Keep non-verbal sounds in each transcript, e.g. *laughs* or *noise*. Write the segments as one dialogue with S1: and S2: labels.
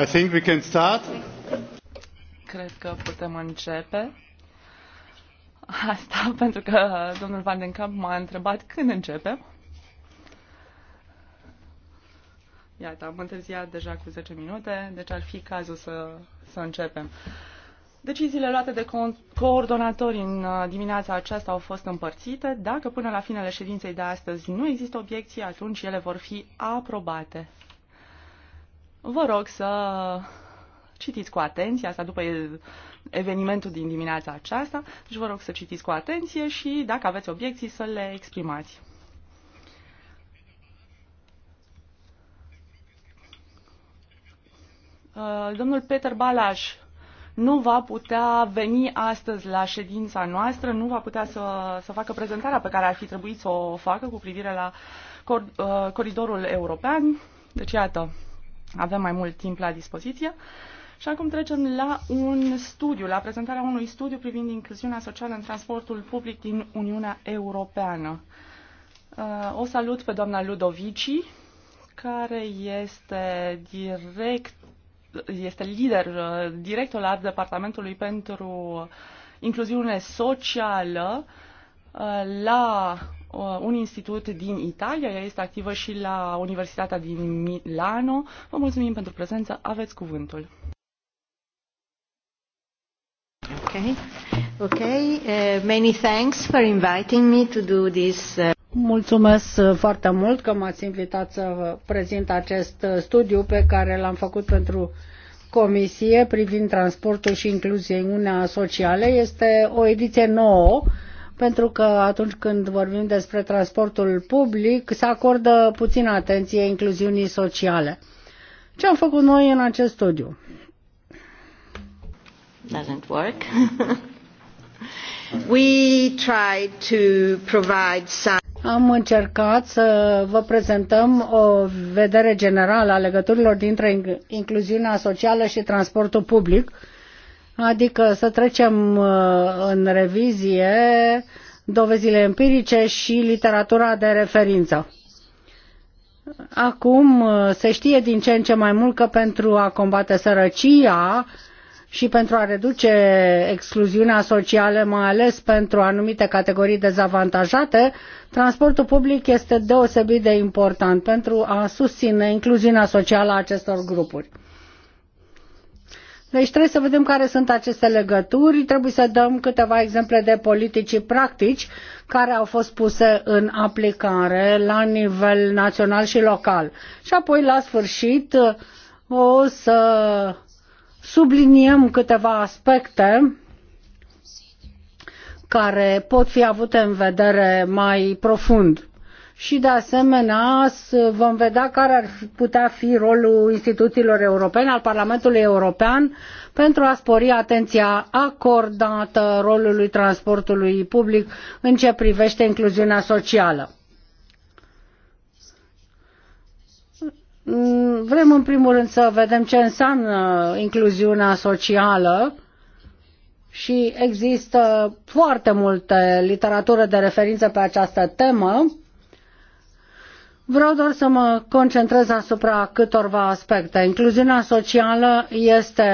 S1: I think we can start.
S2: Cred că putem începe. Asta *laughs* pentru că domnul Van den Kamp m-a întrebat când începem. Iată, am întârziat deja cu 10 minute, deci ar fi cazul să, să începem. Deciziile luate de coordonatori în uh, dimineața aceasta au fost împărțite. Dacă până la finele ședinței de astăzi nu există obiecții, atunci ele vor fi aprobate. Vă rog să citiți cu atenție, asta după evenimentul din dimineața aceasta, deci vă rog să citiți cu atenție și dacă aveți obiecții să le exprimați. Uh, domnul Peter Balaș nu va putea veni astăzi la ședința noastră, nu va putea să, să facă prezentarea pe care ar fi trebuit să o facă cu privire la uh, coridorul european. Deci, iată, avem mai mult timp la dispoziție. Și acum trecem la un studiu, la prezentarea unui studiu privind incluziunea socială în transportul public din Uniunea Europeană. Uh, o salut pe doamna Ludovici, care este direct este lider, uh, director al Departamentului pentru Incluziune Socială uh, la Uh, un institut din Italia. Ea este activă și la Universitatea din Milano. Vă mulțumim pentru prezență. Aveți cuvântul.
S3: Okay.
S4: Okay. Uh, many thanks for inviting me to do this. Uh... Mulțumesc uh, foarte mult că m-ați invitat să prezint acest uh, studiu pe care l-am făcut pentru Comisie privind transportul și incluziunea socială. Este o ediție nouă pentru că atunci când vorbim despre transportul public se acordă puțină atenție incluziunii sociale. Ce am făcut noi în acest studiu?
S5: Doesn't work. *laughs*
S4: We tried to provide some am încercat să vă prezentăm o vedere generală a legăturilor dintre incluziunea socială și transportul public adică să trecem uh, în revizie dovezile empirice și literatura de referință. Acum uh, se știe din ce în ce mai mult că pentru a combate sărăcia și pentru a reduce excluziunea socială, mai ales pentru anumite categorii dezavantajate, transportul public este deosebit de important pentru a susține incluziunea socială a acestor grupuri. Deci trebuie să vedem care sunt aceste legături, trebuie să dăm câteva exemple de politici practici care au fost puse în aplicare la nivel național și local. Și apoi, la sfârșit, o să subliniem câteva aspecte care pot fi avute în vedere mai profund și de asemenea vom vedea care ar putea fi rolul instituțiilor europene, al Parlamentului European, pentru a spori atenția acordată rolului transportului public în ce privește incluziunea socială. Vrem în primul rând să vedem ce înseamnă incluziunea socială și există foarte multe literatură de referință pe această temă Vreau doar să mă concentrez asupra câtorva aspecte. Incluziunea socială este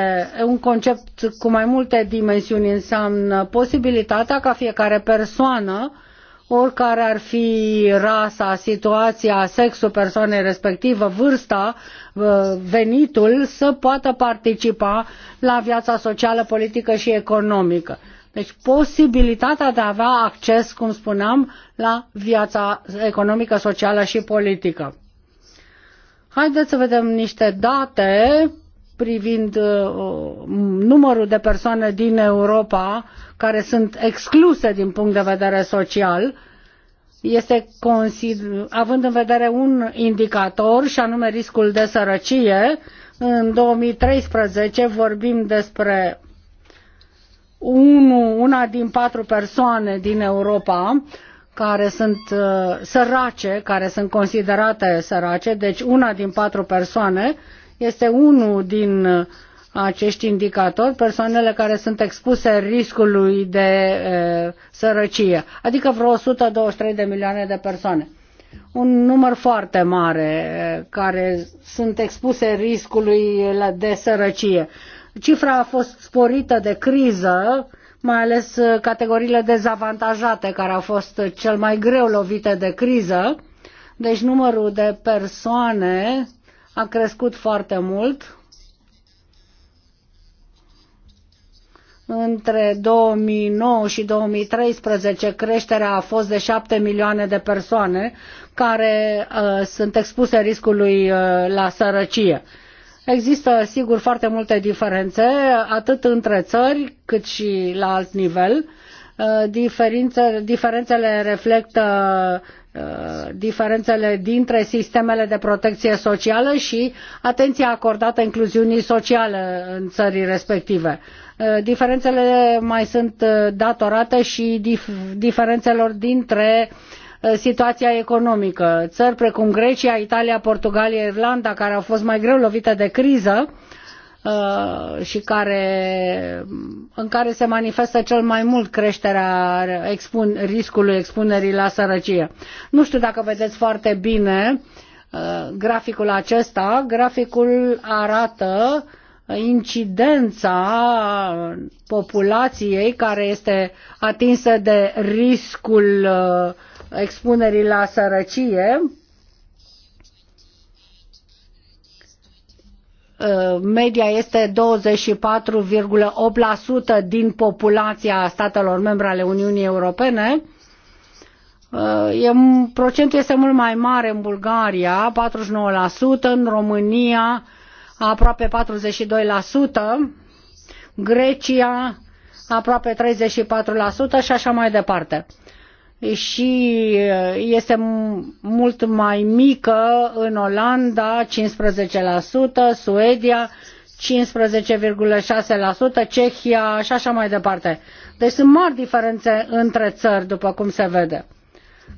S4: un concept cu mai multe dimensiuni, înseamnă posibilitatea ca fiecare persoană, oricare ar fi rasa, situația, sexul persoanei respectivă, vârsta, venitul, să poată participa la viața socială, politică și economică. Deci posibilitatea de a avea acces, cum spuneam, la viața economică, socială și politică. Haideți să vedem niște date privind uh, numărul de persoane din Europa care sunt excluse din punct de vedere social, este consider, având în vedere un indicator și anume riscul de sărăcie, în 2013 vorbim despre unu, una din patru persoane din Europa care sunt uh, sărace, care sunt considerate sărace, deci una din patru persoane este unul din uh, acești indicatori, persoanele care sunt expuse riscului de e, uh, sărăcie, adică vreo 123 de milioane de persoane. Un număr foarte mare uh, care sunt expuse riscului de sărăcie. Cifra a fost sporită de criză, mai ales uh, categoriile dezavantajate care au fost uh, cel mai greu lovite de criză. Deci numărul de persoane a crescut foarte mult. Între 2009 și 2013 creșterea a fost de 7 milioane de persoane care uh, sunt expuse riscului uh, la sărăcie. Există, sigur, foarte multe diferențe, atât între țări, cât și la alt nivel. Uh, diferențe, diferențele reflectă uh, diferențele dintre sistemele de protecție socială și atenția acordată incluziunii sociale în țării respective. Uh, diferențele mai sunt datorate și diferențelor dintre uh, Eh, situația economică. Țări precum Grecia, Italia, Portugalia, Irlanda, care au fost mai greu lovite de criză eh, și care, în care se manifestă cel mai mult creșterea expun, riscului expunerii la sărăcie. Nu știu dacă vedeți foarte bine eh, graficul acesta. Graficul arată incidența populației care este atinsă de riscul uh, expunerii la sărăcie, uh, media este 24,8% din populația statelor membre ale Uniunii Europene. Uh, e, procentul este mult mai mare în Bulgaria, 49%, în România aproape 42%, Grecia aproape 34% și așa mai departe și uh, este mult mai mică în Olanda, 15%, Suedia, 15,6%, Cehia și așa mai departe. Deci sunt mari diferențe între țări, după cum se vede.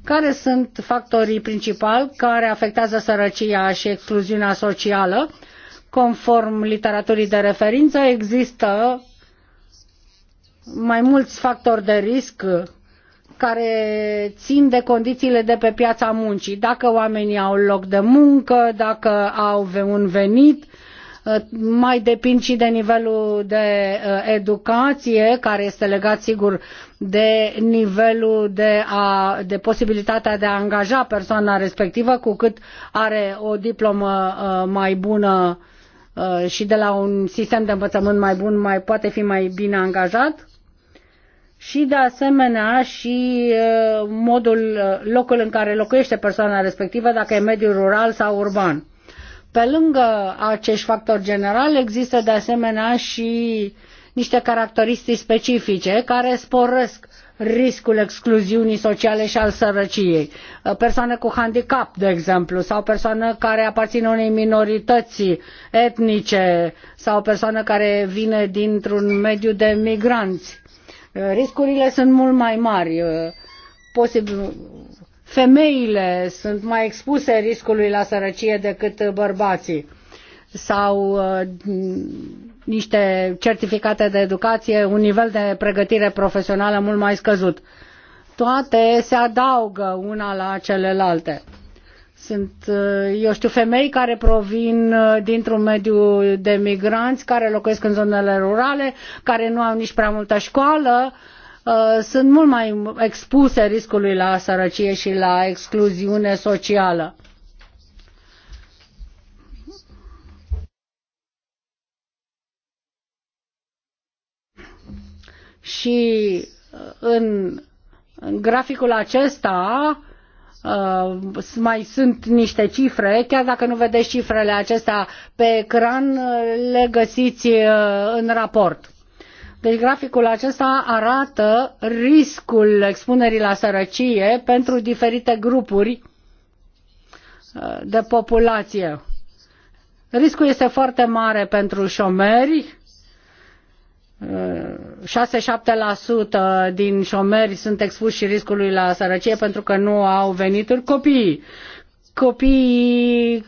S4: Care sunt factorii principali care afectează sărăcia și excluziunea socială? Conform literaturii de referință, există mai mulți factori de risc care țin de condițiile de pe piața muncii. Dacă oamenii au loc de muncă, dacă au un venit, uh, mai depind și de nivelul de uh, educație, care este legat, sigur, de nivelul de, a, de posibilitatea de a angaja persoana respectivă, cu cât are o diplomă uh, mai bună și de la un sistem de învățământ mai bun, mai poate fi mai bine angajat și de asemenea și uh, modul, uh, locul în care locuiește persoana respectivă, dacă e mediul rural sau urban. Pe lângă acești factori generali există de asemenea și niște caracteristici specifice care sporesc riscul excluziunii sociale și al sărăciei. Uh, persoane cu handicap, de exemplu, sau persoane care aparțin unei minorități etnice sau persoane care vine dintr-un mediu de migranți riscurile sunt mult mai mari. Uh, posibil, femeile sunt mai expuse riscului la sărăcie decât bărbații sau uh, niște certificate de educație, un nivel de pregătire profesională mult mai scăzut. Toate se adaugă una la celelalte. Sunt, uh, eu știu, femei care provin uh, dintr-un mediu de migranți, care locuiesc în zonele rurale, care nu au nici prea multă școală, uh, sunt mult mai expuse riscului la sărăcie și la excluziune socială. Și în, în graficul acesta Uh, mai sunt niște cifre, chiar dacă nu vedeți cifrele acestea pe ecran, uh, le găsiți uh, în raport. Deci graficul acesta arată riscul expunerii la sărăcie pentru diferite grupuri de populație. Riscul este foarte mare pentru șomeri, 6-7% din șomeri sunt expuși și riscului la sărăcie pentru că nu au venituri copiii. Copiii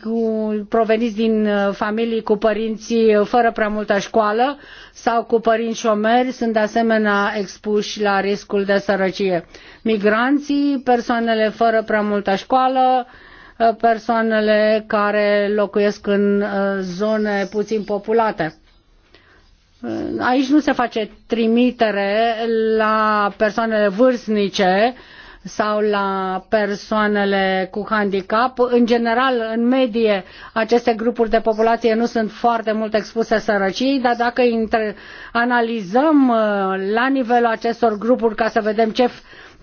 S4: proveniți din uh, familii cu părinți uh, fără prea multă școală sau cu părinți șomeri sunt de asemenea expuși la riscul de sărăcie. Migranții, persoanele fără prea multă școală, uh, persoanele care locuiesc în zone puțin populate Aici nu se face trimitere la persoanele vârstnice sau la persoanele cu handicap. În general, în medie, aceste grupuri de populație nu sunt foarte mult expuse sărăciei, dar dacă analizăm uh, la nivelul acestor grupuri ca să vedem ce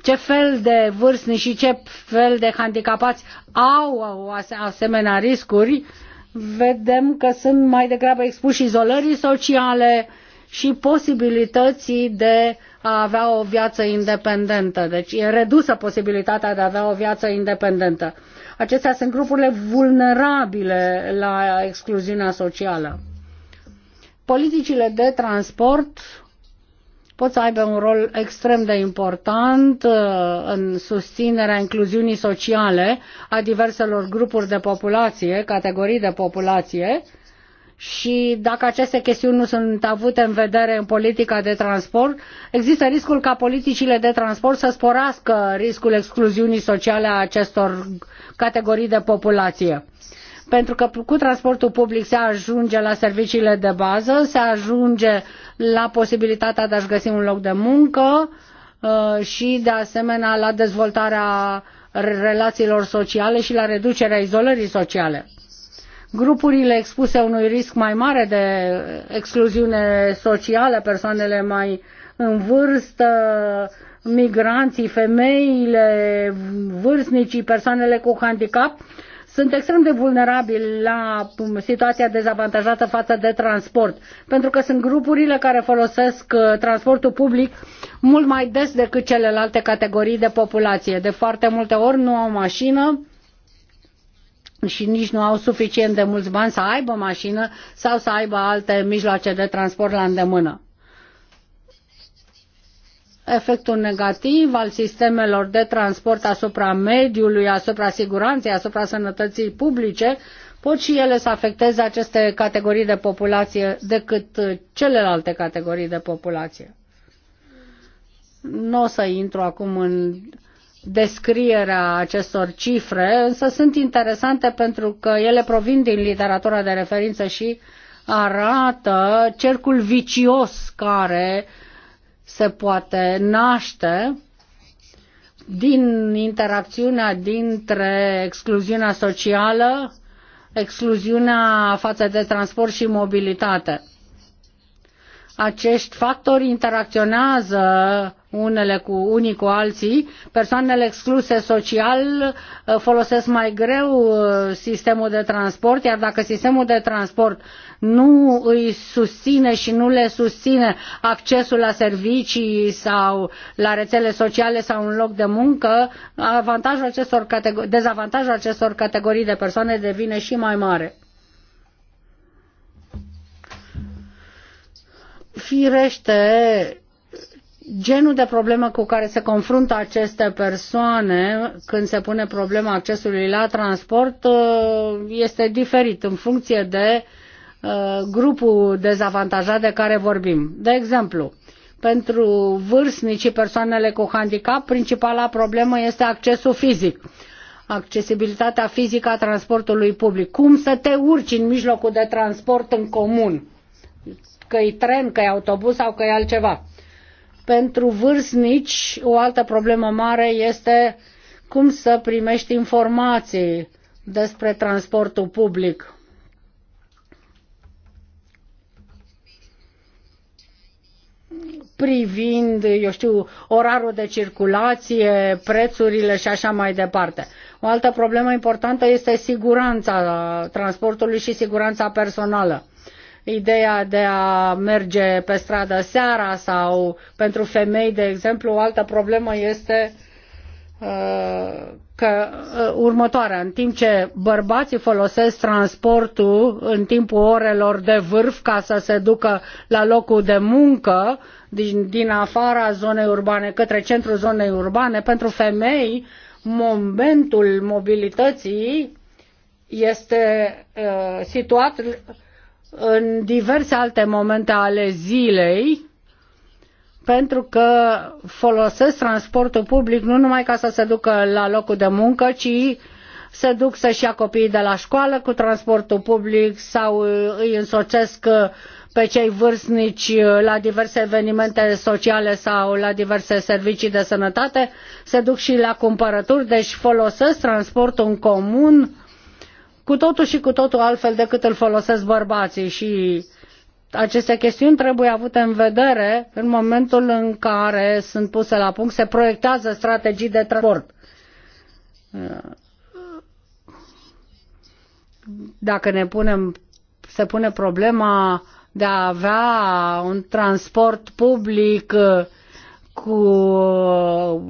S4: ce fel de vârstnici și ce fel de handicapați au asemenea riscuri, vedem că sunt mai degrabă expuși izolării sociale și posibilității de a avea o viață independentă. Deci e redusă posibilitatea de a avea o viață independentă. Acestea sunt grupurile vulnerabile la excluziunea socială. Politicile de transport pot să aibă un rol extrem de important uh, în susținerea incluziunii sociale a diverselor grupuri de populație, categorii de populație, și dacă aceste chestiuni nu sunt avute în vedere în politica de transport, există riscul ca politicile de transport să sporească riscul excluziunii sociale a acestor categorii de populație pentru că cu transportul public se ajunge la serviciile de bază, se ajunge la posibilitatea de a-și găsi un loc de muncă uh, și de asemenea la dezvoltarea relațiilor sociale și la reducerea izolării sociale. Grupurile expuse unui risc mai mare de excluziune socială, persoanele mai în vârstă, migranții, femeile, vârstnicii, persoanele cu handicap, sunt extrem de vulnerabili la um, situația dezavantajată față de transport, pentru că sunt grupurile care folosesc uh, transportul public mult mai des decât celelalte categorii de populație. De foarte multe ori nu au mașină, și nici nu au suficient de mulți bani să aibă mașină sau să aibă alte mijloace de transport la îndemână efectul negativ al sistemelor de transport asupra mediului, asupra siguranței, asupra sănătății publice, pot și ele să afecteze aceste categorii de populație decât celelalte categorii de populație. Nu o să intru acum în descrierea acestor cifre, însă sunt interesante pentru că ele provin din literatura de referință și arată cercul vicios care uh, se poate naște din interacțiunea dintre excluziunea socială, excluziunea față de transport și mobilitate acești factori interacționează unele cu unii cu alții, persoanele excluse social uh, folosesc mai greu uh, sistemul de transport, iar dacă sistemul de transport nu îi susține și nu le susține accesul la servicii sau la rețele sociale sau un loc de muncă, avantajul acestor dezavantajul acestor categorii de persoane devine și mai mare. Firește, genul de problemă cu care se confruntă aceste persoane când se pune problema accesului la transport uh, este diferit în funcție de uh, grupul dezavantajat de care vorbim. De exemplu, pentru vârstnici și persoanele cu handicap, principala problemă este accesul fizic. Accesibilitatea fizică a transportului public. Cum să te urci în mijlocul de transport în comun? că e tren, că e autobuz sau că e altceva. Pentru vârstnici, o altă problemă mare este cum să primești informații despre transportul public. privind, eu știu, orarul de circulație, prețurile și așa mai departe. O altă problemă importantă este siguranța transportului și siguranța personală ideea de a merge pe stradă seara sau pentru femei, de exemplu, o altă problemă este uh, că uh, următoarea, în timp ce bărbații folosesc transportul în timpul orelor de vârf ca să se ducă la locul de muncă din, din afara zonei urbane către centrul zonei urbane, pentru femei momentul mobilității este uh, situat în diverse alte momente ale zilei, pentru că folosesc transportul public nu numai ca să se ducă la locul de muncă, ci se duc să-și ia copiii de la școală cu transportul public sau îi însoțesc pe cei vârstnici la diverse evenimente sociale sau la diverse servicii de sănătate, se duc și la cumpărături, deci folosesc transportul în comun cu totul și cu totul altfel decât îl folosesc bărbații și aceste chestiuni trebuie avute în vedere în momentul în care sunt puse la punct, se proiectează strategii de transport. Dacă ne punem, se pune problema de a avea un transport public uh, cu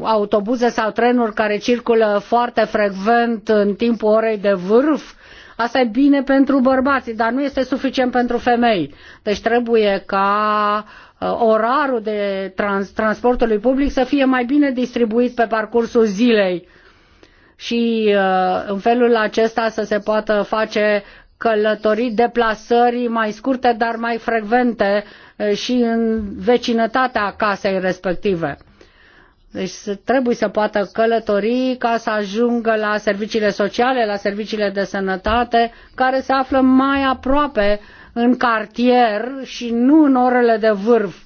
S4: autobuze sau trenuri care circulă foarte frecvent în timpul orei de vârf, Asta e bine pentru bărbații, dar nu este suficient pentru femei. Deci trebuie ca uh, orarul de trans, transportului public să fie mai bine distribuit pe parcursul zilei și uh, în felul acesta să se poată face călătorii, deplasări mai scurte, dar mai frecvente uh, și în vecinătatea casei respective deci trebuie să poată călători ca să ajungă la serviciile sociale, la serviciile de sănătate, care se află mai aproape în cartier și nu în orele de vârf.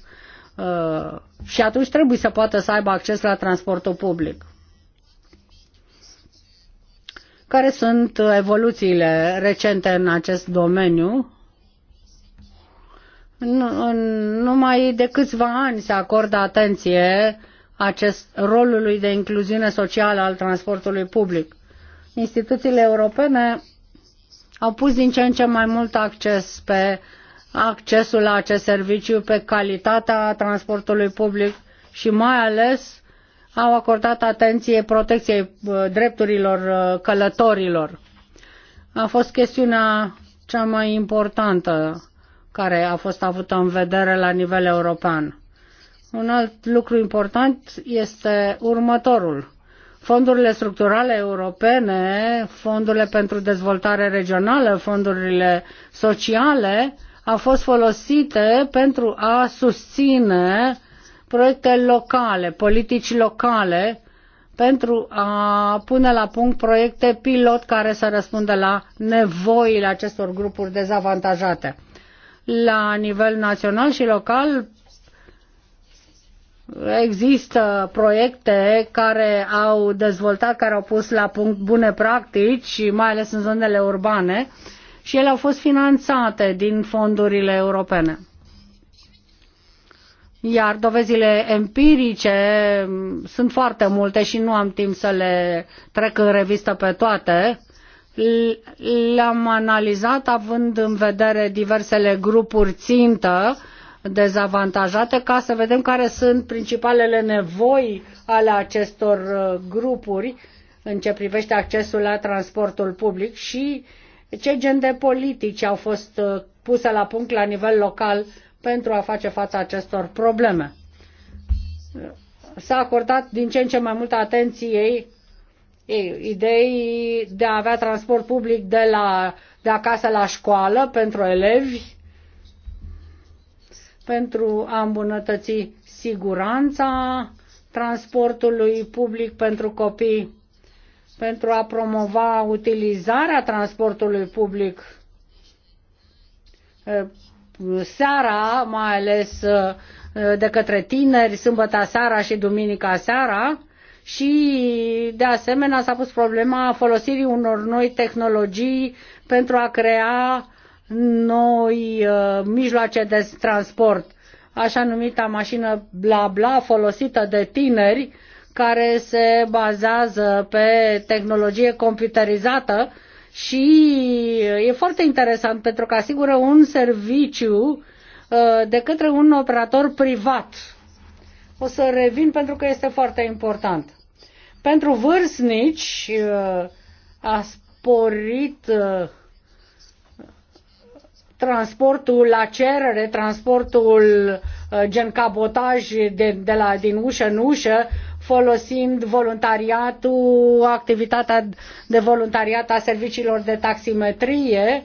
S4: Uh, și atunci trebuie să poată să aibă acces la transportul public. Care sunt evoluțiile recente în acest domeniu? Numai de câțiva ani se acordă atenție acest rolului de incluziune socială al transportului public. Instituțiile europene au pus din ce în ce mai mult acces pe accesul la acest serviciu, pe calitatea transportului public și mai ales au acordat atenție protecției uh, drepturilor uh, călătorilor. A fost chestiunea cea mai importantă care a fost avută în vedere la nivel european. Un alt lucru important este următorul. Fondurile structurale europene, fondurile pentru dezvoltare regională, fondurile sociale au fost folosite pentru a susține proiecte locale, politici locale, pentru a pune la punct proiecte pilot care să răspundă la nevoile acestor grupuri dezavantajate. La nivel național și local, Există proiecte care au dezvoltat, care au pus la punct bune practici, mai ales în zonele urbane, și ele au fost finanțate din fondurile europene. Iar dovezile empirice sunt foarte multe și nu am timp să le trec în revistă pe toate. Le-am analizat având în vedere diversele grupuri țintă dezavantajate ca să vedem care sunt principalele nevoi ale acestor uh, grupuri în ce privește accesul la transportul public și ce gen de politici au fost uh, puse la punct la nivel local pentru a face față acestor probleme. S-a acordat din ce în ce mai multă atenție idei de a avea transport public de, la, de acasă la școală pentru elevi, pentru a îmbunătăți siguranța transportului public pentru copii, pentru a promova utilizarea transportului public seara, mai ales de către tineri, sâmbătă seara și duminica seara, și de asemenea s-a pus problema folosirii unor noi tehnologii pentru a crea noi uh, mijloace de transport, așa numita mașină bla bla folosită de tineri care se bazează pe tehnologie computerizată și uh, e foarte interesant pentru că asigură un serviciu uh, de către un operator privat. O să revin pentru că este foarte important. Pentru vârstnici uh, a sporit transportul la cerere, transportul uh, gen cabotaj de, de la, din ușă în ușă, folosind voluntariatul, activitatea de voluntariat a serviciilor de taximetrie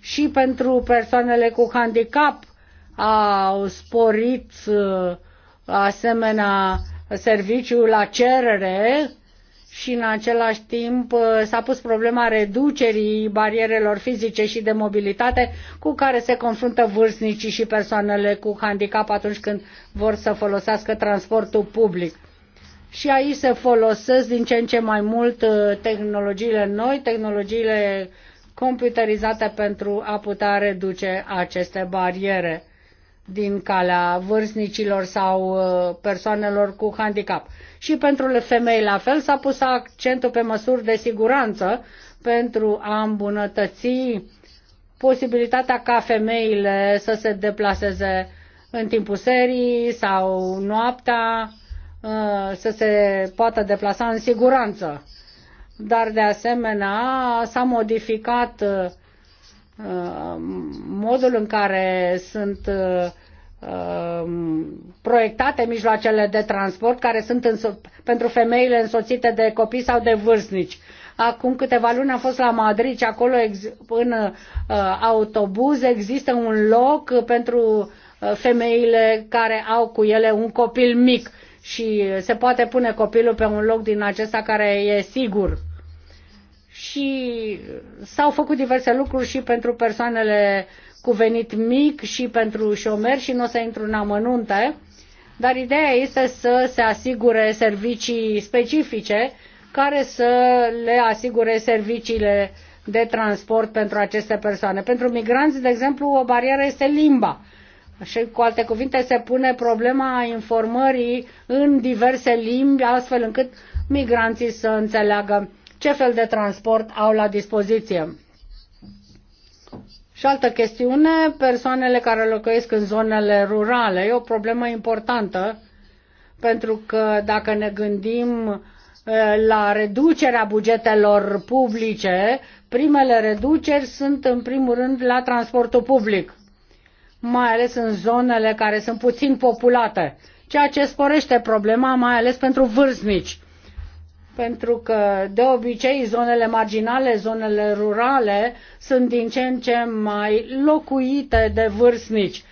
S4: și pentru persoanele cu handicap au sporit uh, asemenea serviciul la cerere și în același timp uh, s-a pus problema reducerii barierelor fizice și de mobilitate cu care se confruntă vârstnicii și persoanele cu handicap atunci când vor să folosească transportul public. Și aici se folosesc din ce în ce mai mult uh, tehnologiile noi, tehnologiile computerizate pentru a putea reduce aceste bariere din calea vârstnicilor sau uh, persoanelor cu handicap. Și pentru femei la fel s-a pus accentul pe măsuri de siguranță pentru a îmbunătăți posibilitatea ca femeile să se deplaseze în timpul serii sau noaptea, uh, să se poată deplasa în siguranță. Dar de asemenea s-a modificat uh, Uh, modul în care sunt uh, proiectate mijloacele de transport care sunt pentru femeile însoțite de copii sau de vârstnici. Acum câteva luni am fost la Madrid și acolo în uh, autobuz există un loc pentru uh, femeile care au cu ele un copil mic și se poate pune copilul pe un loc din acesta care e sigur și s-au făcut diverse lucruri și pentru persoanele cu venit mic și pentru șomeri și nu o să intru în amănunte, dar ideea este să se asigure servicii specifice care să le asigure serviciile de transport pentru aceste persoane. Pentru migranți, de exemplu, o barieră este limba. Și cu alte cuvinte se pune problema informării în diverse limbi, astfel încât migranții să înțeleagă ce fel de transport au la dispoziție. Și altă chestiune, persoanele care locuiesc în zonele rurale. E o problemă importantă pentru că dacă ne gândim la reducerea bugetelor publice, primele reduceri sunt în primul rând la transportul public, mai ales în zonele care sunt puțin populate, ceea ce sporește problema, mai ales pentru vârstnici pentru că de obicei zonele marginale, zonele rurale sunt din ce în ce mai locuite de vârstnici.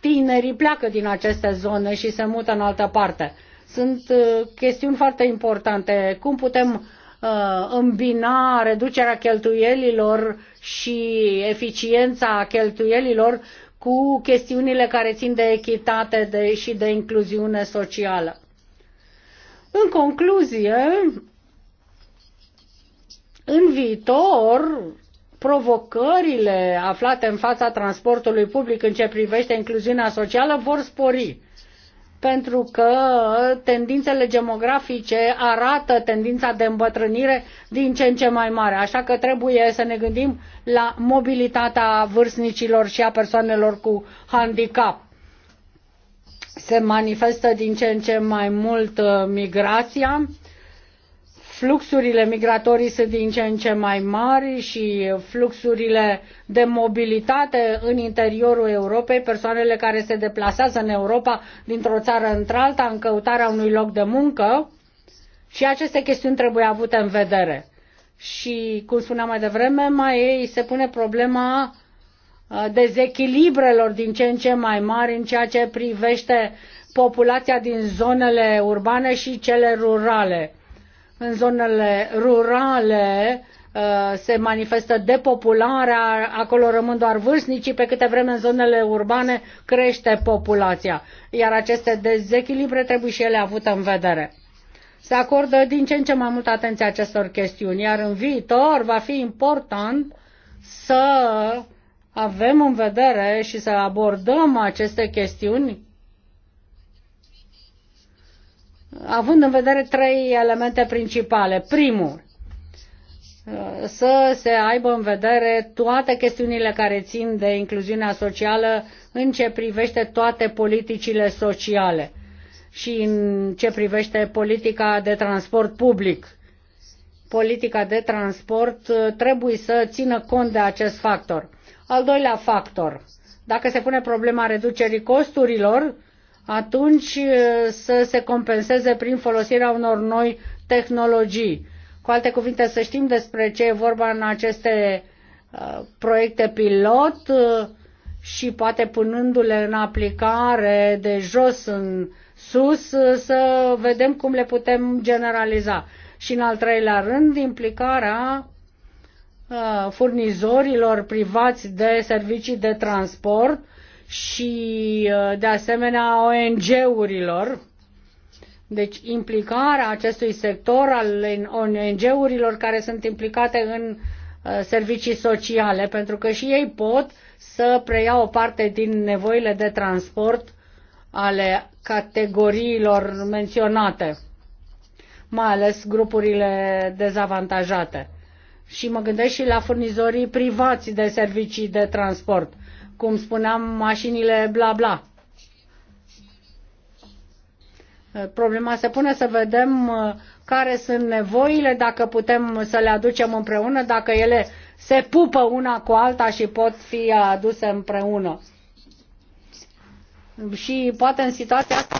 S4: Tinerii pleacă din aceste zone și se mută în altă parte. Sunt uh, chestiuni foarte importante. Cum putem uh, îmbina reducerea cheltuielilor și eficiența cheltuielilor cu chestiunile care țin de echitate de, și de incluziune socială. În concluzie, în viitor, provocările aflate în fața transportului public în ce privește incluziunea socială vor spori pentru că tendințele demografice arată tendința de îmbătrânire din ce în ce mai mare. Așa că trebuie să ne gândim la mobilitatea vârstnicilor și a persoanelor cu handicap se manifestă din ce în ce mai mult uh, migrația, fluxurile migratorii sunt din ce în ce mai mari și fluxurile de mobilitate în interiorul Europei, persoanele care se deplasează în Europa dintr-o țară într-alta în căutarea unui loc de muncă și aceste chestiuni trebuie avute în vedere. Și, cum spuneam mai devreme, mai ei se pune problema dezechilibrelor din ce în ce mai mari în ceea ce privește populația din zonele urbane și cele rurale. În zonele rurale se manifestă depopularea, acolo rămân doar vârstnicii, pe câte vreme în zonele urbane crește populația. Iar aceste dezechilibre trebuie și ele avute în vedere. Se acordă din ce în ce mai multă atenție acestor chestiuni, iar în viitor va fi important să avem în vedere și să abordăm aceste chestiuni având în vedere trei elemente principale. Primul, să se aibă în vedere toate chestiunile care țin de incluziunea socială în ce privește toate politicile sociale și în ce privește politica de transport public. Politica de transport trebuie să țină cont de acest factor al doilea factor, dacă se pune problema reducerii costurilor, atunci să se compenseze prin folosirea unor noi tehnologii. Cu alte cuvinte, să știm despre ce e vorba în aceste proiecte pilot și poate punându-le în aplicare de jos în sus să vedem cum le putem generaliza. Și în al treilea rând, implicarea Uh, furnizorilor privați de servicii de transport și uh, de asemenea ONG-urilor. Deci implicarea acestui sector al ONG-urilor care sunt implicate în uh, servicii sociale, pentru că și ei pot să preia o parte din nevoile de transport ale categoriilor menționate, mai ales grupurile dezavantajate și mă gândesc și la furnizorii privați de servicii de transport, cum spuneam, mașinile bla bla. Problema se pune să vedem uh, care sunt nevoile, dacă putem să le aducem împreună, dacă ele se pupă una cu alta și pot fi aduse împreună. Și poate în situația asta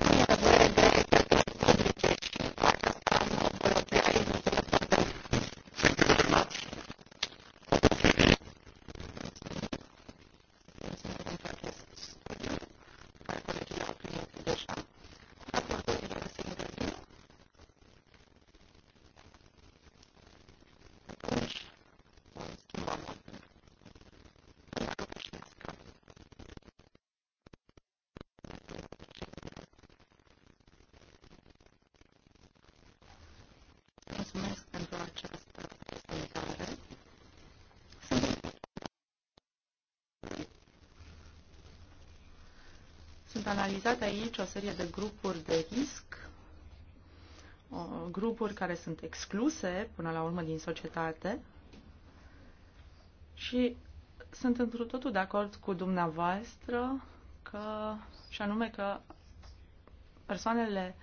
S2: analizat aici o serie de grupuri de risc, grupuri care sunt excluse până la urmă din societate și sunt într totul de acord cu dumneavoastră că, și anume că persoanele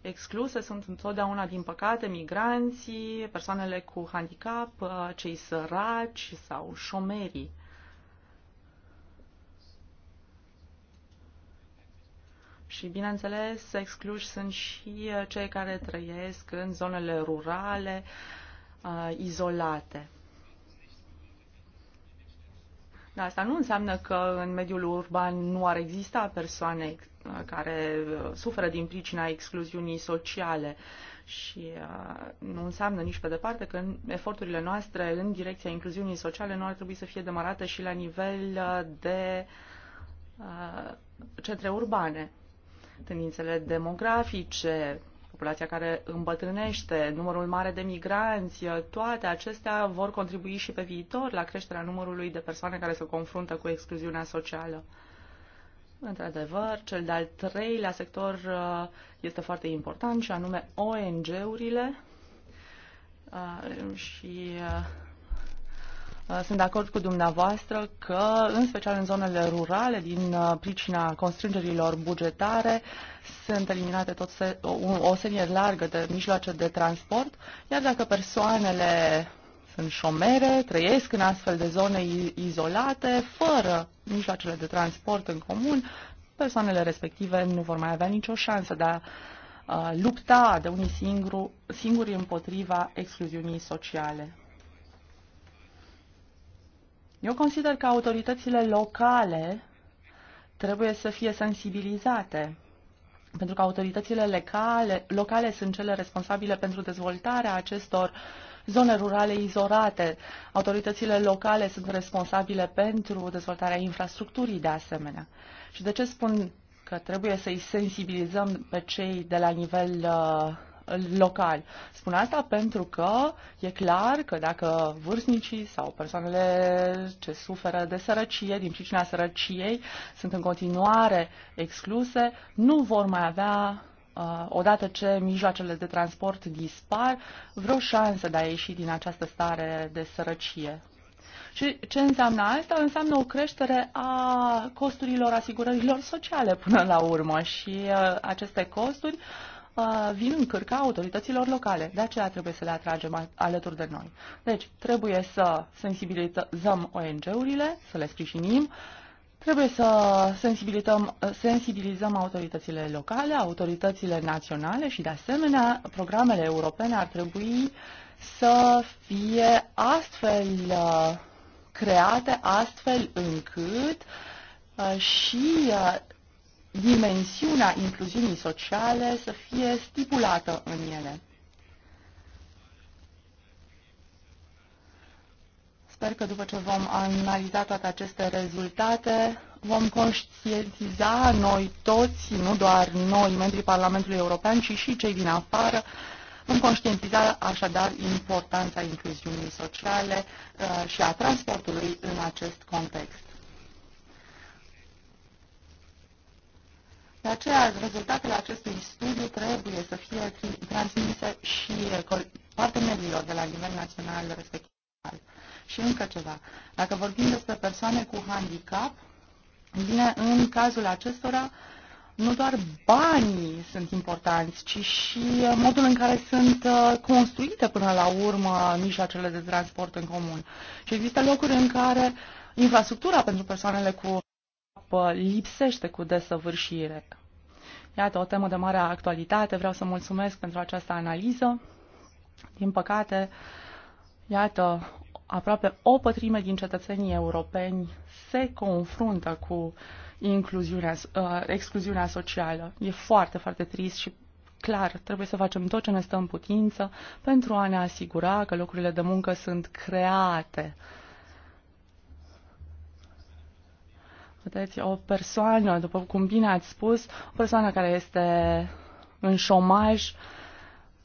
S2: excluse sunt întotdeauna, din păcate, migranții, persoanele cu handicap, cei săraci sau șomerii. Și, bineînțeles, excluși sunt și uh, cei care trăiesc în zonele rurale, uh, izolate. Dar asta nu înseamnă că în mediul urban nu ar exista persoane uh, care suferă din pricina excluziunii sociale și nu înseamnă nici pe departe că eforturile noastre în direcția incluziunii sociale nu ar trebui să fie demarate și la nivel de centre urbane tendințele demografice, populația care îmbătrânește, numărul mare de migranți, toate acestea vor contribui și pe viitor la creșterea numărului de persoane care se confruntă cu excluziunea socială. Într-adevăr, cel de-al treilea sector uh, este foarte important și anume ONG-urile uh, și uh, Uh, sunt de acord cu dumneavoastră că, în special în zonele rurale, din uh, pricina constrângerilor bugetare, sunt eliminate tot se, o, o serie largă de mijloace de transport, iar dacă persoanele sunt șomere, trăiesc în astfel de zone izolate, fără mijloacele de transport în comun, persoanele respective nu vor mai avea nicio șansă de a uh, lupta de unii singuri, singuri împotriva excluziunii sociale. Eu consider că autoritățile locale trebuie să fie sensibilizate, pentru că autoritățile locale, locale sunt cele responsabile pentru dezvoltarea acestor zone rurale izolate. Autoritățile locale sunt responsabile pentru dezvoltarea infrastructurii de asemenea. Și de ce spun că trebuie să-i sensibilizăm pe cei de la nivel uh, local. Spun asta pentru că e clar că dacă vârstnicii sau persoanele ce suferă de sărăcie, din pricina sărăciei, sunt în continuare excluse, nu vor mai avea uh, odată ce mijloacele de transport dispar, vreo șansă de a ieși din această stare de sărăcie. Și ce înseamnă asta? Înseamnă o creștere a costurilor asigurărilor sociale până la urmă și uh, aceste costuri Uh, vin în cârca autorităților locale. De aceea trebuie să le atragem alături de noi. Deci, trebuie să sensibilizăm ONG-urile, să le sprijinim, trebuie să sensibilizăm, sensibilizăm autoritățile locale, autoritățile naționale și, de asemenea, programele europene ar trebui să fie astfel uh, create, astfel încât uh, și dimensiunea incluziunii sociale să fie stipulată în ele. Sper că după ce vom analiza toate aceste rezultate, vom conștientiza noi toți, nu doar noi, membrii Parlamentului European, ci și cei din afară, vom conștientiza așadar importanța incluziunii sociale uh, și a transportului în acest context. De aceea, rezultatele acestui studiu trebuie să fie transmise și partenerilor eh, de la nivel național respectiv. Și încă ceva. Dacă vorbim despre persoane cu handicap, bine, în cazul acestora, nu doar banii sunt importanți, ci și eh, modul în care sunt eh, construite până la urmă mijloacele de transport în comun. Și există locuri în care infrastructura pentru persoanele cu lipsește cu desăvârșire. Iată o temă de mare actualitate. Vreau să mulțumesc pentru această analiză. Din păcate, iată, aproape o pătrime din cetățenii europeni se confruntă cu incluziunea, uh, excluziunea socială. E foarte, foarte trist și clar, trebuie să facem tot ce ne stă în putință pentru a ne asigura că locurile de muncă sunt create uh, Vedeți, o persoană, după cum bine ați spus, o persoană care este în șomaj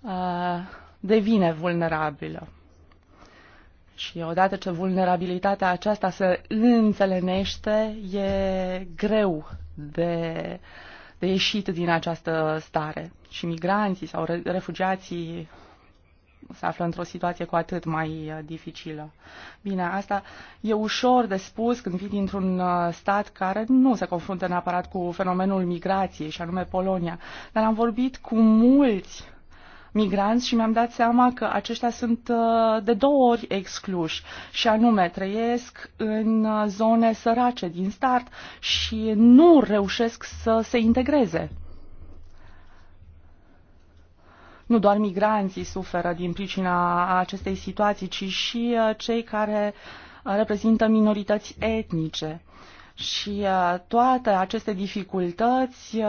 S2: uh, devine vulnerabilă. Și odată ce vulnerabilitatea aceasta se înțelenește, e greu de, de ieșit din această stare. Și migranții sau refugiații se află într-o situație cu atât mai uh, dificilă. Bine, asta e ușor de spus când vii dintr-un uh, stat care nu se confruntă neapărat cu fenomenul migrației, și anume Polonia. Dar am vorbit cu mulți migranți și mi-am dat seama că aceștia sunt uh, de două ori excluși și anume trăiesc în zone sărace din start și nu reușesc să se integreze nu doar migranții suferă din pricina acestei situații, ci și uh, cei care uh, reprezintă minorități etnice. Și uh, toate aceste dificultăți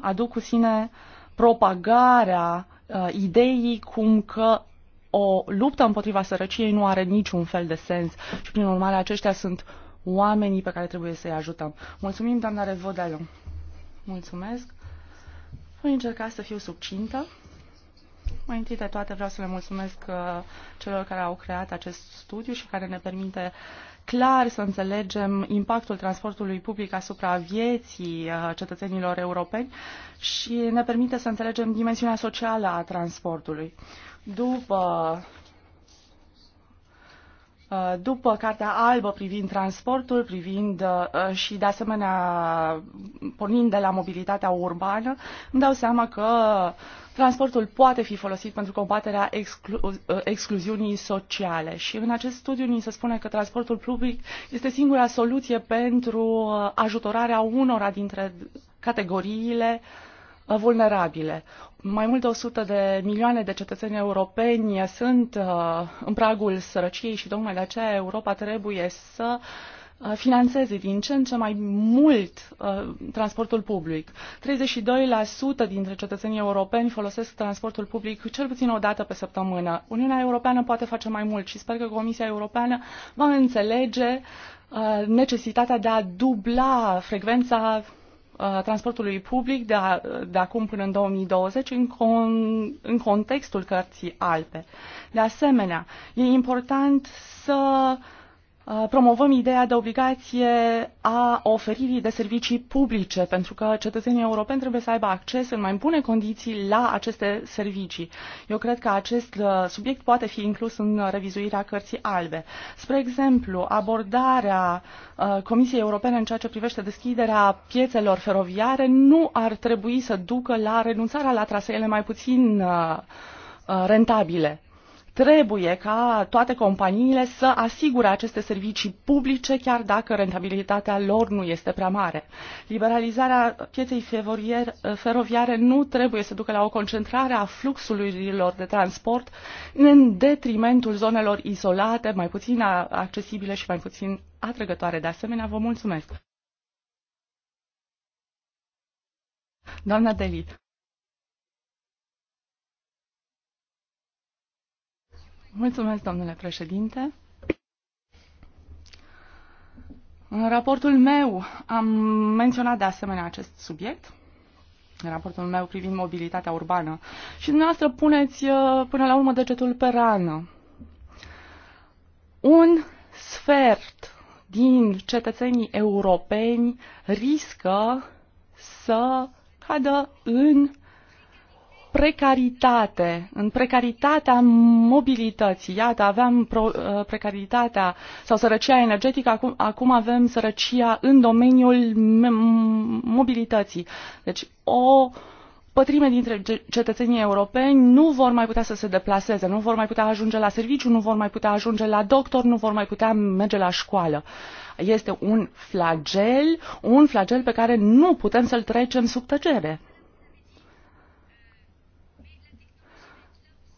S2: aduc cu sine propagarea ideii cum că o luptă împotriva sărăciei nu are niciun fel de sens și, prin urmare, aceștia sunt oamenii pe care trebuie să-i ajutăm. Mulțumim, doamna Revodelu. Mulțumesc. Voi încerca să fiu subcintă. Mai întâi de toate vreau să le mulțumesc uh, celor care au creat acest studiu și care ne permite clar să înțelegem impactul transportului public asupra vieții uh, cetățenilor europeni și ne permite să înțelegem dimensiunea socială a transportului. După Uh, după Cartea Albă privind transportul, privind uh, uh, și de asemenea pornind de la mobilitatea urbană, îmi dau seama că transportul poate fi folosit pentru combaterea exclu- excluziunii sociale și în acest studiu ni se spune că transportul public este singura soluție pentru ajutorarea unora dintre categoriile uh, Uh, vulnerabile. Mai mult de 100 de milioane de cetățeni europeni sunt uh, în pragul sărăciei și tocmai de aceea Europa trebuie să uh, financeze din ce în ce mai mult uh, transportul public. 32% dintre cetățenii europeni folosesc transportul public cel puțin o dată pe săptămână. Uniunea Europeană poate face mai mult și sper că Comisia Europeană va înțelege uh, necesitatea de a dubla frecvența Uh, transportului public de, a, de acum până în 2020 în, con, în contextul cărții albe. De asemenea, e important să uh, Uh, promovăm ideea de obligație a oferirii de servicii publice, pentru că cetățenii europeni trebuie să aibă acces în mai bune condiții la aceste servicii. Eu cred că acest uh, subiect poate fi inclus în revizuirea cărții albe. Spre exemplu, abordarea uh, Comisiei Europene în ceea ce privește deschiderea piețelor feroviare nu ar trebui să ducă la renunțarea la traseele mai puțin rentabile. Trebuie ca toate companiile să asigure aceste servicii publice, chiar dacă rentabilitatea lor nu este prea mare. Liberalizarea pieței feroviare nu trebuie să ducă la o concentrare a fluxurilor de transport în detrimentul zonelor izolate, mai puțin accesibile și mai puțin atrăgătoare. De asemenea, vă mulțumesc! Doamna Deli. Mulțumesc, domnule președinte. În raportul meu am menționat de asemenea acest subiect, în raportul meu privind mobilitatea urbană, și dumneavoastră puneți uh, până la urmă degetul pe rană. Un sfert din cetățenii europeni riscă să cadă în precaritate, în precaritatea mobilității. Iată, aveam pro, uh, precaritatea sau sărăcia energetică, acum, acum avem sărăcia în domeniul mobilității. Deci o pătrime dintre cetățenii europeni nu vor mai putea să se deplaseze, nu vor mai putea ajunge la serviciu, nu vor mai putea ajunge la doctor, nu vor mai putea merge la școală. Este un flagel, un flagel pe care nu putem să-l trecem sub tăcere.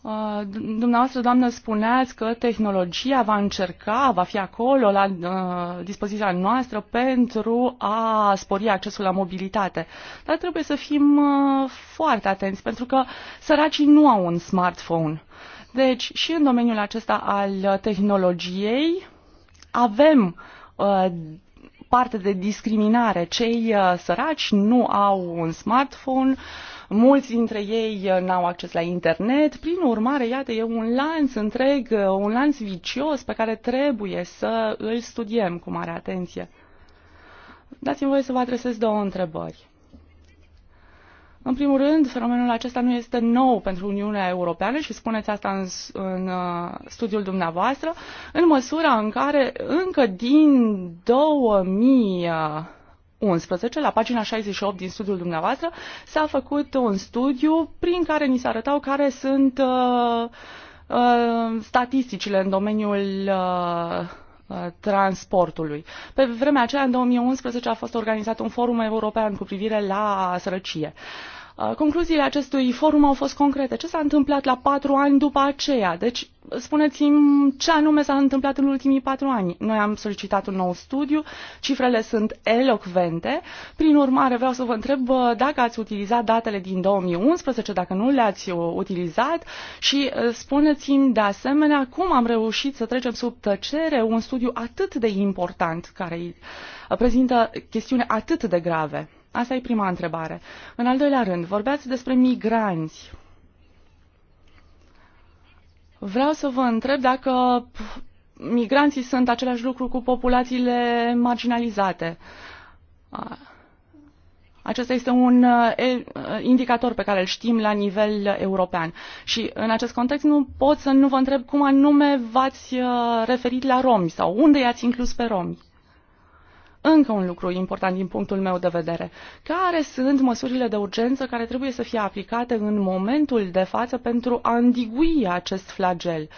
S2: Uh, dumneavoastră, doamnă, spuneați că tehnologia va încerca, va fi acolo la uh, dispoziția noastră pentru a spori accesul la mobilitate. Dar trebuie să fim uh, foarte atenți, pentru că săracii nu au un smartphone. Deci, și în domeniul acesta al tehnologiei avem parte de discriminare. Cei săraci nu au un smartphone, Mulți dintre ei uh, n-au acces la internet, prin urmare, iată, e un lanț întreg, uh, un lanț vicios pe care trebuie să îl studiem cu mare atenție. Dați-mi voie să vă adresez două întrebări. În primul rând, fenomenul acesta nu este nou pentru Uniunea Europeană și spuneți asta în, în uh, studiul dumneavoastră, în măsura în care încă din 2000 2011, la pagina 68 din studiul dumneavoastră, s-a făcut un studiu prin care ni se arătau care sunt uh, uh, statisticile în domeniul uh, uh transportului. Pe vremea aceea, în 2011, a fost organizat un forum european cu privire la sărăcie. Concluziile acestui forum au fost concrete. Ce s-a întâmplat la patru ani după aceea? Deci, spuneți-mi ce anume s-a întâmplat în ultimii patru ani. Noi am solicitat un nou studiu, cifrele sunt elocvente. Prin urmare, vreau să vă întreb dacă ați utilizat datele din 2011, dacă nu le-ați utilizat și spuneți-mi de asemenea cum am reușit să trecem sub tăcere un studiu atât de important care prezintă chestiuni atât de grave. Asta e prima întrebare. În al doilea rând, vorbeați despre migranți. Vreau să vă întreb dacă migranții sunt același lucru cu populațiile marginalizate. Acesta este un indicator pe care îl știm la nivel european. Și în acest context nu pot să nu vă întreb cum anume v-ați referit la romi sau unde i-ați inclus pe romi încă un lucru important din punctul meu de vedere. Care sunt măsurile de urgență care trebuie să fie aplicate în momentul de față pentru a îndigui acest flagel?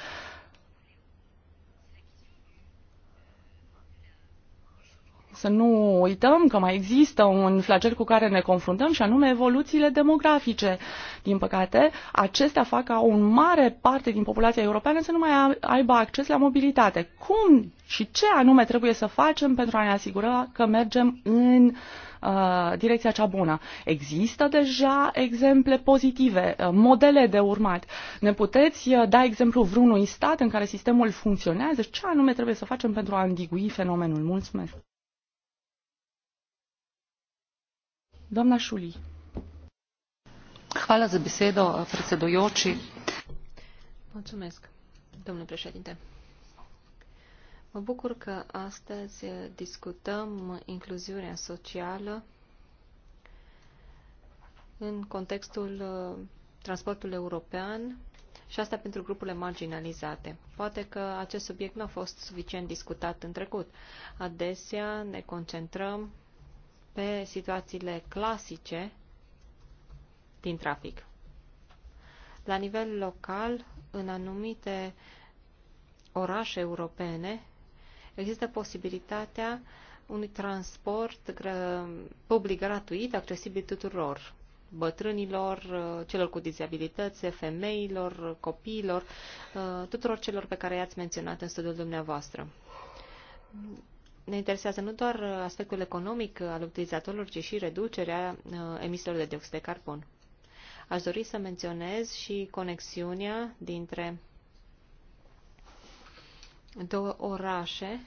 S2: să nu uităm că mai există un flagel cu care ne confruntăm și anume evoluțiile demografice. Din păcate, acestea fac ca o mare parte din populația europeană să nu mai aibă acces la mobilitate. Cum și ce anume trebuie să facem pentru a ne asigura că mergem în uh, direcția cea bună. Există deja exemple pozitive, uh, modele de urmat. Ne puteți uh, da exemplu vreunui stat în care sistemul funcționează? Ce anume trebuie să facem pentru a îndigui fenomenul? Mulțumesc!
S3: Doamna Șuli. Hvala za besedo,
S4: predsedujoči.
S3: Mulțumesc, domnule președinte. Mă bucur că astăzi discutăm incluziunea socială în contextul uh, transportului european și asta pentru grupurile marginalizate. Poate că acest subiect nu a fost suficient discutat în trecut. Adesea ne concentrăm pe situațiile clasice din trafic. La nivel local, în anumite orașe europene, există posibilitatea unui transport public gratuit, accesibil tuturor, bătrânilor, celor cu dizabilități, femeilor, copiilor, tuturor celor pe care i-ați menționat în studiul dumneavoastră ne interesează nu doar aspectul economic al utilizatorilor, ci și reducerea uh, emisiilor de dioxid de carbon. Aș dori să menționez și conexiunea dintre două orașe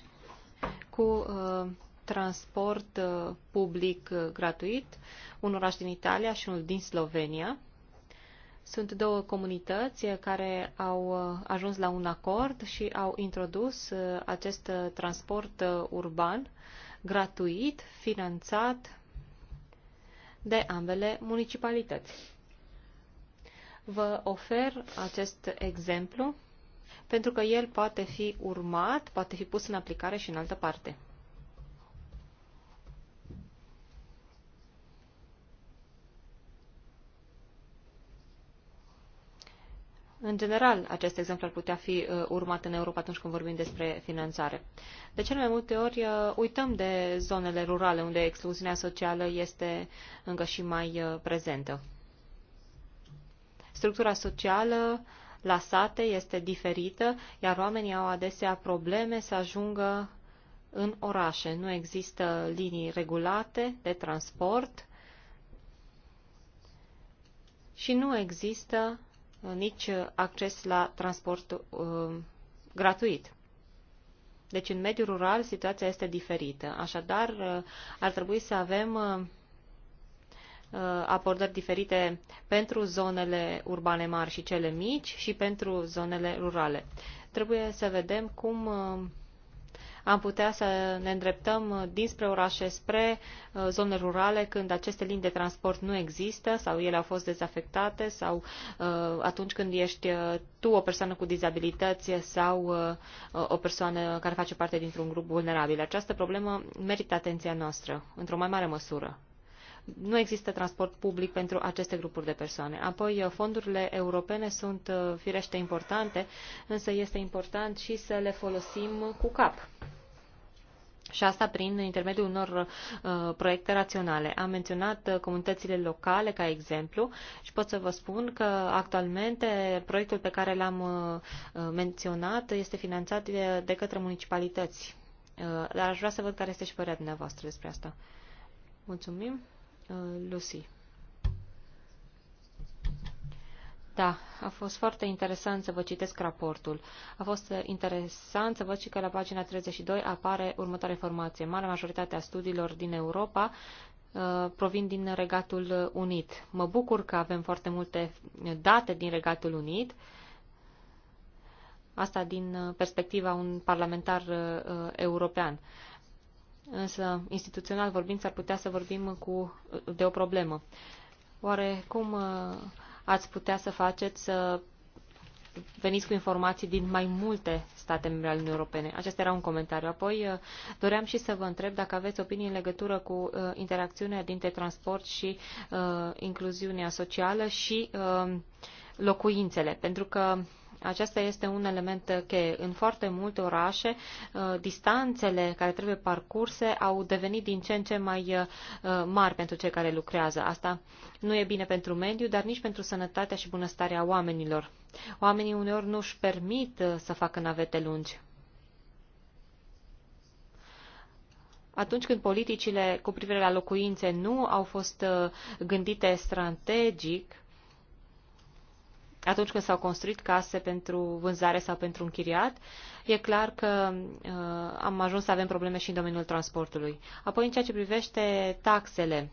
S3: cu uh, transport uh, public uh, gratuit, un oraș din Italia și unul din Slovenia, sunt două comunități care au uh, ajuns la un acord și au introdus uh, acest uh, transport urban gratuit, finanțat de ambele municipalități. Vă ofer acest exemplu pentru că el poate fi urmat, poate fi pus în aplicare și în altă parte. În general, acest exemplu ar putea fi uh, urmat în Europa atunci când vorbim despre finanțare. De cele mai multe ori uh, uităm de zonele rurale, unde excluziunea socială este încă și mai uh, prezentă. Structura socială la sate este diferită, iar oamenii au adesea probleme să ajungă în orașe. Nu există linii regulate de transport și nu există nici uh, acces la transport uh, gratuit. Deci în mediul rural situația este diferită. Așadar, uh, ar trebui să avem uh, uh abordări diferite pentru zonele urbane mari și cele mici și pentru zonele rurale. Trebuie să vedem cum uh, am putea să ne îndreptăm dinspre orașe, spre uh, zone rurale, când aceste linii de transport nu există sau ele au fost dezafectate sau uh, atunci când ești uh, tu o persoană cu dizabilități sau o persoană care face parte dintr-un grup vulnerabil. Această problemă merită atenția noastră, într-o mai mare măsură. Nu există transport public pentru aceste grupuri de persoane. Apoi, uh, fondurile europene sunt uh, firește importante, însă este important și să le folosim cu cap. Și asta prin intermediul unor uh, proiecte raționale. Am menționat uh, comunitățile locale ca exemplu și pot să vă spun că actualmente proiectul pe care l-am uh, uh menționat este finanțat de, de către municipalități. Uh, dar aș vrea să văd care este și părerea dumneavoastră despre asta. Mulțumim. Uh, Lucy. Da, a fost foarte interesant să vă citesc raportul. A fost interesant să văd și că la pagina 32 apare următoarea informație. mare majoritate a studiilor din Europa uh, provin din Regatul Unit. Mă bucur că avem foarte multe date din Regatul Unit. Asta din uh, perspectiva un parlamentar european. Însă, instituțional vorbind, s-ar putea să vorbim cu, de o problemă. Oare cum uh, ați putea să faceți să veniți cu informații din mai multe state membre ale Uniunii Europene. Acesta era un comentariu. Apoi uh, doream și să vă întreb dacă aveți opinii în legătură cu uh, interacțiunea dintre transport și uh, incluziunea socială și uh, locuințele, pentru că acesta este un element cheie. În foarte multe orașe, uh, distanțele care trebuie parcurse au devenit din ce în ce mai uh, mari pentru cei care lucrează. Asta nu e bine pentru mediu, dar nici pentru sănătatea și bunăstarea oamenilor. Oamenii uneori nu își permit uh, să facă navete lungi. atunci când politicile cu privire la locuințe nu au fost gândite strategic, atunci când s-au construit case pentru vânzare sau pentru închiriat, e clar că uh, am ajuns să avem probleme și în domeniul transportului. Apoi, în ceea ce privește taxele,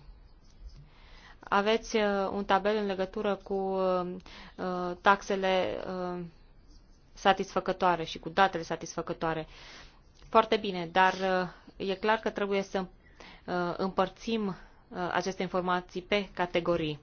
S3: aveți uh, un tabel în legătură cu uh, uh taxele uh, satisfăcătoare și cu datele satisfăcătoare. Foarte bine, dar uh, e clar că trebuie să uh, împărțim uh, aceste informații pe categorii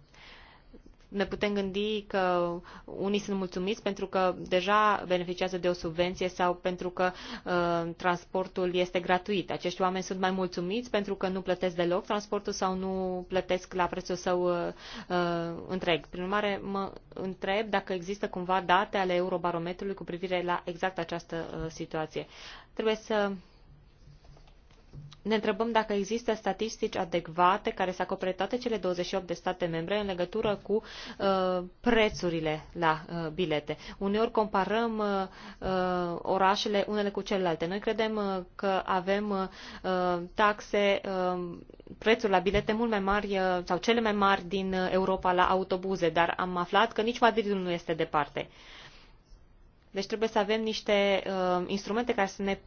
S3: ne putem gândi că unii sunt mulțumiți pentru că deja beneficiază de o subvenție sau pentru că uh, transportul este gratuit. Acești oameni sunt mai mulțumiți pentru că nu plătesc deloc transportul sau nu plătesc la prețul său uh, uh întreg. Prin urmare, mă întreb dacă există cumva date ale Eurobarometrului cu privire la exact această uh, situație. Trebuie să ne întrebăm dacă există statistici adecvate care să acopere toate cele 28 de state membre în legătură cu uh, prețurile la uh, bilete. Uneori comparăm uh, uh, orașele unele cu celelalte. Noi credem uh, că avem uh, taxe, uh, prețuri la bilete mult mai mari uh, sau cele mai mari din uh, Europa la autobuze, dar am aflat că nici Madridul nu este departe. Uh, deci trebuie să avem niște uh, instrumente care să ne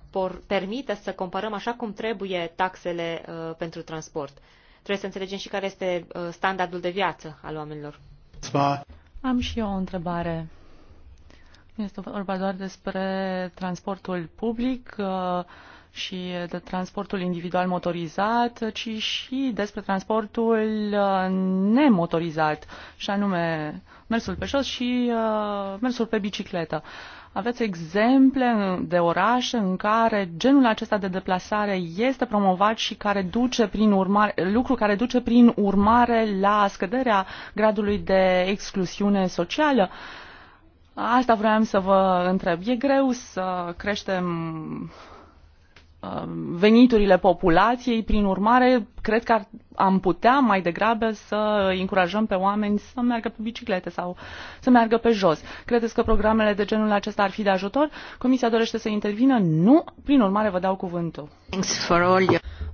S3: permită să comparăm așa cum trebuie taxele uh, pentru transport. Trebuie să înțelegem și care este uh, standardul de viață al oamenilor.
S2: Am și eu o întrebare este vorba doar despre transportul public uh, și de transportul individual motorizat, ci și despre transportul uh, nemotorizat, și anume mersul pe jos și uh, mersul pe bicicletă. Aveți exemple de orașe în care genul acesta de deplasare este promovat și care duce prin urmare, lucru care duce prin urmare la scăderea gradului de exclusiune socială? Uh, Asta vreau să vă întreb. E greu să creștem uh, veniturile populației, prin urmare, cred că am putea mai degrabă să încurajăm pe oameni să meargă pe biciclete sau să meargă pe jos. Credeți că programele de genul acesta ar fi de ajutor? Comisia dorește să intervină? Nu.
S4: Prin urmare, vă dau cuvântul.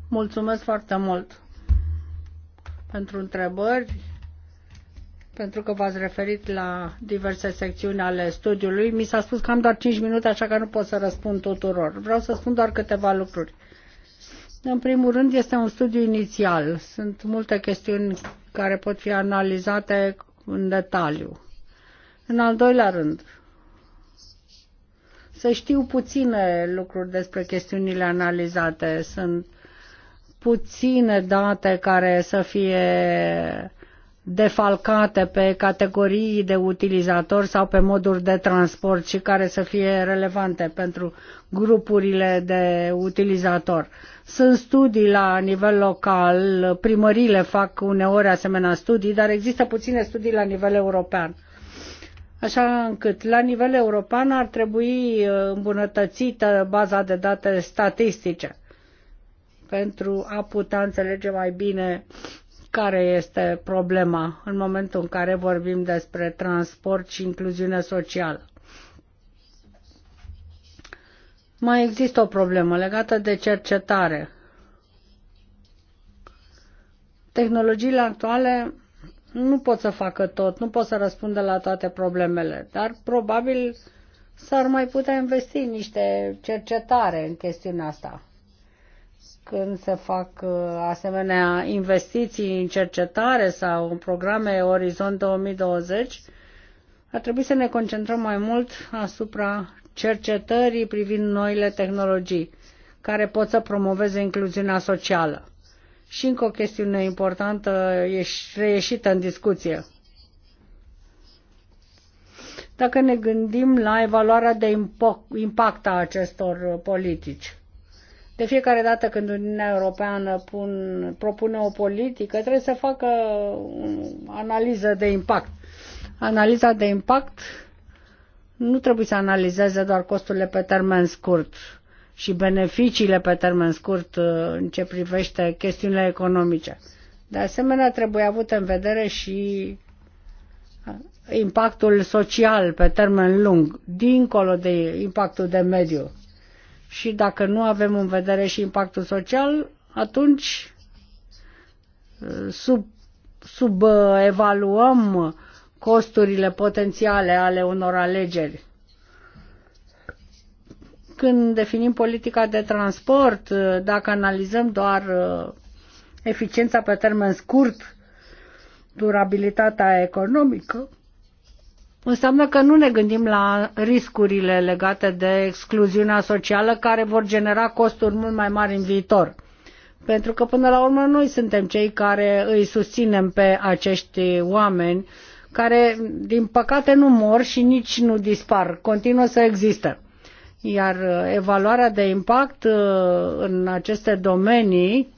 S4: Mulțumesc foarte mult pentru întrebări pentru că v-ați referit la diverse secțiuni ale studiului. Mi s-a spus că am doar 5 minute, așa că nu pot să răspund tuturor. Vreau să spun doar câteva lucruri. În primul rând, este un studiu inițial. Sunt multe chestiuni care pot fi analizate în detaliu. În al doilea rând, să știu puține lucruri despre chestiunile analizate. Sunt puține date care să fie defalcate pe categorii de utilizatori sau pe moduri de transport și care să fie relevante pentru grupurile de utilizatori. Sunt studii la nivel local, primările fac uneori asemenea studii, dar există puține studii la nivel european. Așa încât, la nivel european, ar trebui uh, îmbunătățită baza de date statistice pentru a putea înțelege mai bine care este problema în momentul în care vorbim despre transport și incluziune socială. Mai există o problemă legată de cercetare. Tehnologiile actuale nu pot să facă tot, nu pot să răspundă la toate problemele, dar probabil s-ar mai putea investi niște cercetare în chestiunea asta când se fac uh, asemenea investiții în cercetare sau în programe Orizont 2020, ar trebui să ne concentrăm mai mult asupra cercetării privind noile tehnologii care pot să promoveze incluziunea socială. Și încă o chestiune importantă reieșită în discuție. Dacă ne gândim la evaluarea de impact a acestor uh, politici, de fiecare dată când Uniunea Europeană pun, propune o politică, trebuie să facă o analiză de impact. Analiza de impact nu trebuie să analizeze doar costurile pe termen scurt și beneficiile pe termen scurt uh, în ce privește chestiunile economice. De asemenea, trebuie avut în vedere și uh, impactul social pe termen lung, dincolo de impactul de mediu și dacă nu avem în vedere și impactul social, atunci uh, sub, evaluăm costurile potențiale ale unor alegeri. Când definim politica de transport, uh, dacă analizăm doar uh, eficiența pe termen scurt, durabilitatea economică, înseamnă că nu ne gândim la riscurile legate de excluziunea socială care vor genera costuri mult mai mari în viitor. Pentru că până la urmă noi suntem cei care îi susținem pe acești oameni care, din păcate, nu mor și nici nu dispar, continuă să existe. Iar uh, evaluarea de impact uh, în aceste domenii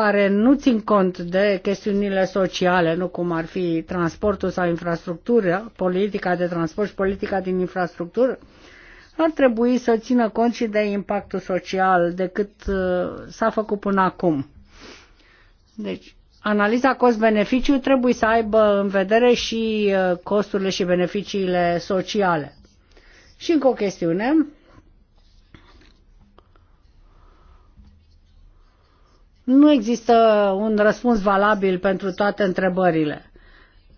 S4: care nu țin cont de chestiunile sociale, nu cum ar fi transportul sau infrastructura, politica de transport și politica din infrastructură, ar trebui să țină cont și de impactul social decât uh, s-a făcut până acum. Deci, analiza cost-beneficiu trebuie să aibă în vedere și uh, costurile și beneficiile sociale. Și încă o chestiune, nu există un răspuns valabil pentru toate întrebările.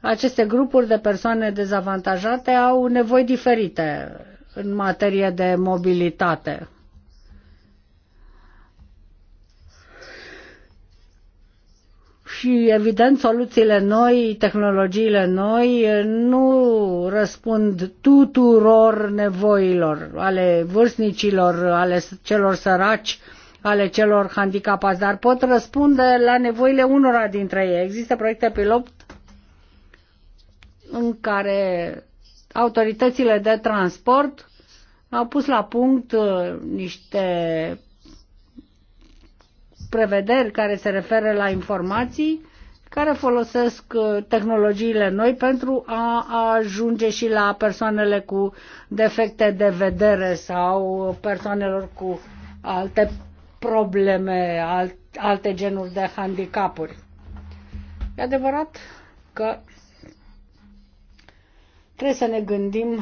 S4: Aceste grupuri de persoane dezavantajate au nevoi diferite în materie de mobilitate. Și, evident, soluțiile noi, tehnologiile noi, nu răspund tuturor nevoilor ale vârstnicilor, ale celor săraci, ale celor handicapați, dar pot răspunde la nevoile unora dintre ei. Există proiecte pilot în care autoritățile de transport au pus la punct uh, niște prevederi care se referă la informații care folosesc uh, tehnologiile noi pentru a ajunge și la persoanele cu defecte de vedere sau persoanelor cu alte probleme, alte genuri de handicapuri. E adevărat că trebuie să ne gândim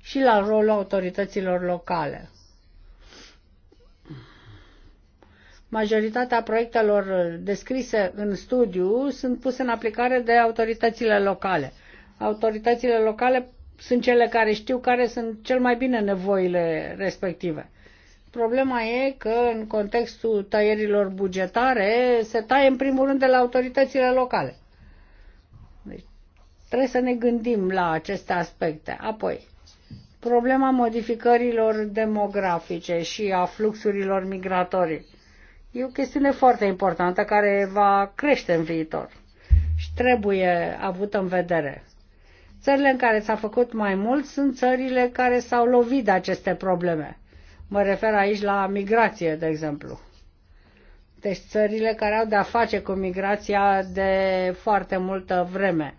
S4: și la rolul autorităților locale. Majoritatea proiectelor descrise în studiu sunt puse în aplicare de autoritățile locale. Autoritățile locale sunt cele care știu care sunt cel mai bine nevoile respective. Problema e că în contextul tăierilor bugetare se taie în primul rând de la autoritățile locale. Deci, trebuie să ne gândim la aceste aspecte. Apoi, problema modificărilor demografice și a fluxurilor migratorii. E o chestiune foarte importantă care va crește în viitor și trebuie avută în vedere. Țările în care s-a făcut mai mult sunt țările care s-au lovit de aceste probleme Mă refer aici la migrație, de exemplu. Deci țările care au de-a face cu migrația de foarte multă vreme.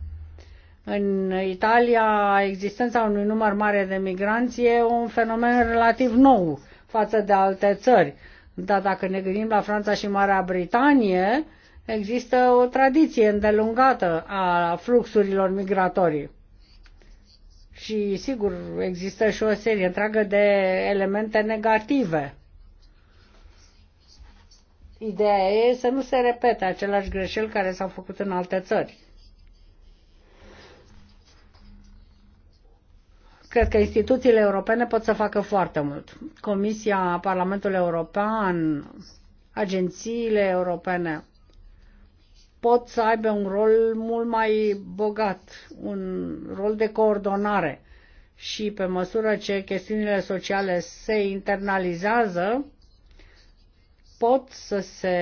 S4: În Italia, existența unui număr mare de migranți e un fenomen relativ nou față de alte țări. Dar dacă ne gândim la Franța și Marea Britanie, există o tradiție îndelungată a fluxurilor migratorii. Și sigur, există și o serie întreagă de elemente negative. Ideea e să nu se repete aceleași greșeli care s-au făcut în alte țări. Cred că instituțiile europene pot să facă foarte mult. Comisia, Parlamentul European, agențiile europene, pot să aibă un rol mult mai bogat, un rol de coordonare. Și pe măsură ce chestiunile sociale se internalizează, pot să se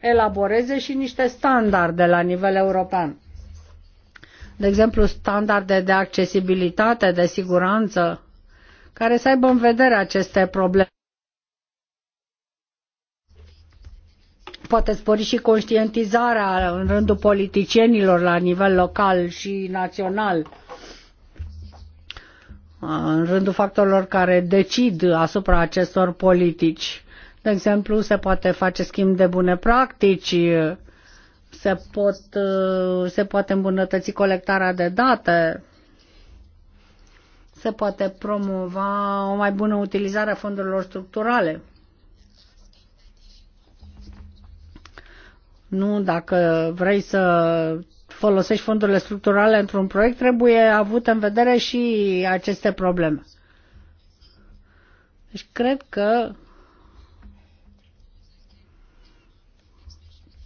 S4: elaboreze și niște standarde la nivel european. De exemplu, standarde de accesibilitate, de siguranță, care să aibă în vedere aceste probleme poate spori și conștientizarea în rândul politicienilor la nivel local și național, în rândul factorilor care decid asupra acestor politici. De exemplu, se poate face schimb de bune practici, se, pot, se poate îmbunătăți colectarea de date, se poate promova o mai bună utilizare a fondurilor structurale. Nu, dacă vrei să folosești fondurile structurale într-un proiect, trebuie avut în vedere și aceste probleme. Deci cred că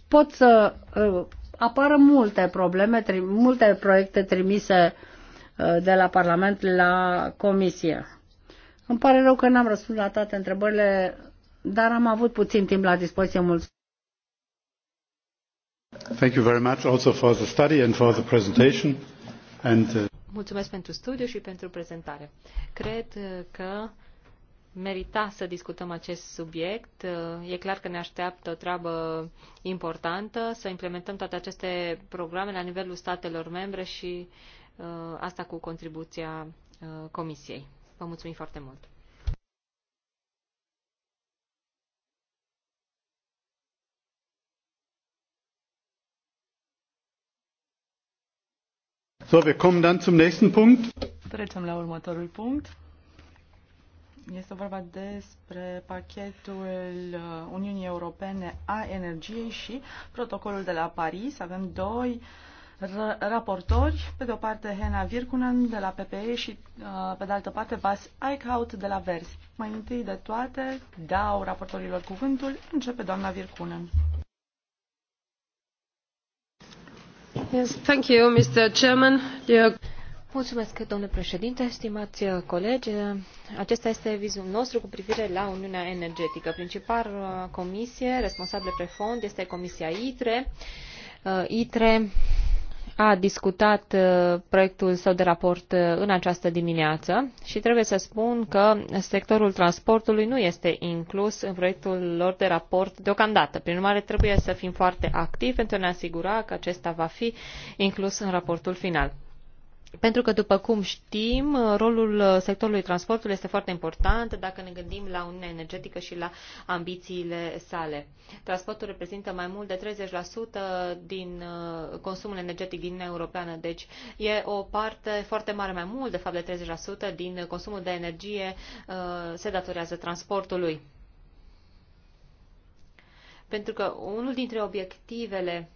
S4: pot să uh, apară multe probleme, multe proiecte trimise uh, de la Parlament la Comisie. Îmi pare rău că n-am răspuns la toate întrebările, dar am avut puțin timp la dispoziție. Mulțumesc!
S1: Thank you very much also for the study and for the presentation. And, uh...
S3: Mulțumesc pentru studiu și pentru prezentare. Cred uh, că merita să discutăm acest subiect. Uh, e clar că ne așteaptă o treabă importantă, să implementăm toate aceste programe la nivelul statelor membre și uh, asta cu contribuția Comisiei. Vă mulțumim foarte mult!
S1: So, wir kommen dann zum
S2: nächsten Punkt. Trecem la următorul punct. Este vorba despre pachetul uh, Uniunii Europene a energiei și protocolul de la Paris. Avem doi raportori, pe de o parte Hena Virkunen de la PPE și uh, pe de altă parte Bas Eichhout de la Vers. Mai întâi de toate dau raportorilor cuvântul, începe doamna Virkunen.
S4: Yes, thank you, Mr. Chairman.
S3: Mulțumesc, domnule președinte, stimați colegi. Acesta este vizul nostru cu privire la Uniunea Energetică. principala uh, comisie responsabilă pe fond este Comisia ITRE. Uh, ITRE a discutat uh, proiectul său de raport uh, în această dimineață și trebuie să spun că sectorul transportului nu este inclus în proiectul lor de raport deocamdată. Prin urmare, trebuie să fim foarte activi pentru a ne asigura că acesta va fi inclus în raportul final pentru că, după cum știm, rolul sectorului transportului este foarte important dacă ne gândim la Uniunea Energetică și la ambițiile sale. Transportul reprezintă mai mult de 30% din uh, consumul energetic din Uniunea Europeană, deci e o parte foarte mare, mai mult de fapt de 30% din consumul de energie uh, se datorează transportului. Pentru că unul dintre obiectivele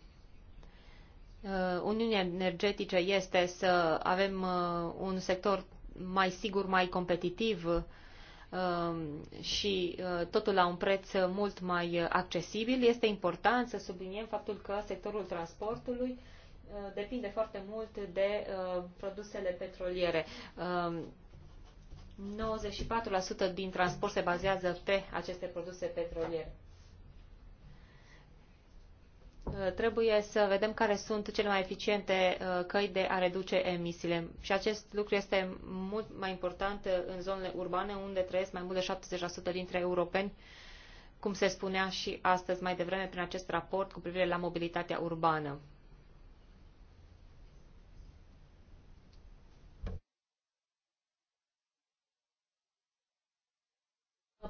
S3: Uh, Uniunii Energetice este să avem uh, un sector mai sigur, mai competitiv uh, și totul la un preț mult mai accesibil. Este important să subliniem faptul că sectorul transportului depinde foarte mult de produsele petroliere. 94% din transport se bazează pe aceste produse petroliere. Uh, trebuie să vedem care sunt cele mai eficiente uh, căi de a reduce emisiile. Și acest lucru este mult mai important uh, în zonele urbane, unde trăiesc mai mult de 70% dintre europeni, cum se spunea și astăzi mai devreme prin acest raport cu privire la mobilitatea urbană.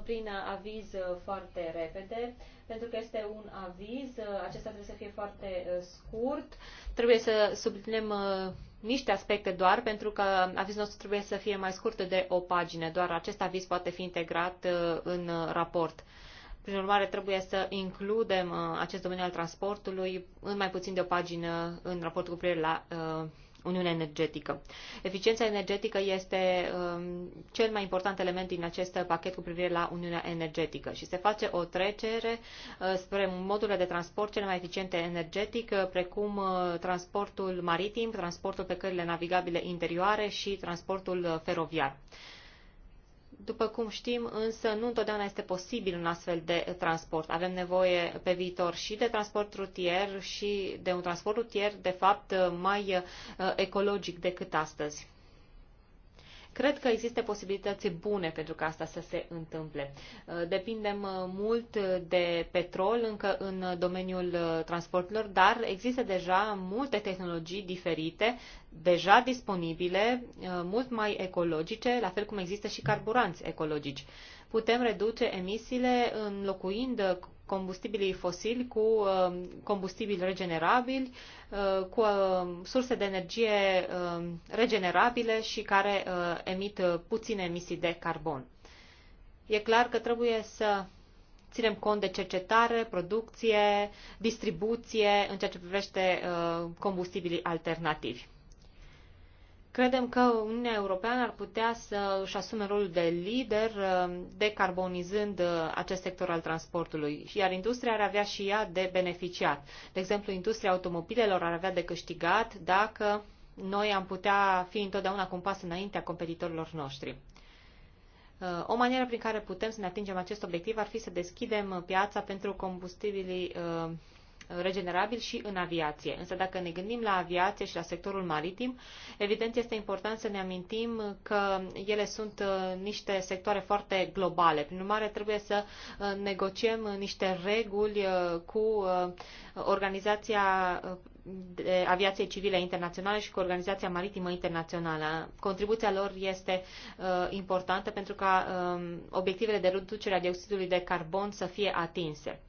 S3: prin aviz uh, foarte repede, pentru că este un aviz, uh, acesta trebuie să fie foarte uh, scurt, trebuie să subliniem niște aspecte doar, pentru că avizul nostru trebuie să fie mai scurt de o pagină, doar acest aviz poate fi integrat în raport. Prin urmare, trebuie să includem acest domeniu al transportului în mai puțin de o pagină în raportul cu privire la uh, Uniunea Energetică. Eficiența energetică este um, cel mai important element din acest pachet cu privire la Uniunea Energetică și se face o trecere uh, spre modurile de transport cele mai eficiente energetic, uh, precum uh, transportul maritim, transportul pe cările navigabile interioare și transportul uh, feroviar. După cum știm, însă nu întotdeauna este posibil un astfel de transport. Avem nevoie pe viitor și de transport rutier și de un transport rutier, de fapt, mai uh, ecologic decât astăzi. Cred că există posibilități bune pentru ca asta să se întâmple. Uh, depindem uh, mult de petrol încă în domeniul uh, transporturilor, dar există deja multe tehnologii diferite, deja disponibile, mult mai ecologice, la fel cum există și carburanți ecologici putem reduce emisiile înlocuind combustibilii fosili cu um, combustibili regenerabili, uh, cu um, surse de energie um, regenerabile și care uh, emit uh, puține emisii de carbon. E clar că trebuie să ținem cont de cercetare, producție, distribuție în ceea ce privește combustibilii alternativi. Credem că Uniunea Europeană ar putea să își asume rolul de lider uh, decarbonizând uh, acest sector al transportului, iar industria ar avea și ea de beneficiat. De exemplu, industria automobilelor ar avea de câștigat dacă noi am putea fi întotdeauna cu un pas înaintea competitorilor noștri. Uh, o manieră prin care putem să ne atingem acest obiectiv ar fi să deschidem piața pentru combustibilii regenerabil și în aviație. Însă dacă ne gândim la aviație și la sectorul maritim, evident este important să ne amintim că ele sunt uh, niște sectoare foarte globale. Prin urmare, trebuie să uh, negociem niște reguli uh, cu Organizația aviației civile internaționale și cu Organizația Maritimă Internațională. Contribuția lor este uh, importantă pentru ca uh, obiectivele de reducere a dioxidului de carbon să fie atinse.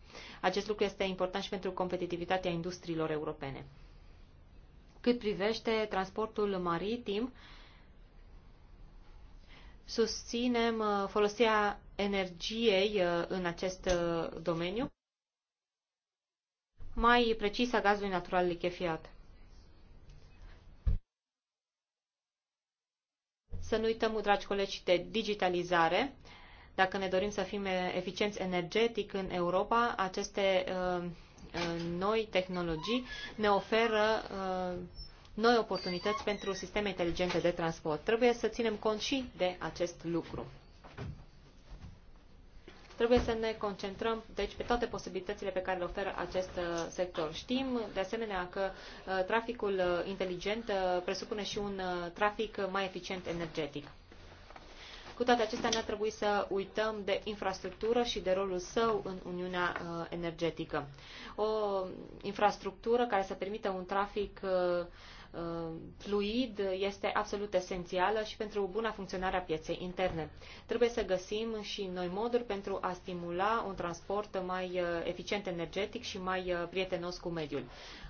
S3: Acest lucru este important și pentru competitivitatea industriilor europene. Cât privește transportul maritim, susținem uh, folosirea energiei uh, în acest uh, domeniu, mai precis a gazului natural lichefiat. Să nu uităm, dragi colegi, de digitalizare. Dacă ne dorim să fim eficienți energetic în Europa, aceste uh, uh, noi tehnologii ne oferă uh, noi oportunități pentru sisteme inteligente de transport. Trebuie să ținem cont și de acest lucru. Trebuie să ne concentrăm deci, pe toate posibilitățile pe care le oferă acest sector. Știm, de asemenea, că traficul inteligent presupune și un trafic mai eficient energetic. Cu toate acestea, ne-ar trebui să uităm de infrastructură și de rolul său în Uniunea uh, Energetică. O infrastructură care să permită un trafic uh, uh, fluid este absolut esențială și pentru buna funcționare a pieței interne. Trebuie să găsim și noi moduri pentru a stimula un transport mai eficient energetic și mai prietenos cu mediul.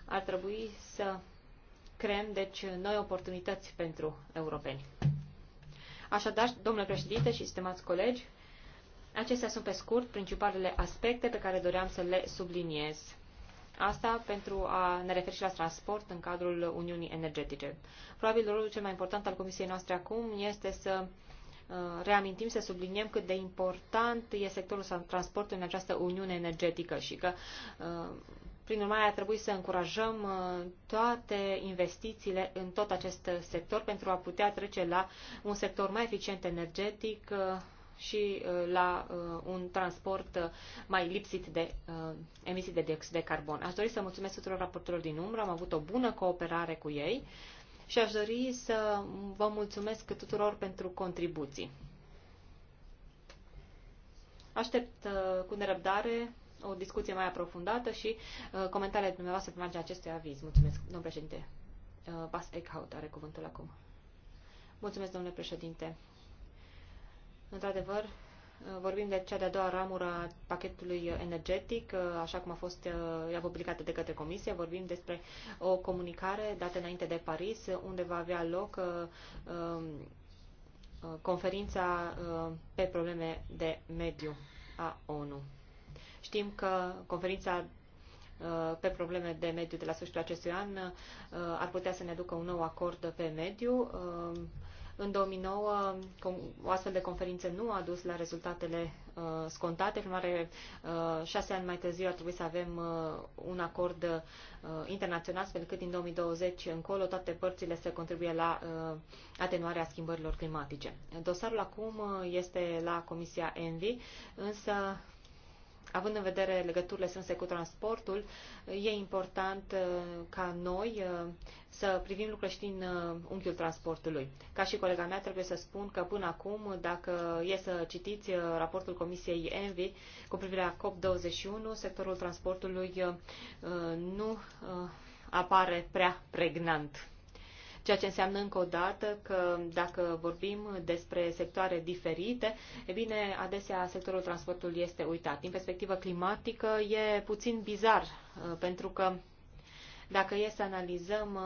S3: Ar trebui să creăm, deci, noi oportunități pentru europeni. Așadar, domnule președinte și stimați colegi, acestea sunt pe scurt principalele aspecte pe care doream să le subliniez. Asta pentru a ne referi și la transport în cadrul Uniunii Energetice. Probabil rolul cel mai important al Comisiei noastre acum este să uh, reamintim, să subliniem cât de important e sectorul transportului în această Uniune Energetică și că uh, prin urmare, ar trebui să încurajăm uh, toate investițiile în tot acest sector pentru a putea trece la un sector mai eficient energetic uh, și uh, la un transport mai lipsit de emisii de dioxid de carbon. Aș dori să mulțumesc tuturor raportorilor din umbră, am avut o bună cooperare cu ei și aș dori să vă mulțumesc tuturor pentru contribuții. Aștept cu nerăbdare o discuție mai aprofundată și uh, comentariile dumneavoastră pe marginea acestui aviz. Mulțumesc, domnul președinte. Uh, Bas Eckhout are cuvântul acum. Mulțumesc, domnule președinte. Într-adevăr, uh, vorbim de cea de-a doua ramură a pachetului energetic, uh, așa cum a fost uh, ea publicată de către Comisie. Vorbim despre o comunicare dată înainte de Paris, unde va avea loc um, conferința pe probleme de mediu a ONU. Știm că conferința uh, pe probleme de mediu de la sfârșitul acestui an uh, ar putea să ne aducă un nou acord pe mediu. Uh, în 2009, o astfel de conferință nu a dus la rezultatele uh, scontate. Prin mare uh, șase ani mai târziu ar trebui să avem uh, un acord uh, internațional, astfel cât din 2020 încolo toate părțile să contribuie la uh, atenuarea schimbărilor climatice. Dosarul acum este la Comisia ENVI, însă având în vedere legăturile strânse cu transportul, e important uh, ca noi uh, să privim lucrurile și din uh, unghiul transportului. Ca și colega mea, trebuie să spun că până acum, dacă e să citiți raportul Comisiei ENVI cu privire la COP21, sectorul transportului nu apare prea pregnant ceea ce înseamnă încă o dată că dacă vorbim despre sectoare diferite, e bine, adesea sectorul transportului este uitat. Din perspectivă climatică e puțin bizar, uh, pentru că dacă e să analizăm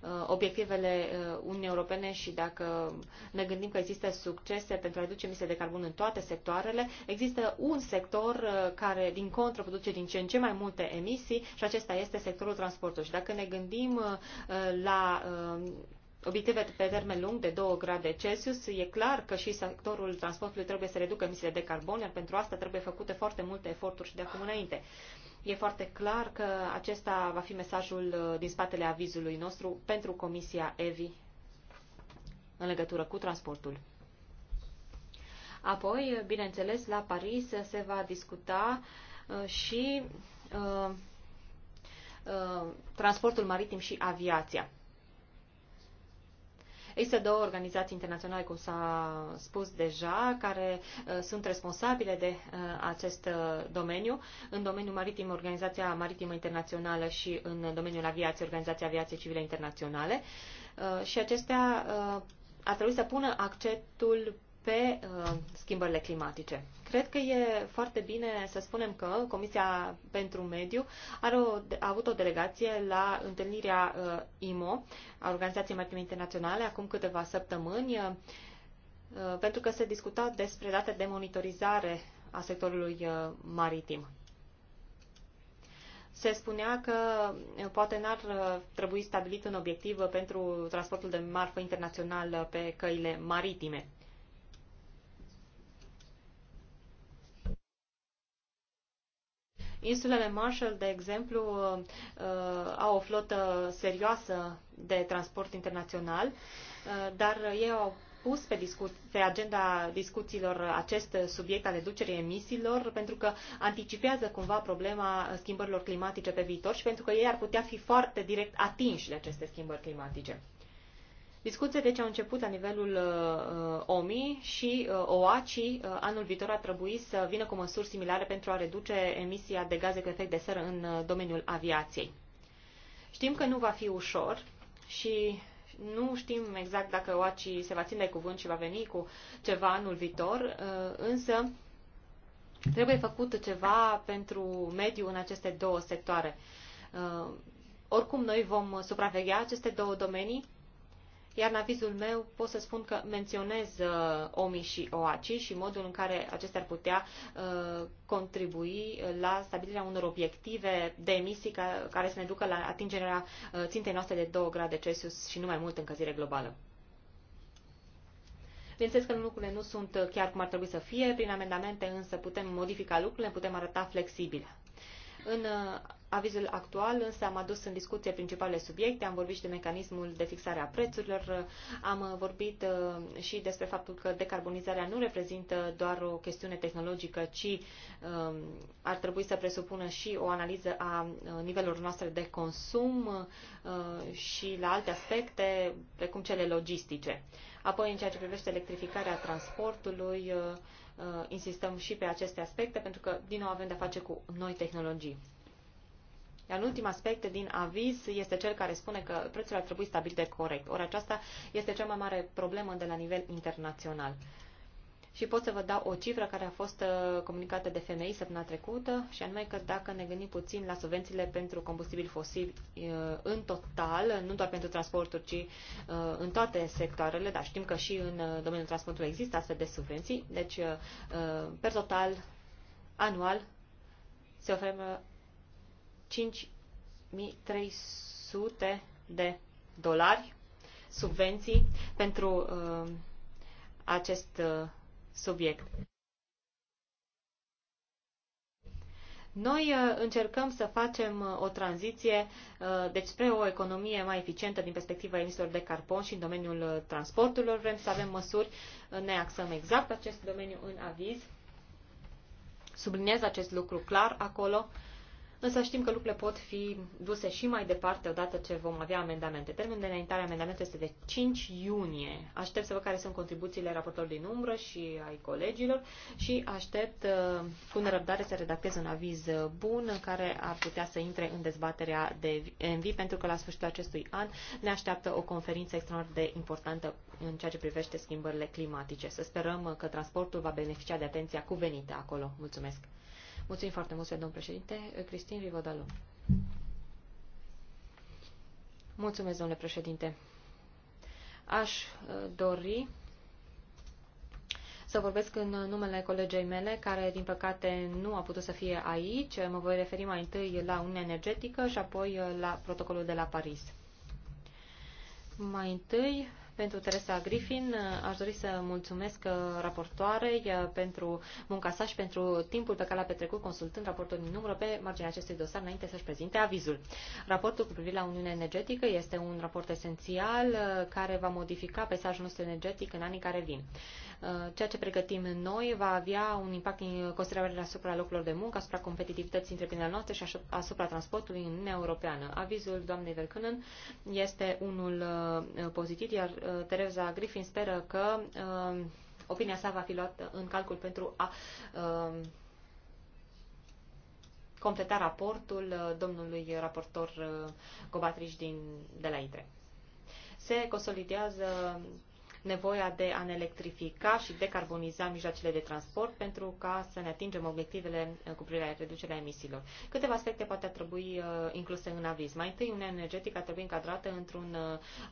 S3: uh, uh, obiectivele uh, Uniunii Europene și dacă ne gândim că există succese pentru a reduce emisiile de carbon în toate sectoarele, există un sector care, din contră, produce din ce în ce mai multe emisii și acesta este sectorul transportului. Și dacă ne gândim la obiective pe termen lung de 2 grade Celsius, e clar că și sectorul transportului trebuie să reducă emisiile de carbon, iar pentru asta trebuie făcute foarte multe eforturi și de acum înainte. E foarte clar că acesta va fi mesajul uh, din spatele avizului nostru pentru Comisia EVI în legătură cu transportul. Apoi, bineînțeles, la Paris se va discuta uh, și uh, transportul maritim și aviația. Există două organizații internaționale, cum s-a spus deja, care uh, sunt responsabile de uh, acest uh, domeniu. În domeniul maritim, Organizația Maritimă Internațională și în domeniul aviației, Organizația Aviației Civile Internaționale. Și acestea ar trebui să pună accentul pe schimbările climatice. Cred că e foarte bine să spunem că Comisia pentru Mediu are o, a avut o delegație la întâlnirea uh, IMO, a Organizației Maritime Internaționale, acum câteva săptămâni, uh, pentru că se discuta despre date de monitorizare a sectorului uh, maritim se spunea că uh, poate n-ar uh, trebui stabilit un obiectiv uh, pentru transportul de marfă internațional pe căile maritime. Insulele Marshall, de exemplu, uh, au o flotă serioasă de transport internațional, uh, dar ei au pus pe, discu- pe agenda discuțiilor acest subiect al reducerii emisiilor, pentru că anticipează cumva problema schimbărilor climatice pe viitor și pentru că ei ar putea fi foarte direct atinși de aceste schimbări climatice. Discuțiile deci au început la nivelul uh, uh, OMI și uh, OACI anul viitor ar trebui să vină cu măsuri similare pentru a reduce emisia de gaze cu efect de seră în domeniul aviației. Știm că nu va fi ușor și nu știm exact dacă OACI se va ține de cuvânt și va veni cu ceva anul viitor, însă trebuie făcut ceva pentru mediu în aceste două sectoare. Oricum, noi vom supraveghea aceste două domenii iar în avizul meu pot să spun că menționez uh, OMI și OACI și modul în care acestea ar putea uh, contribui la stabilirea unor obiective de emisii care să ne ducă la atingerea uh, țintei noastre de 2 grade Celsius și nu mai mult încălzire globală. Bineînțeles că lucrurile nu sunt chiar cum ar trebui să fie, prin amendamente însă putem modifica lucrurile, putem arăta flexibil în uh, avizul actual, însă am adus în discuție principalele subiecte, am vorbit și de mecanismul de fixare a prețurilor, uh, am uh, vorbit și despre faptul că decarbonizarea nu reprezintă doar o chestiune tehnologică, ci um, ar trebui să presupună și o analiză a nivelurilor noastre de consum și la alte aspecte, precum cele logistice. Apoi, în ceea ce privește electrificarea transportului, uh, Uh, insistăm și pe aceste aspecte, pentru că, din nou, avem de-a face cu noi tehnologii. Iar ultim aspect din aviz este cel care spune că prețurile ar trebui stabilite corect. Ori aceasta este cea mai mare problemă de la nivel internațional. Și pot să vă dau o cifră care a fost uh, comunicată de FMI săptămâna trecută, și anume că dacă ne gândim puțin la subvențiile pentru combustibil fosil uh, în total, nu doar pentru transporturi, ci uh, în toate sectoarele, dar știm că și în domeniul transportului există astfel de subvenții, deci per total, anual, se oferă 5300 de dolari subvenții pentru acest subiect. Noi uh, încercăm să facem uh, o tranziție uh, deci spre o economie mai eficientă din perspectiva emisiilor de carbon și în domeniul transporturilor. Vrem să avem măsuri, ne axăm exact acest domeniu în aviz. Subliniez acest lucru clar acolo însă știm că lucrurile pot fi duse și mai departe odată ce vom avea amendamente. Termenul de înaintare a amendamentelor este de 5 iunie. Aștept să văd care sunt contribuțiile raportorului din umbră și ai colegilor și aștept uh, cu nerăbdare să redactez un aviz uh, bun care ar putea să intre în dezbaterea de MV pentru că la sfârșitul acestui an ne așteaptă o conferință extraordinar de importantă în ceea ce privește schimbările climatice. Să sperăm uh, că transportul va beneficia de atenția cuvenită acolo. Mulțumesc! Mulțumim foarte mult, domnul președinte. Cristin Rivodalu. Mulțumesc, domnule președinte. Aș uh, dori să vorbesc în numele colegei mele, care, din păcate, nu a putut să fie aici. Mă voi referi mai întâi la Uniunea Energetică și apoi uh, la protocolul de la Paris. Mai întâi, pentru Teresa Griffin uh, aș dori să mulțumesc uh, raportoarei uh, pentru munca sa și pentru timpul pe care l-a petrecut consultând raportul din numără pe marginea acestui dosar înainte să-și prezinte avizul. Raportul cu privire la Uniunea Energetică este un raport esențial care va modifica peisajul nostru energetic în anii care vin. Uh, ceea ce pregătim noi va avea un impact considerabil asupra locurilor de muncă, asupra competitivității întreprinderilor noastre și asupra transportului în Uniunea Europeană. Avizul doamnei Verkunen este unul uh, pozitiv, iar uh, Tereza Griffin speră că opinia sa va fi luată în calcul pentru a completa raportul domnului raportor Gobatriș din, de la ITRE. Se consolidează nevoia de a ne electrifica și decarboniza mijloacele de transport pentru ca să ne atingem obiectivele uh, cu privire la reducerea emisiilor. Câteva aspecte poate ar trebui uh, incluse în aviz. Mai întâi, Uniunea Energetică trebuie încadrată într-un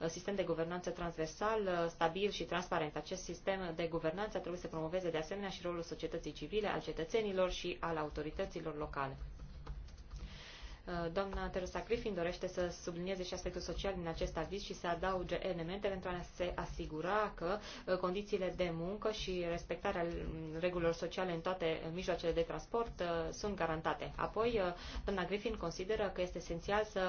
S3: uh, sistem de guvernanță transversal, stabil și transparent. Acest sistem de guvernanță trebuie să promoveze de asemenea și rolul societății civile, al cetățenilor și al autorităților locale. Uh, doamna Teresa Griffin dorește să sublinieze și aspectul social din acest aviz și să adauge elemente pentru a se asigura că uh, condițiile de muncă și respectarea mm, regulilor sociale în toate uh, mijloacele de transport sunt garantate. Apoi, doamna Griffin consideră că este esențial să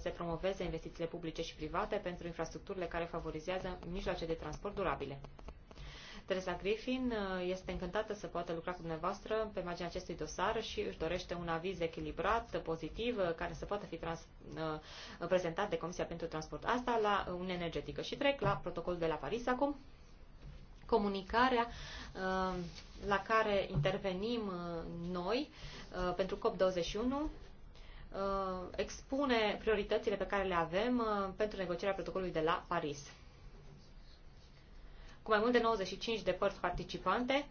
S3: se promoveze investițiile publice și private pentru infrastructurile care favorizează mijloace de transport durabile. Teresa Griffin uh, este încântată să poată lucra cu dumneavoastră pe marginea acestui dosar și își dorește un aviz echilibrat, pozitiv, uh, care să poată fi trans, uh, prezentat de Comisia pentru Transport. Asta la Uniunea Energetică. Și trec la protocolul de la Paris acum. Comunicarea la care intervenim noi pentru COP21 expune prioritățile pe care le avem pentru negocierea protocolului de la Paris cu mai mult de 95 de părți participante,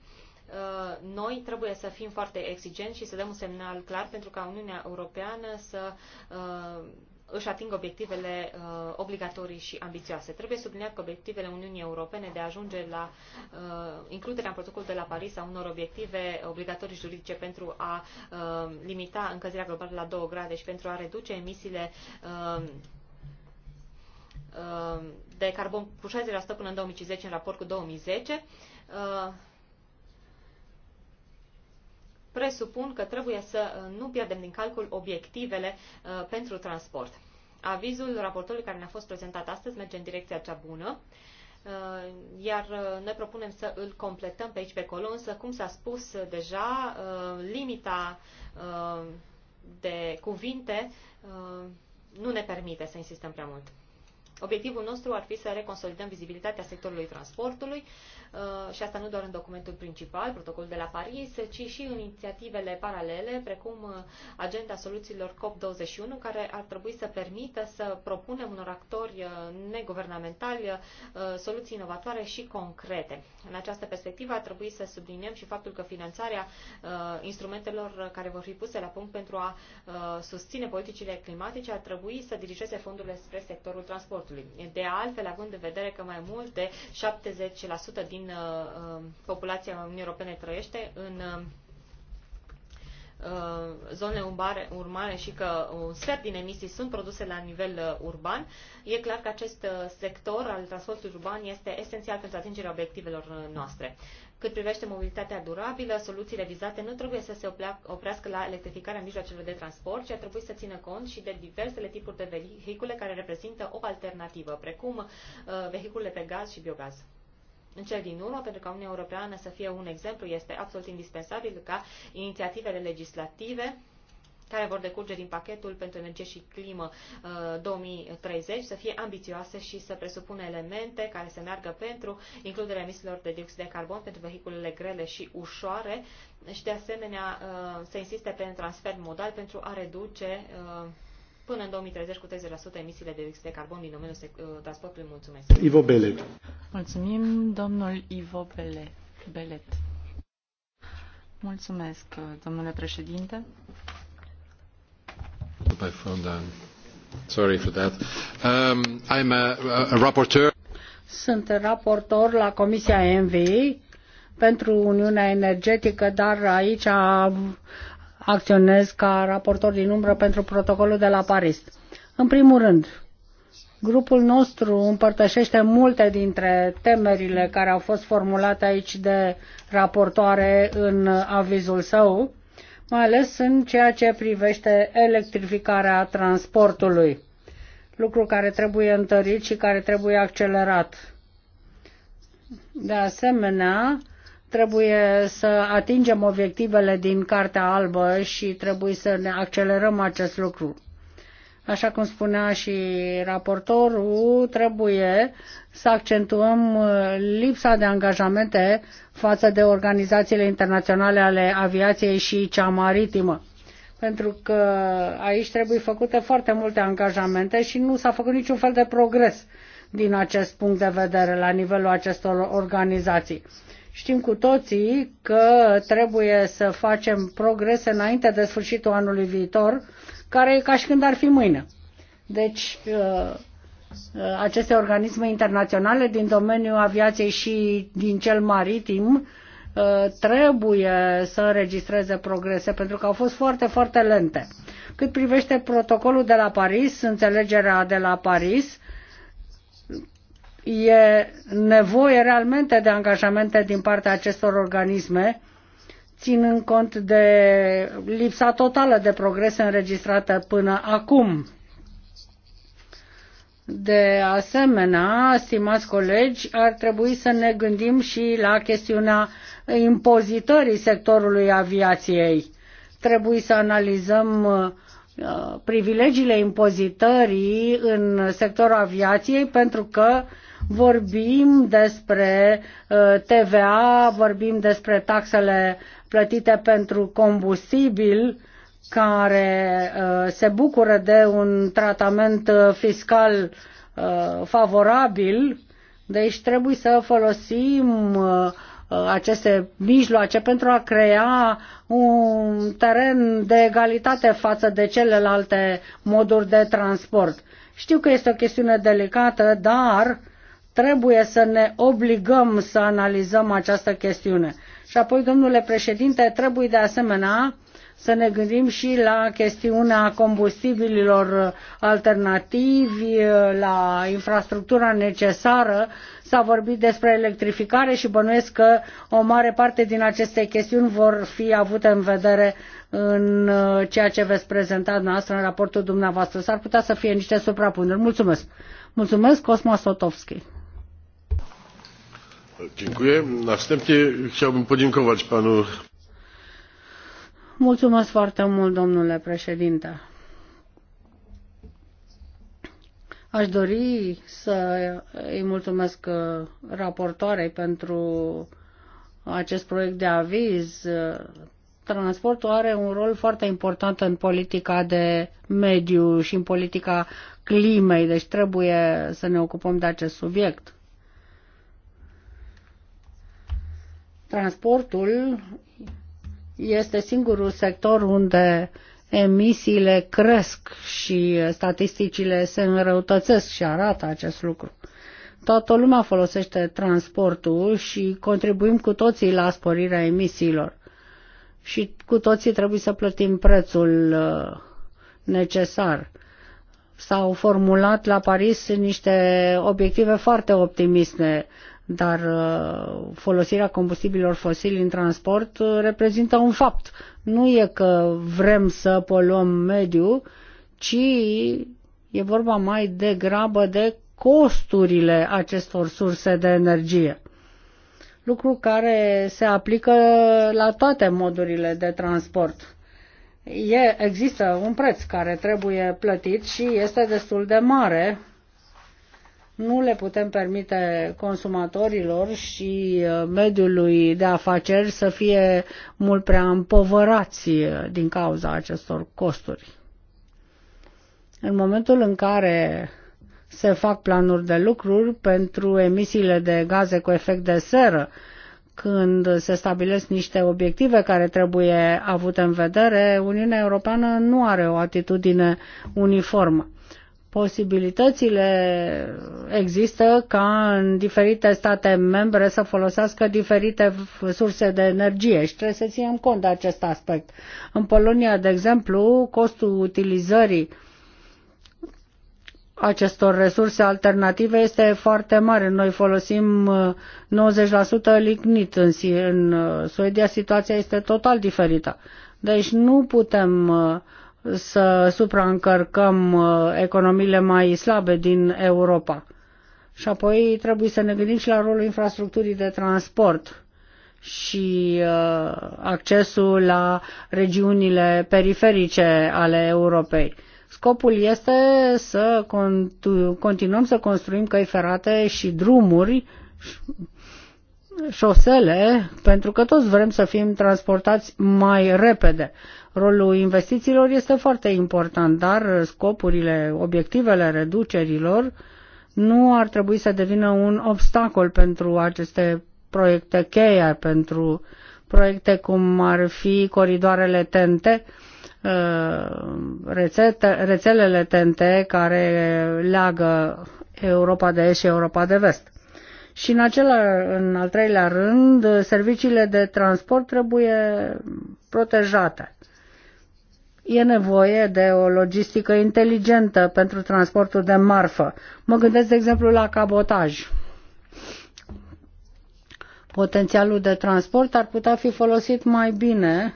S3: uh, noi trebuie să fim foarte exigenți și să dăm un semnal clar pentru ca Uniunea Europeană să uh, își ating obiectivele uh, obligatorii și ambițioase. Trebuie subliniat că obiectivele Uniunii Europene de a ajunge la uh, includerea în protocolul de la Paris a unor obiective obligatorii juridice pentru a uh, limita încălzirea globală la 2 grade și pentru a reduce emisiile uh, Uh, de carbon cu 60% până în 2010 în raport cu 2010, uh, presupun că trebuie să uh, nu pierdem din calcul obiectivele pentru transport. Avizul raportorului care ne-a fost prezentat astăzi merge în direcția cea bună iar ne propunem să îl completăm pe aici pe acolo, însă, cum s-a spus deja, limita de cuvinte nu ne permite să insistăm prea mult. Obiectivul nostru ar fi să reconsolidăm vizibilitatea sectorului transportului uh, și asta nu doar în documentul principal, protocolul de la Paris, ci și în inițiativele paralele, precum uh, agenda soluțiilor COP21, care ar trebui să permită să propunem unor actori uh, neguvernamentali soluții inovatoare și concrete. În această perspectivă ar trebui să subliniem și faptul că finanțarea instrumentelor care vor fi puse la punct pentru a susține politicile climatice ar trebui să dirigeze fondurile spre sectorul transportului transportului. De altfel, având în vedere că mai mult de 70% din uh, uh, populația Uniunii Europene trăiește în uh, uh zone urbane, urbane și că un sfert din emisii sunt produse la nivel uh, urban, e clar că acest sector al transportului urban este esențial pentru atingerea obiectivelor noastre. Cât privește mobilitatea durabilă, soluțiile vizate nu trebuie să se oprească la electrificarea mijloacelor de transport, ci ar trebui să țină cont și de diversele tipuri de vehicule care reprezintă o alternativă, precum uh, vehiculele pe gaz și biogaz. În cel din urmă, pentru ca Uniunea Europeană să fie un exemplu, este absolut indispensabil ca inițiativele legislative care vor decurge din pachetul pentru energie și climă 2030 uh, să fie ambițioase și să presupună elemente care să meargă pentru includerea emisiilor de dioxid de carbon pentru vehiculele grele și ușoare și de asemenea uh, să insiste pe un transfer modal pentru a reduce uh, până în 2030 cu 30% emisiile de dioxid de carbon din domeniul transportului. Mulțumesc. Ivo Belet.
S2: Mulțumim, domnul Ivo Belet. Belet. Mulțumesc,
S4: domnule președinte
S6: phone down. Sorry for that. Um, I'm a, a rapporteur.
S4: Sunt raportor la Comisia ENVI pentru Uniunea Energetică, dar aici acționez ca raportor din umbră pentru protocolul de la Paris. În primul rând, grupul nostru împărtășește multe dintre temerile care au fost formulate aici de raportoare în avizul său mai ales în ceea ce privește electrificarea transportului, lucru care trebuie întărit și care trebuie accelerat. De asemenea, trebuie să atingem obiectivele din Cartea Albă și trebuie să ne accelerăm acest lucru. Așa cum spunea și raportorul, trebuie să accentuăm uh, lipsa de angajamente față de organizațiile internaționale ale aviației și cea maritimă. Pentru că aici trebuie făcute foarte multe angajamente și nu s-a făcut niciun fel de progres din acest punct de vedere la nivelul acestor organizații. Știm cu toții că trebuie să facem progrese înainte de sfârșitul anului viitor care e ca și când ar fi mâine. Deci, uh, uh, aceste organisme internaționale din domeniul aviației și din cel maritim uh, trebuie să înregistreze progrese, pentru că au fost foarte, foarte lente. Cât privește protocolul de la Paris, înțelegerea de la Paris, e nevoie realmente de angajamente din partea acestor organisme ținând cont de lipsa totală de progres înregistrată până acum. De asemenea, stimați colegi, ar trebui să ne gândim și la chestiunea impozitării sectorului aviației. Trebuie să analizăm uh, privilegiile impozitării în sectorul aviației pentru că vorbim despre uh, TVA, vorbim despre taxele plătite pentru combustibil care uh, se bucură de un tratament uh, fiscal uh, favorabil, deci trebuie să folosim aceste mijloace pentru a crea un teren de egalitate față de celelalte moduri de transport. Știu că este o chestiune delicată, dar trebuie să ne obligăm să analizăm această chestiune. Și apoi, domnule președinte, trebuie de asemenea să ne gândim și la chestiunea combustibililor alternativi, la infrastructura necesară. S-a vorbit despre electrificare și bănuiesc că o mare parte din aceste chestiuni vor fi avute în vedere în ceea ce veți prezenta noastră în raportul dumneavoastră. S-ar putea să fie niște suprapuneri. Mulțumesc! Mulțumesc, Cosma Sotovski!
S1: Dziękuję. Na wstępie chciałbym podziękować panu.
S4: Mulțumesc foarte mult, domnule președinte. Aș dori să îi mulțumesc raportoarei pentru acest proiect de aviz. Transportul are un rol foarte important în politica de mediu și în politica climei, deci trebuie să ne ocupăm de acest subiect. Transportul este singurul sector unde emisiile cresc și statisticile se înrăutățesc și arată acest lucru. Toată lumea folosește transportul și contribuim cu toții la sporirea emisiilor. Și cu toții trebuie să plătim prețul uh, necesar. S-au formulat la Paris niște obiective foarte optimiste dar uh, folosirea combustibilor fosili în transport uh, reprezintă un fapt. Nu e că vrem să poluăm mediul, ci e vorba mai degrabă de costurile acestor surse de energie. Lucru care se aplică la toate modurile de transport. E, există un preț care trebuie plătit și este destul de mare nu le putem permite consumatorilor și uh, mediului de afaceri să fie mult prea împovărați uh, din cauza acestor costuri. În momentul în care se fac planuri de lucruri pentru emisiile de gaze cu efect de seră, când se stabilesc niște obiective care trebuie avute în vedere, Uniunea Europeană nu are o atitudine uniformă posibilitățile există ca în diferite state membre să folosească diferite surse de energie și trebuie să ținem cont de acest aspect. În Polonia, de exemplu, costul utilizării acestor resurse alternative este foarte mare. Noi folosim 90% uh, lignit în, în uh, Suedia, situația este total diferită. Deci nu putem uh, să supraîncărcăm uh, economiile mai slabe din Europa. Și apoi trebuie să ne gândim și la rolul infrastructurii de transport și uh, accesul la regiunile periferice ale Europei. Scopul este să continuăm să construim căi ferate și drumuri șosele, pentru că toți vrem să fim transportați mai repede. Rolul investițiilor este foarte important, dar scopurile, obiectivele reducerilor nu ar trebui să devină un obstacol pentru aceste proiecte cheie, pentru proiecte cum ar fi coridoarele tente, uh, rețelele tente care leagă Europa de Est și Europa de Vest. Și în, acela, în al treilea rând, serviciile de transport trebuie protejate. E nevoie de o logistică inteligentă pentru transportul de marfă. Mă gândesc, de exemplu, la cabotaj. Potențialul de transport ar putea fi folosit mai bine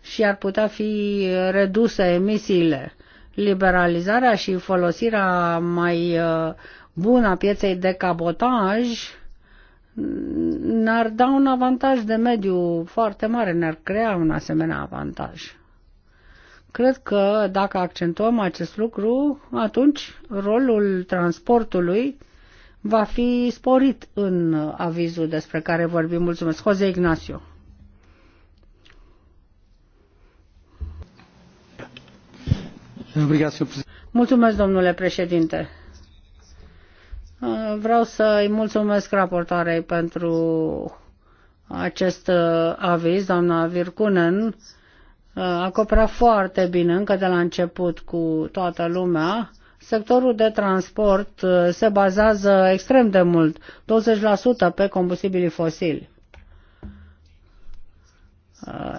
S4: și ar putea fi reduse emisiile. Liberalizarea și folosirea mai uh, bună a pieței de cabotaj ne-ar da un avantaj de mediu foarte mare, ne-ar crea un asemenea avantaj. Cred că dacă accentuăm acest lucru, atunci rolul transportului va fi sporit în avizul despre care vorbim. Mulțumesc. Jose Ignacio. Mulțumesc, domnule președinte. Vreau să-i mulțumesc raportoarei pentru acest uh, aviz, doamna Virkunen, uh, acopera foarte bine încă de la început cu toată lumea. Sectorul de transport uh, se bazează extrem de mult, 20% pe combustibilii fosili.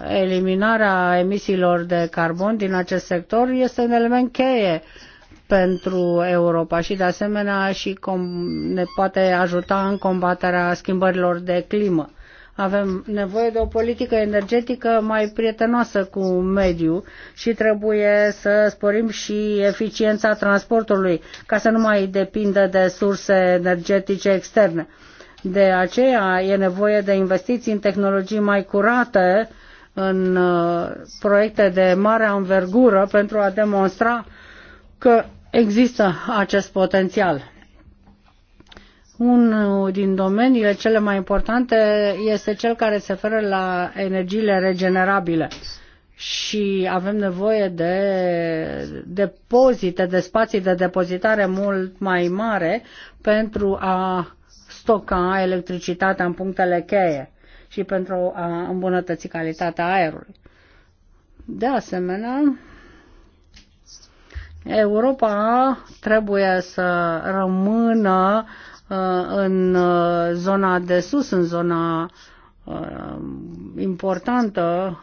S4: Eliminarea emisiilor de carbon din acest sector este un element cheie pentru Europa și de asemenea și ne poate ajuta în combaterea schimbărilor de climă. Avem nevoie de o politică energetică mai prietenoasă cu mediul și trebuie să sporim și eficiența transportului ca să nu mai depindă de surse energetice externe. De aceea e nevoie de investiții în tehnologii mai curate, în uh, proiecte de mare anvergură pentru a demonstra că există acest potențial. Unul din domeniile cele mai importante este cel care se referă la energiile regenerabile și avem nevoie de depozite, de spații de depozitare mult mai mare pentru a stoca electricitatea în punctele cheie și pentru a îmbunătăți calitatea aerului. De asemenea, Europa trebuie să rămână uh, în uh, zona de sus, în zona uh, importantă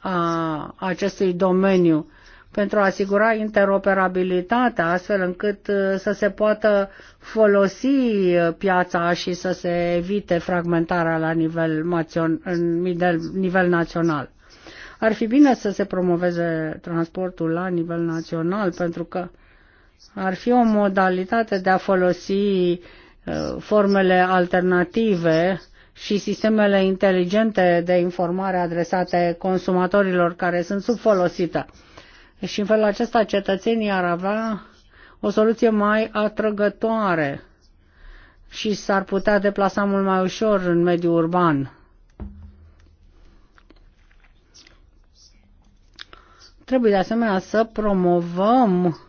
S4: a acestui domeniu pentru a asigura interoperabilitatea astfel încât să se poată folosi piața și să se evite fragmentarea la nivel, nivel național. Ar fi bine să se promoveze transportul la nivel național, pentru că ar fi o modalitate de a folosi uh, formele alternative și sistemele inteligente de informare adresate consumatorilor care sunt subfolosite. Și în felul acesta cetățenii ar avea o soluție mai atrăgătoare și s-ar putea deplasa mult mai ușor în mediul urban. Trebuie de asemenea să promovăm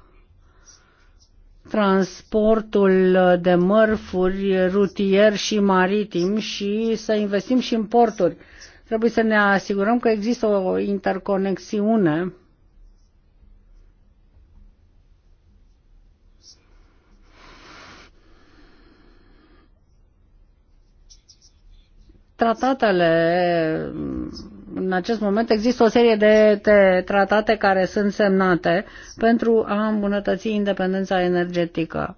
S4: transportul de mărfuri rutier și maritim și să investim și în porturi. Trebuie să ne asigurăm că există o interconexiune tratatele în acest moment există o serie de, de tratate care sunt semnate pentru a îmbunătăți independența energetică.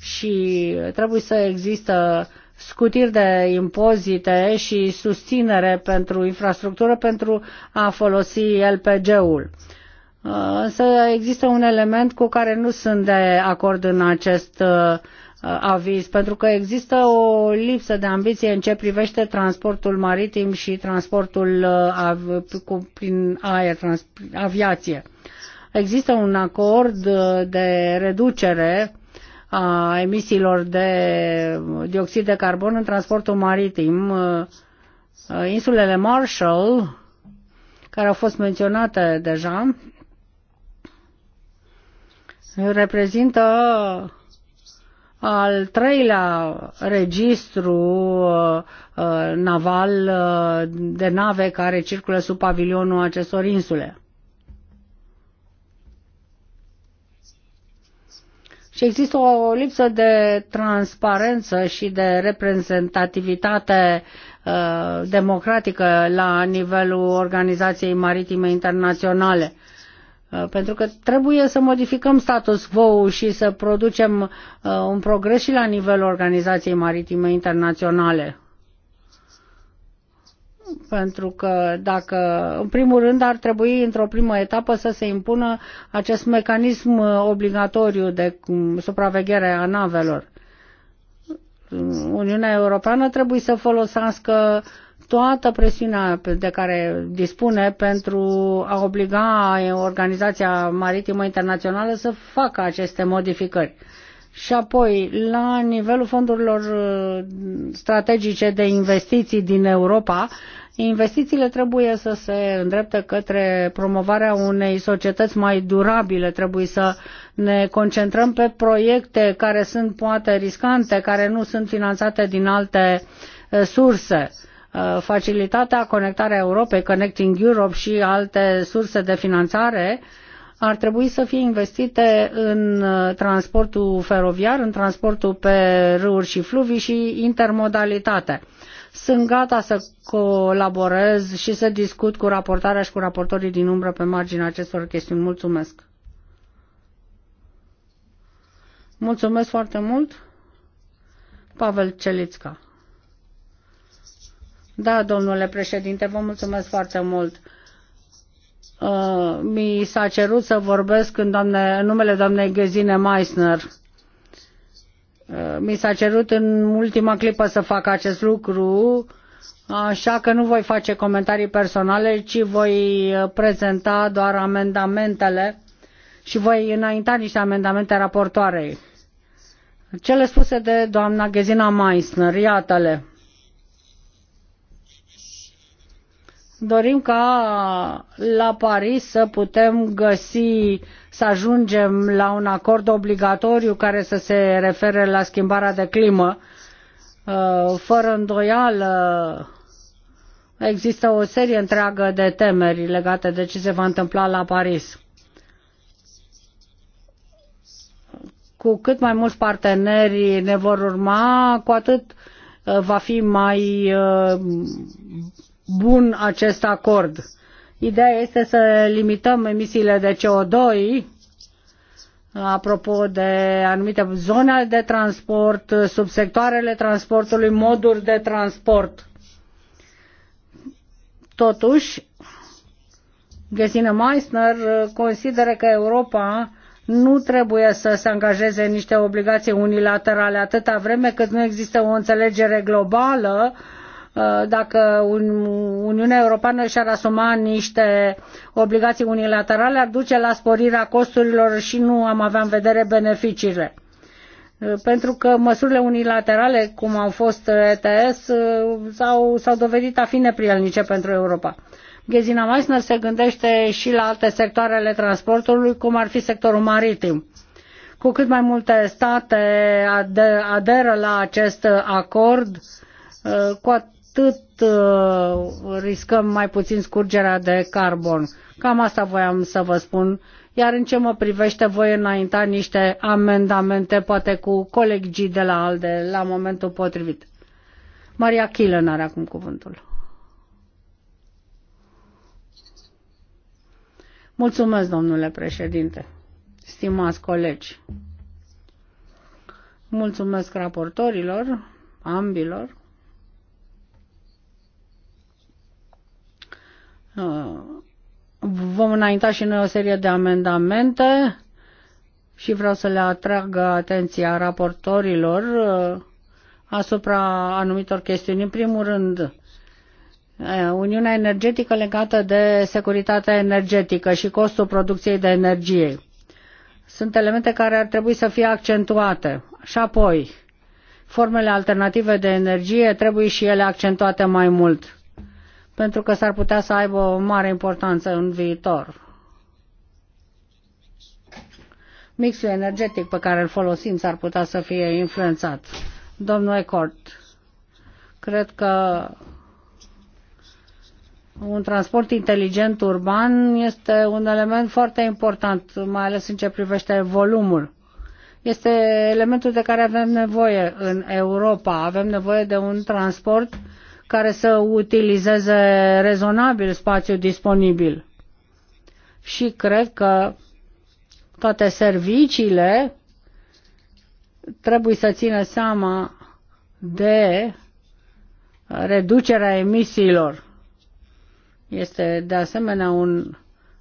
S4: Și trebuie să există scutiri de impozite și susținere pentru infrastructură pentru a folosi LPG-ul. Însă există un element cu care nu sunt de acord în acest uh, Uh, aviz, pentru că există o lipsă de ambiție în ce privește transportul maritim și transportul uh, cu, prin aer, trans, aviație. Există un acord uh, de reducere a emisiilor de dioxid de carbon în transportul maritim. Insulele Marshall, care au fost menționate deja, reprezintă al treilea registru uh, uh, naval uh, de nave care circulă sub pavilionul acestor insule. Și există o lipsă de transparență și de reprezentativitate democratică la nivelul Organizației Maritime Internaționale Uh, pentru că trebuie să modificăm status quo și să producem uh, un progres și la nivelul Organizației Maritime Internaționale. Pentru că dacă, în primul rând, ar trebui într-o primă etapă să se impună acest mecanism obligatoriu de um, supraveghere a navelor. Uniunea Europeană trebuie să folosească uh, toată presiunea de care dispune pentru a obliga Organizația Maritimă Internațională să facă aceste modificări. Și apoi, la nivelul fondurilor uh, strategice de investiții din Europa, investițiile trebuie să se îndrepte către promovarea unei societăți mai durabile. Trebuie să ne concentrăm pe proiecte care sunt poate riscante, care nu sunt finanțate din alte uh, surse Uh, facilitatea conectarea Europei, Connecting Europe și alte surse de finanțare ar trebui să fie investite în uh, transportul feroviar, în transportul pe râuri și fluvii și intermodalitate. Sunt gata să colaborez și să discut cu raportarea și cu raportorii din umbră pe marginea acestor chestiuni. Mulțumesc! Mulțumesc foarte mult! Pavel Celițca da, domnule președinte, vă mulțumesc foarte mult. Uh, mi s-a cerut să vorbesc în, doamne, în numele doamnei Gezine Meissner. Uh, mi s-a cerut în ultima clipă să fac acest lucru, așa că nu voi face comentarii personale, ci voi uh, prezenta doar amendamentele și voi înainta niște amendamente raportoarei. Cele spuse de doamna Gezina Meissner, iată-le Dorim ca la Paris să putem găsi, să ajungem la un acord obligatoriu care să se refere la schimbarea de climă. Uh, fără îndoială, există o serie întreagă de temeri legate de ce se va întâmpla la Paris. Cu cât mai mulți parteneri ne vor urma, cu atât uh, va fi mai uh, bun acest acord. Ideea este să limităm emisiile de CO2 apropo de anumite zone de transport, subsectoarele transportului, moduri de transport. Totuși, Gesine Meissner consideră că Europa nu trebuie să se angajeze în niște obligații unilaterale atâta vreme cât nu există o înțelegere globală uh, Uh, dacă Uniunea Europeană și-ar asuma niște obligații unilaterale, ar duce la sporirea costurilor și nu am avea în vedere beneficiile. Uh, pentru că măsurile unilaterale, cum au fost ETS, uh, s-au, dovedit a fi neprielnice pentru Europa. Ghezina Meissner se gândește și la alte sectoare ale transportului, cum ar fi sectorul maritim cu cât mai multe state aderă la acest acord, cu atât uh, riscăm mai puțin scurgerea de carbon. Cam asta voiam să vă spun. Iar în ce mă privește, voi înainta niște amendamente, poate cu colegii de la ALDE, la momentul potrivit. Maria Chilen are acum cuvântul. Mulțumesc, domnule președinte. Stimați colegi. Mulțumesc raportorilor, ambilor, Uh, vom înainta și noi o serie de amendamente și vreau să le atrag atenția raportorilor uh, asupra anumitor chestiuni. În primul rând, uh, Uniunea energetică legată de securitatea energetică și costul producției de energie. Sunt elemente care ar trebui să fie accentuate. Și apoi, formele alternative de energie trebuie și ele accentuate mai mult pentru că s-ar putea să aibă o mare importanță în viitor. Mixul energetic pe care îl folosim s-ar putea să fie influențat. Domnul Ecort, cred că un transport inteligent urban este un element foarte important, mai ales în ce privește volumul. Este elementul de care avem nevoie în Europa. Avem nevoie de un transport care să utilizeze rezonabil spațiul disponibil. Și cred că toate serviciile trebuie să țină seama de reducerea emisiilor. Este de asemenea un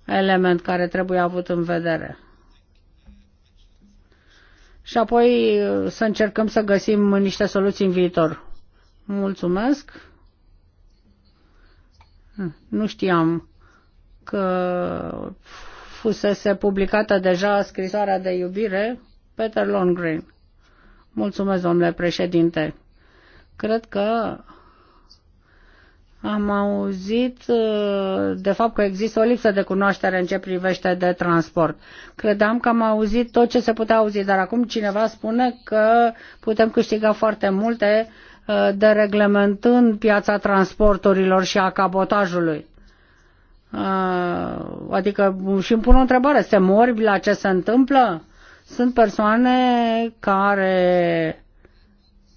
S4: element care trebuie avut în vedere. Și apoi să încercăm să găsim niște soluții în viitor. Mulțumesc! Hmm, nu știam că fusese publicată deja scrisoarea de iubire Peter Longreen Mulțumesc, domnule președinte. Cred că am auzit uh, de fapt că există o lipsă de cunoaștere în ce privește de transport. Credeam că am auzit tot ce se putea auzi, dar acum cineva spune că putem câștiga foarte multe Uh, dereglementând piața transporturilor și a cabotajului. Uh, adică și îmi pun o întrebare, se morbi la ce se întâmplă? Sunt persoane care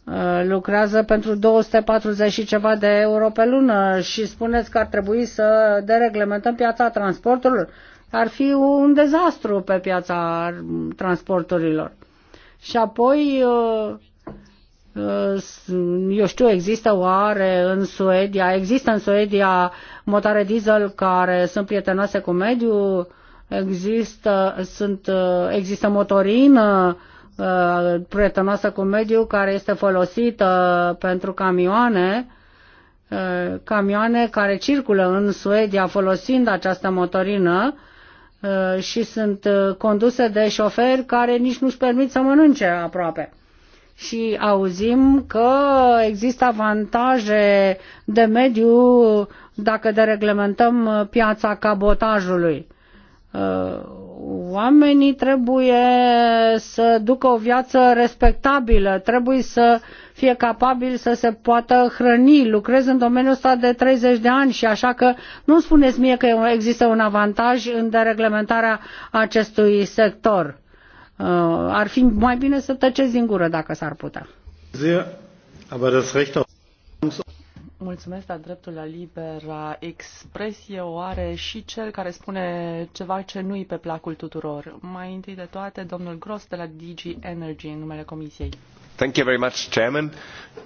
S4: uh, lucrează pentru 240 și ceva de euro pe lună și spuneți că ar trebui să dereglementăm piața transporturilor. Ar fi un dezastru pe piața transporturilor. Și apoi eu știu, există oare în Suedia, există în Suedia motoare diesel care sunt prietenoase cu mediul, există, sunt, există motorină uh, prietenoasă cu mediul care este folosită pentru camioane, uh, camioane care circulă în Suedia folosind această motorină uh, și sunt conduse de șoferi care nici nu-și permit să mănânce aproape și auzim că există avantaje de mediu dacă dereglementăm piața cabotajului. Uh, oamenii trebuie să ducă o viață respectabilă, trebuie să fie capabili să se poată hrăni. Lucrez în domeniul ăsta de 30 de ani și așa că nu spuneți mie că există un avantaj în dereglementarea acestui sector Uh, ar fi mai bine să tăceți din gură dacă s-ar putea.
S2: Mulțumesc, dar dreptul la libera expresie o are și cel care spune ceva ce nu-i pe placul tuturor. Mai întâi de toate, domnul Gros de la DG Energy, în numele Comisiei.
S4: Thank you very much, Chairman.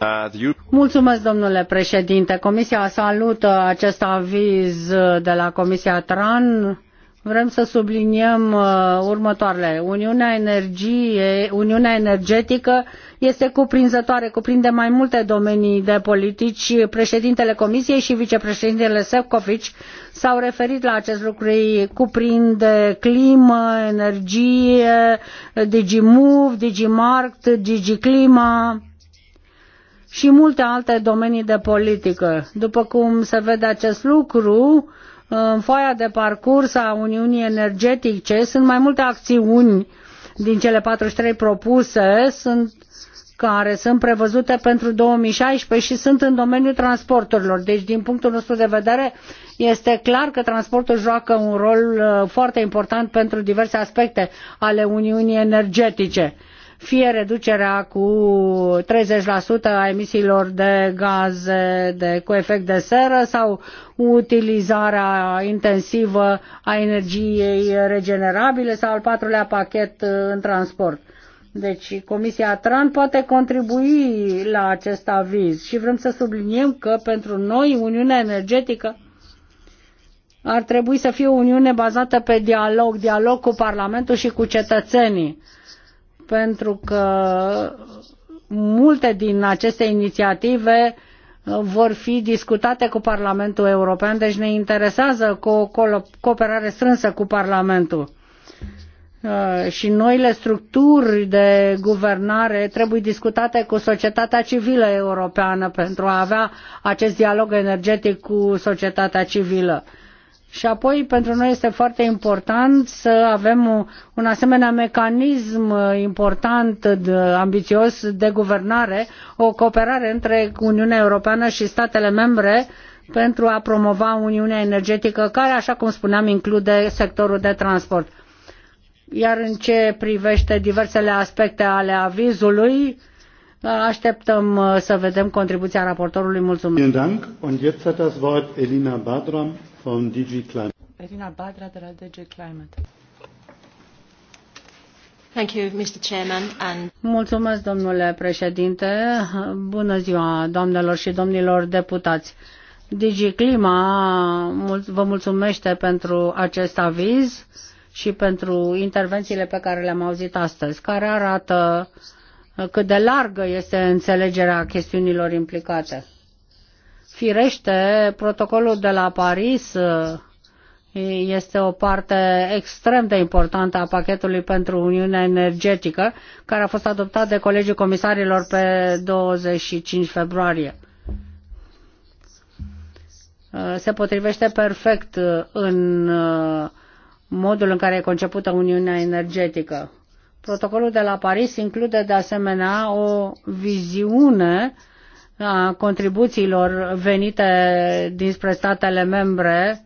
S4: Uh, the... Mulțumesc, domnule președinte. Comisia salută acest aviz de la Comisia TRAN Vrem să subliniem uh, următoarele. Uniunea, energie, Uniunea energetică este cuprinzătoare, cuprinde mai multe domenii de politici. Președintele Comisiei și vicepreședintele Sefcovici s-au referit la acest lucru. Ei cuprinde climă, energie, DigiMove, DigiMarkt, DigiClima și multe alte domenii de politică. După cum se vede acest lucru, uh, în foaia de parcurs a Uniunii Energetice sunt mai multe acțiuni din cele 43 propuse sunt, care sunt prevăzute pentru 2016 și sunt în domeniul transporturilor. Deci, din punctul nostru de vedere, este clar că transportul joacă un rol uh, foarte important pentru diverse aspecte ale Uniunii Energetice fie reducerea cu 30% a emisiilor de gaze de, cu efect de seră sau utilizarea intensivă a energiei regenerabile sau al patrulea pachet uh, în transport. Deci Comisia TRAN poate contribui la acest aviz și vrem să subliniem că pentru noi Uniunea Energetică ar trebui să fie o Uniune bazată pe dialog, dialog cu Parlamentul și cu cetățenii pentru că multe din aceste inițiative uh, vor fi discutate cu Parlamentul European, deci ne interesează cu o cooperare strânsă cu Parlamentul. Uh, și noile structuri de guvernare trebuie discutate cu societatea civilă europeană pentru a avea acest dialog energetic cu societatea civilă. Și apoi pentru noi este foarte important să avem un asemenea mecanism uh, important, uh, ambițios de guvernare, o cooperare între Uniunea Europeană și statele membre pentru a promova Uniunea Energetică, care, așa cum spuneam, include sectorul de transport. Iar în ce privește diversele aspecte ale avizului, așteptăm uh, să vedem contribuția raportorului. Mulțumesc.
S1: Und jetzt hat das Wort Elina Badram from DG Climate.
S4: Irina
S2: Badra de la DG Climate.
S4: Thank you, Mr. Chairman, and... Mulțumesc, domnule președinte. Bună ziua, doamnelor și domnilor deputați. Digiclima Clima vă mulțumește pentru acest aviz și pentru intervențiile pe care le-am auzit astăzi, care arată cât de largă este înțelegerea chestiunilor implicate. Firește, protocolul de la Paris eh, este o parte extrem de importantă a pachetului pentru Uniunea Energetică, care a fost adoptat de Colegiul Comisarilor pe 25 februarie. Eh, se potrivește perfect eh, în modul în care e concepută Uniunea Energetică. Protocolul de la Paris include de asemenea o viziune uh, a contribuțiilor venite dinspre statele membre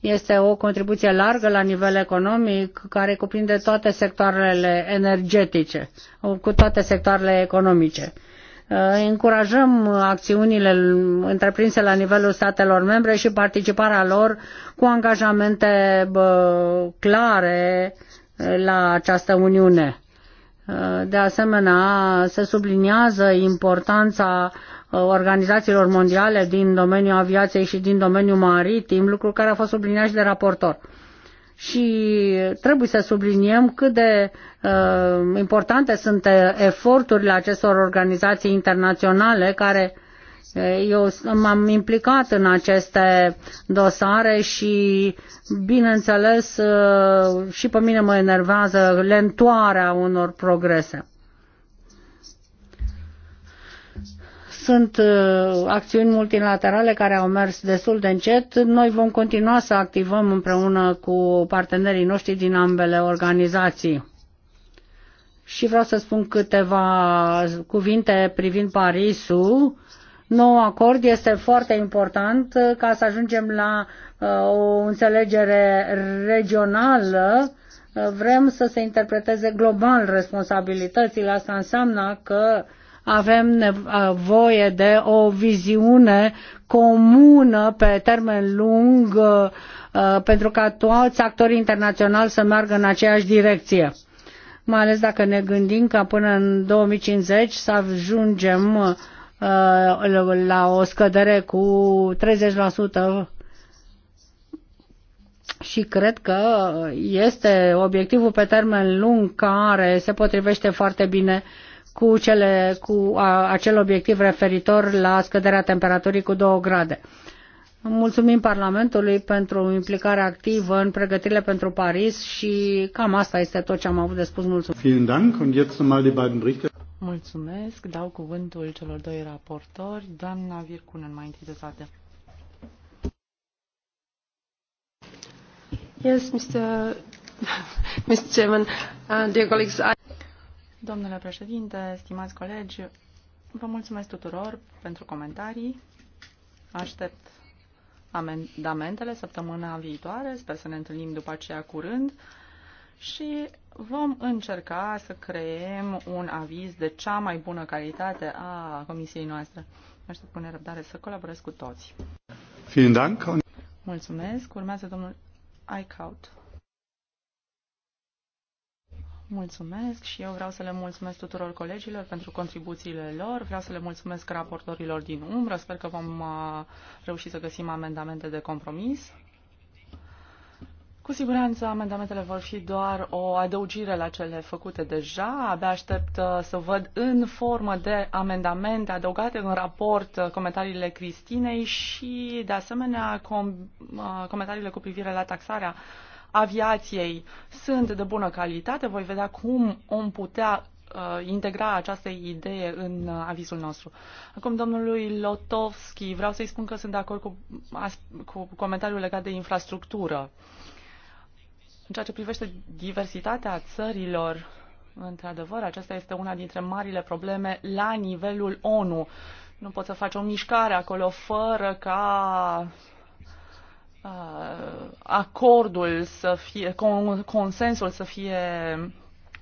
S4: este o contribuție largă la nivel economic care cuprinde toate sectoarele energetice, cu toate sectoarele economice. Uh, încurajăm acțiunile întreprinse la nivelul statelor membre și participarea lor cu angajamente clare uh, la această Uniune. Uh, de asemenea, se subliniază importanța Uh, organizațiilor mondiale din domeniul aviației și din domeniul maritim, lucru care a fost subliniat și de raportor. Și trebuie să subliniem cât de uh, importante sunt eforturile acestor organizații internaționale care uh, eu m-am implicat în aceste dosare și, bineînțeles, uh, și pe mine mă enervează lentoarea unor progrese. Sunt uh, acțiuni multilaterale care au mers destul de încet. Noi vom continua să activăm împreună cu partenerii noștri din ambele organizații. Și vreau să spun câteva cuvinte privind Parisul nou acord este foarte important uh, ca să ajungem la uh, o înțelegere regională. Vrem să se interpreteze global responsabilitățile. Asta înseamnă că avem nevoie de o viziune comună pe termen lung pentru ca toți actorii internaționali să meargă în aceeași direcție mai ales dacă ne gândim ca până în 2050 să ajungem uh, la o scădere cu 30% și cred că este obiectivul pe termen lung care se potrivește foarte bine uh, cu, cele, cu a, acel obiectiv referitor la scăderea temperaturii cu 2 grade. Mulțumim Parlamentului pentru implicarea activă în pregătirile pentru Paris și cam asta este tot ce am avut de spus. Mulțumesc! Mulțumesc!
S2: Dau cuvântul celor doi raportori.
S4: Doamna Vircunen,
S2: mai întâi de toate. Yes, Mr. Mr. Chairman, uh, dear colleagues, I... Domnule președinte, stimați colegi, vă mulțumesc tuturor pentru comentarii. Aștept amendamentele săptămâna viitoare. Sper să ne întâlnim după aceea curând și vom încerca să creem un aviz de cea mai bună calitate a comisiei noastre. Aștept cu nerăbdare să colaborez cu toți. Mulțumesc. Urmează domnul Eichhout. Mulțumesc și eu vreau să le mulțumesc tuturor colegilor pentru contribuțiile lor, vreau să le mulțumesc raportorilor din umbră, sper că vom uh, reuși să găsim amendamente de compromis. Cu siguranță amendamentele vor fi doar o adăugire la cele făcute deja. Abia aștept uh, să văd în formă de amendamente adăugate în raport uh, comentariile Cristinei și, de asemenea, com- comentariile cu privire la taxarea uh, aviației sunt de bună calitate. Voi vedea cum om putea uh, integra această idee în uh, avizul nostru. Acum, domnului Lotovski, vreau să-i spun că sunt de acord cu, cu comentariul legat de infrastructură. În ceea ce privește diversitatea țărilor, într-adevăr, aceasta este una dintre marile probleme la nivelul ONU. Nu poți să faci o mișcare acolo fără ca Uh, acordul să fie, consensul să fie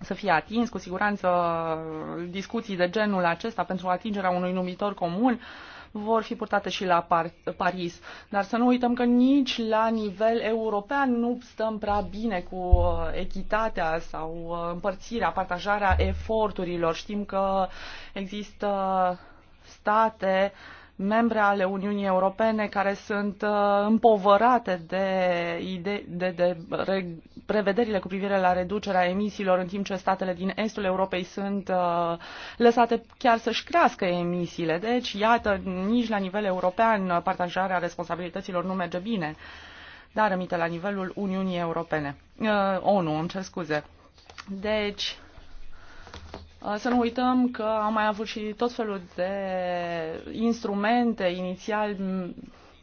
S2: să fie atins, cu siguranță discuții de genul acesta pentru atingerea unui numitor comun vor fi purtate și la Par- Paris. Dar să nu uităm că nici la nivel european nu stăm prea bine cu uh, echitatea sau uh, împărțirea, partajarea eforturilor. Știm că există state uh, membre ale Uniunii Europene care sunt uh, împovărate de, de, de, de prevederile cu privire la reducerea emisiilor, în timp ce statele din estul Europei sunt uh, lăsate chiar să-și crească emisiile. Deci, iată, nici la nivel european partajarea responsabilităților nu merge bine, dar rămite la nivelul Uniunii Europene. Uh, ONU, îmi cer scuze. Deci, Uh, să nu uităm că am mai avut și tot felul de instrumente inițial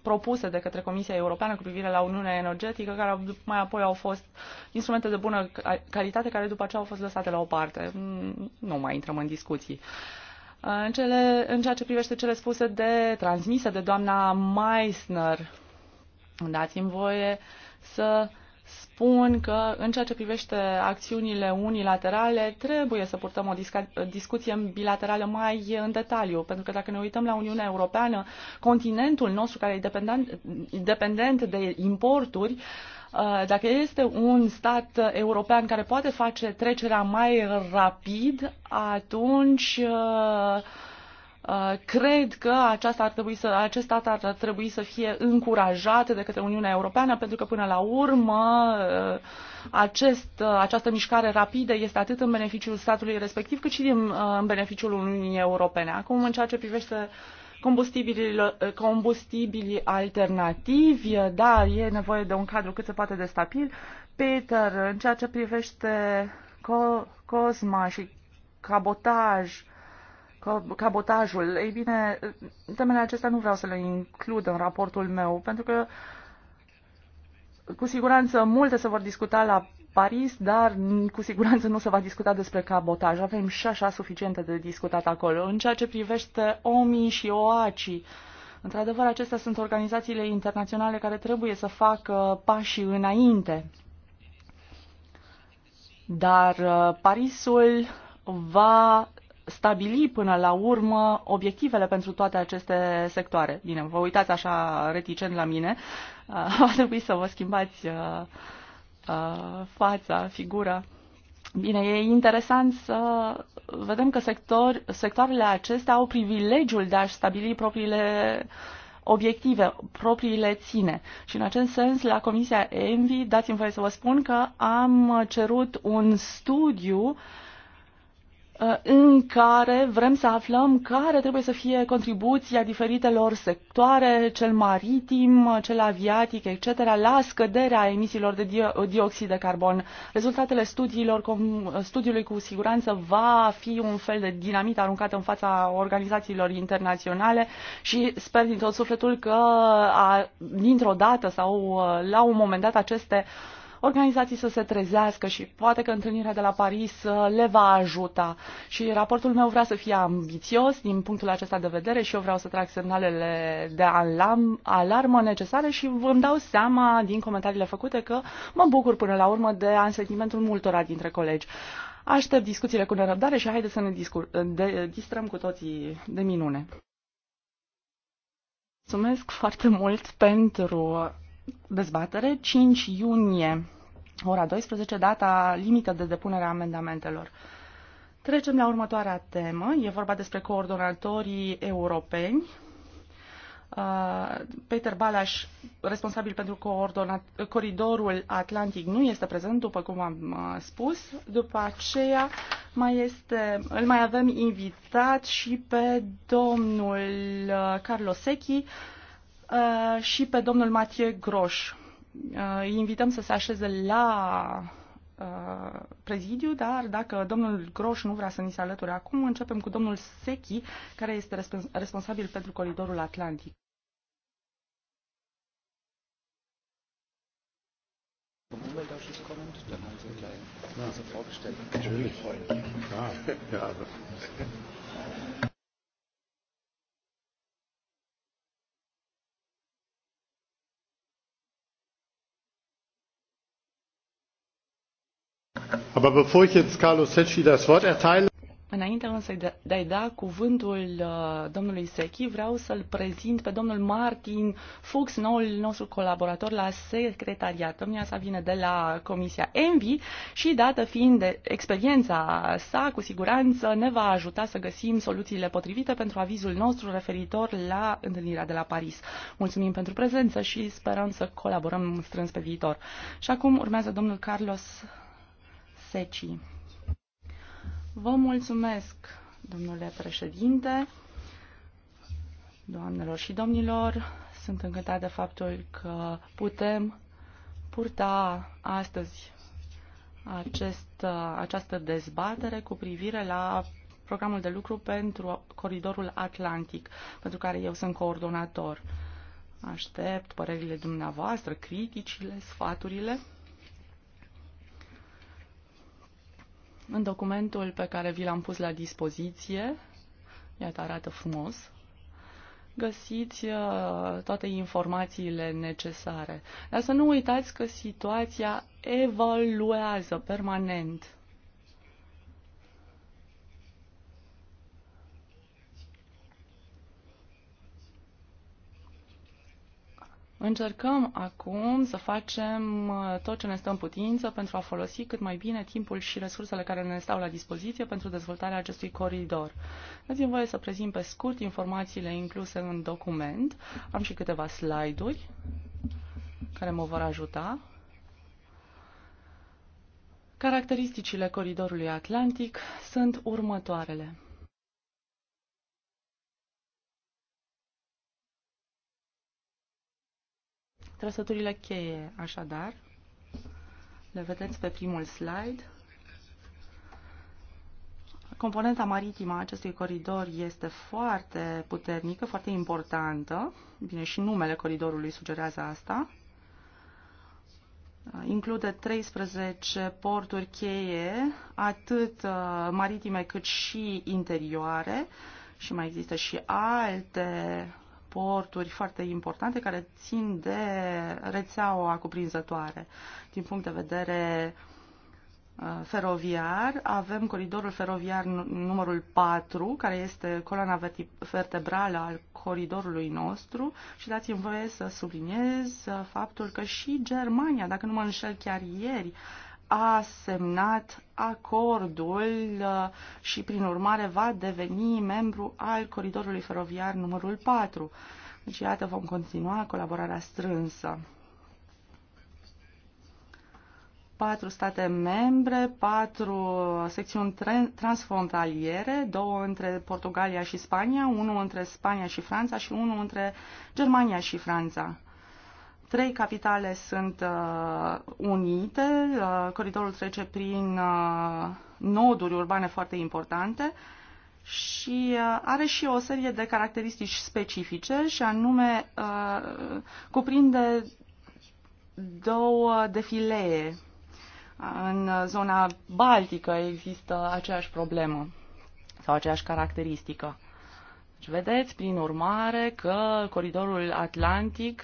S2: propuse de către Comisia Europeană cu privire la Uniunea Energetică, care mai apoi au fost instrumente de bună calitate, care după aceea au fost lăsate la o parte. Mm, nu mai intrăm în discuții. Uh, în, cele, în ceea ce privește cele spuse de transmise de doamna Meissner, dați-mi voie să spun că în ceea ce privește acțiunile unilaterale trebuie să purtăm o discuție bilaterală mai în detaliu, pentru că dacă ne uităm la Uniunea Europeană, continentul nostru care e dependent, dependent de importuri, uh, dacă este un stat european care poate face trecerea mai rapid, atunci uh, Uh, cred că aceasta ar trebui să, acest stat ar trebui să fie încurajat de către Uniunea Europeană, pentru că până la urmă uh, acest, uh, această mișcare rapidă este atât în beneficiul statului respectiv, cât și din, în beneficiul Uniunii Europene. Acum, în ceea ce privește combustibilii, alternativi, da, e nevoie de un cadru cât se poate de stabil. Peter, în ceea ce privește co- Cosma și cabotaj, cabotajul. Ei bine, temele acestea nu vreau să le includ în raportul meu, pentru că cu siguranță multe se vor discuta la Paris, dar cu siguranță nu se va discuta despre cabotaj. Avem și așa suficiente de discutat acolo. În ceea ce privește OMI și OACI, într-adevăr, acestea sunt organizațiile internaționale care trebuie să facă pașii înainte. Dar uh, Parisul va stabili până la urmă obiectivele pentru toate aceste sectoare. Bine, vă uitați așa reticent la mine, *laughs* va trebui să vă schimbați uh, uh, fața, figura. Bine, e interesant să vedem că sector, sectoarele acestea au privilegiul de a-și stabili propriile obiective, propriile ține. Și în acest sens, la Comisia ENVI, dați-mi voie să vă spun că am cerut un studiu uh, Uh, în care vrem să aflăm care trebuie să fie contribuția diferitelor sectoare, cel maritim, cel aviatic, etc., la scăderea emisiilor de dioxid de carbon. Rezultatele studiilor, studiului cu siguranță va fi un fel de dinamită aruncată în fața organizațiilor internaționale și sper din tot sufletul că dintr-o dată sau uh, la un moment dat aceste uh, organizații să se trezească și poate că întâlnirea de la Paris uh, le va ajuta. Și raportul meu vrea să fie ambițios din punctul acesta de vedere și eu vreau să trag semnalele de alarm, alarmă necesare și îmi dau seama din comentariile făcute că mă bucur până la urmă de ansentimentul multora dintre colegi. Aștept discuțiile cu nerăbdare și haideți să ne de, distrăm cu toții de minune. Mulțumesc foarte mult pentru dezbatere, 5 iunie, ora 12, data limită de depunere a amendamentelor. Trecem la următoarea temă. E vorba despre coordonatorii europeni. Uh, Peter Balas, responsabil pentru coridorul atlantic, nu este prezent, după cum am uh, spus. După aceea mai este, îl mai avem invitat și pe domnul uh, Carlos Secchi, Uh, și pe domnul Mathieu Groș. Uh, îi invităm să se așeze la uh, prezidiu, dar dacă domnul Groș nu vrea să ni se alăture acum, începem cu domnul Sechi, care este responsabil pentru coridorul Atlantic.
S5: ja. Ja, ja.
S1: Aber bevor ich jetzt Secchi das Wort erteile,
S2: Înainte însă de a-i da cuvântul uh, domnului Sechi, vreau să-l prezint pe domnul Martin Fuchs, noul nostru colaborator la secretariat. Domnia sa vine de la Comisia Envi și, dată fiind de experiența sa, cu siguranță ne va ajuta să găsim soluțiile potrivite pentru avizul nostru referitor la întâlnirea de la Paris. Mulțumim pentru prezență și sperăm să colaborăm strâns pe viitor. Și acum urmează domnul Carlos secii. Vă mulțumesc, domnule președinte, doamnelor și domnilor. Sunt încântat de faptul că putem purta astăzi acest, această dezbatere cu privire la programul de lucru pentru Coridorul Atlantic, pentru care eu sunt coordonator. Aștept părerile dumneavoastră, criticile, sfaturile. În documentul pe care vi l-am pus la dispoziție, iată arată frumos, găsiți uh, toate informațiile necesare. Dar să nu uitați că situația evoluează permanent. Încercăm acum să facem uh, tot ce ne stă în putință pentru a folosi cât mai bine timpul și resursele care ne stau la dispoziție pentru dezvoltarea acestui coridor. Dați-mi voie să prezint pe scurt informațiile incluse în document. Am și câteva slide-uri care mă vor ajuta. Caracteristicile coridorului atlantic sunt următoarele. Trăsăturile cheie, așadar, le vedeți pe primul slide. Componenta maritimă a acestui coridor este foarte puternică, foarte importantă. Bine, și numele coridorului sugerează asta. Include 13 porturi cheie, atât uh, maritime cât și interioare și mai există și alte porturi foarte importante care țin de rețeaua cuprinzătoare. Din punct de vedere uh, feroviar, avem coridorul feroviar numărul 4, care este coloana vertebrală al coridorului nostru și dați-mi voie să subliniez uh, faptul că și Germania, dacă nu mă înșel chiar ieri, a semnat acordul uh, și, prin urmare, va deveni membru al Coridorului Feroviar numărul 4. Deci, iată, vom continua colaborarea strânsă. Patru state membre, patru secțiuni transfrontaliere, două între Portugalia și Spania, unul între Spania și Franța și unul între Germania și Franța. Trei capitale sunt uh, unite, uh, coridorul trece prin uh, noduri urbane foarte importante și uh, are și o serie de caracteristici specifice și anume uh, cuprinde două defilee. În zona baltică există aceeași problemă sau aceeași caracteristică. Deci vedeți, prin urmare, că coridorul atlantic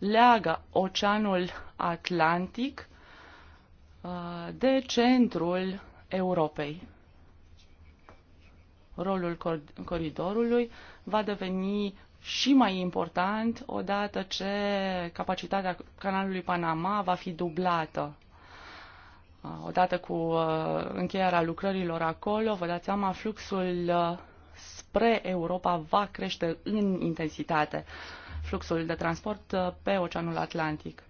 S2: leagă Oceanul Atlantic uh, de centrul Europei. Rolul coridorului va deveni și mai important odată ce capacitatea canalului Panama va fi dublată. Uh, odată cu uh, încheierea lucrărilor acolo, vă dați seama, fluxul spre Europa va crește în intensitate fluxul de transport uh, pe Oceanul Atlantic.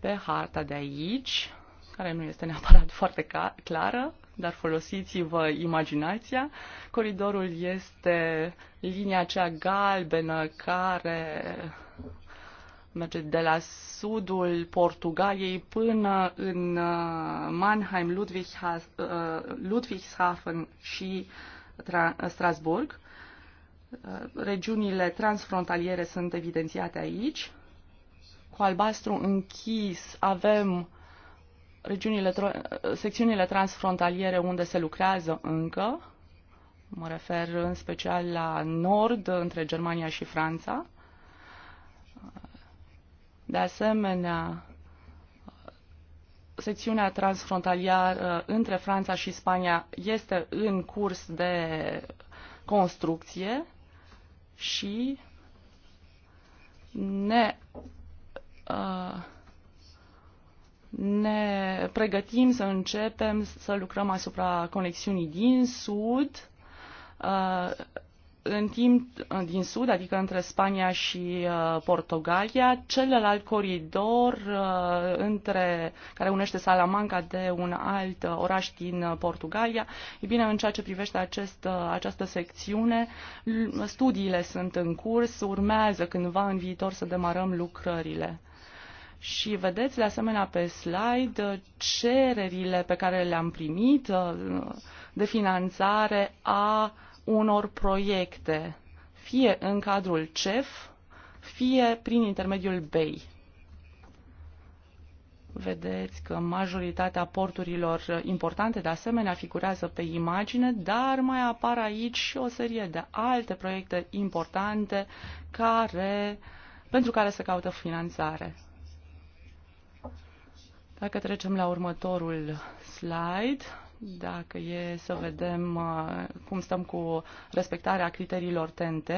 S2: Pe harta de aici, care nu este neapărat *laughs* foarte clară, dar folosiți-vă imaginația. Coridorul este linia cea galbenă care merge de la sudul Portugaliei până în uh, Mannheim, uh, Ludwigshafen și Strasburg. Regiunile transfrontaliere sunt evidențiate aici. Cu albastru închis avem regiunile, secțiunile transfrontaliere unde se lucrează încă. Mă refer în special la nord, între Germania și Franța. De asemenea, secțiunea transfrontalieră între Franța și Spania este în curs de construcție și ne, uh, ne pregătim să începem să lucrăm asupra conexiunii din sud. Uh, în timp din sud, adică între Spania și uh, Portugalia, celălalt coridor uh, între, care unește Salamanca de un alt uh, oraș din uh, Portugalia. E bine, în ceea ce privește acest, uh, această secțiune, studiile sunt în curs, urmează cândva în viitor să demarăm lucrările. Și vedeți, de asemenea, pe slide, uh, cererile pe care le-am primit uh, de finanțare a uh, unor proiecte, fie în cadrul CEF, fie prin intermediul BEI. Vedeți că majoritatea porturilor importante de asemenea figurează pe imagine, dar mai apar aici și o serie de alte proiecte importante care, pentru care se caută finanțare. Dacă trecem la următorul slide, dacă e să vedem uh, cum stăm cu respectarea criteriilor TNT,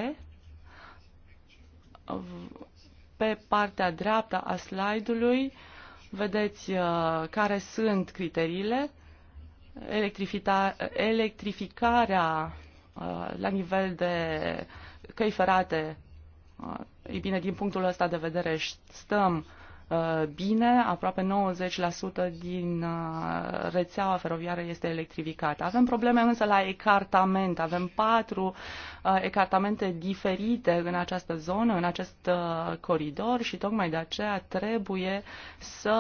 S2: pe partea dreaptă a slide-ului vedeți uh, care sunt criteriile, electrificarea uh, la nivel de căi ferate, ei bine, din punctul ăsta de vedere stăm Uh, bine, aproape 90% din uh, rețeaua feroviară este electrificată. Avem probleme însă la ecartament, avem patru uh, ecartamente diferite în această zonă, în acest coridor și tocmai de aceea trebuie să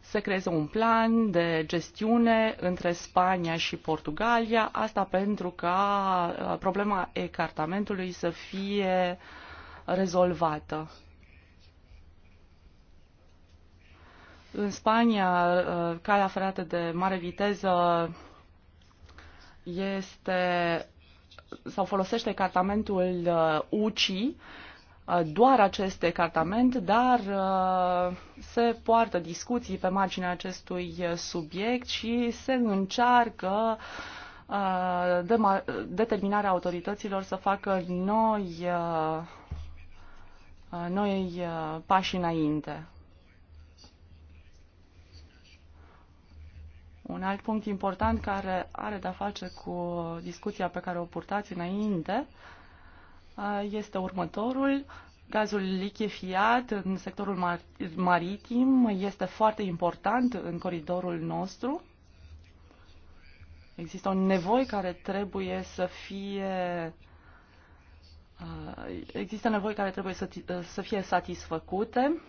S2: se creeze un plan de gestiune între Spania și Portugalia, asta pentru ca problema ecartamentului să fie rezolvată. În Spania, uh, calea ferată de mare viteză este sau folosește cartamentul uh, UCI, uh, doar acest cartament, dar se poartă discuții pe marginea acestui subiect și se încearcă determinarea autorităților să facă noi, noi pași înainte. Un alt punct important care are de-a face cu discuția pe care o purtați înainte uh, este următorul. Gazul lichefiat în sectorul mar maritim este foarte important în coridorul nostru. Există o nevoie care trebuie să fie uh, există nevoi care trebuie să, să fie satisfăcute.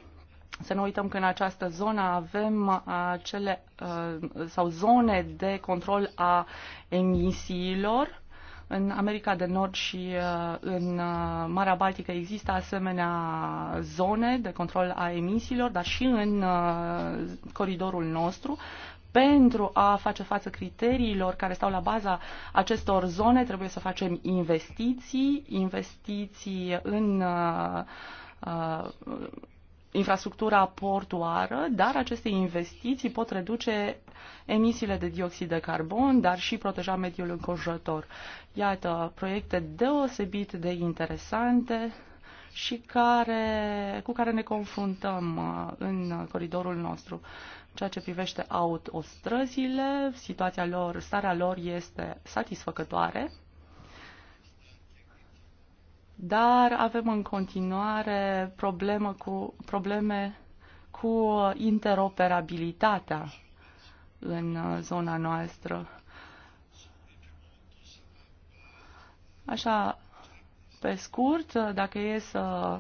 S2: Să nu uităm că în această zonă avem acele uh, sau zone de control a emisiilor. În America de Nord și uh, în uh, Marea Baltică există asemenea zone de control a emisiilor, dar și în coridorul nostru. Pentru a face față criteriilor care stau la baza acestor zone, trebuie să facem investiții, investiții în infrastructura portuară, dar aceste investiții pot reduce emisiile de dioxid de carbon, dar și proteja mediul înconjurător. Iată, proiecte deosebit de interesante și care, cu care ne confruntăm uh, în coridorul nostru. Ceea ce privește autostrăzile, situația lor, starea lor este satisfăcătoare dar avem în continuare problemă cu, probleme cu interoperabilitatea în uh, zona noastră. Așa, pe scurt, uh, dacă e să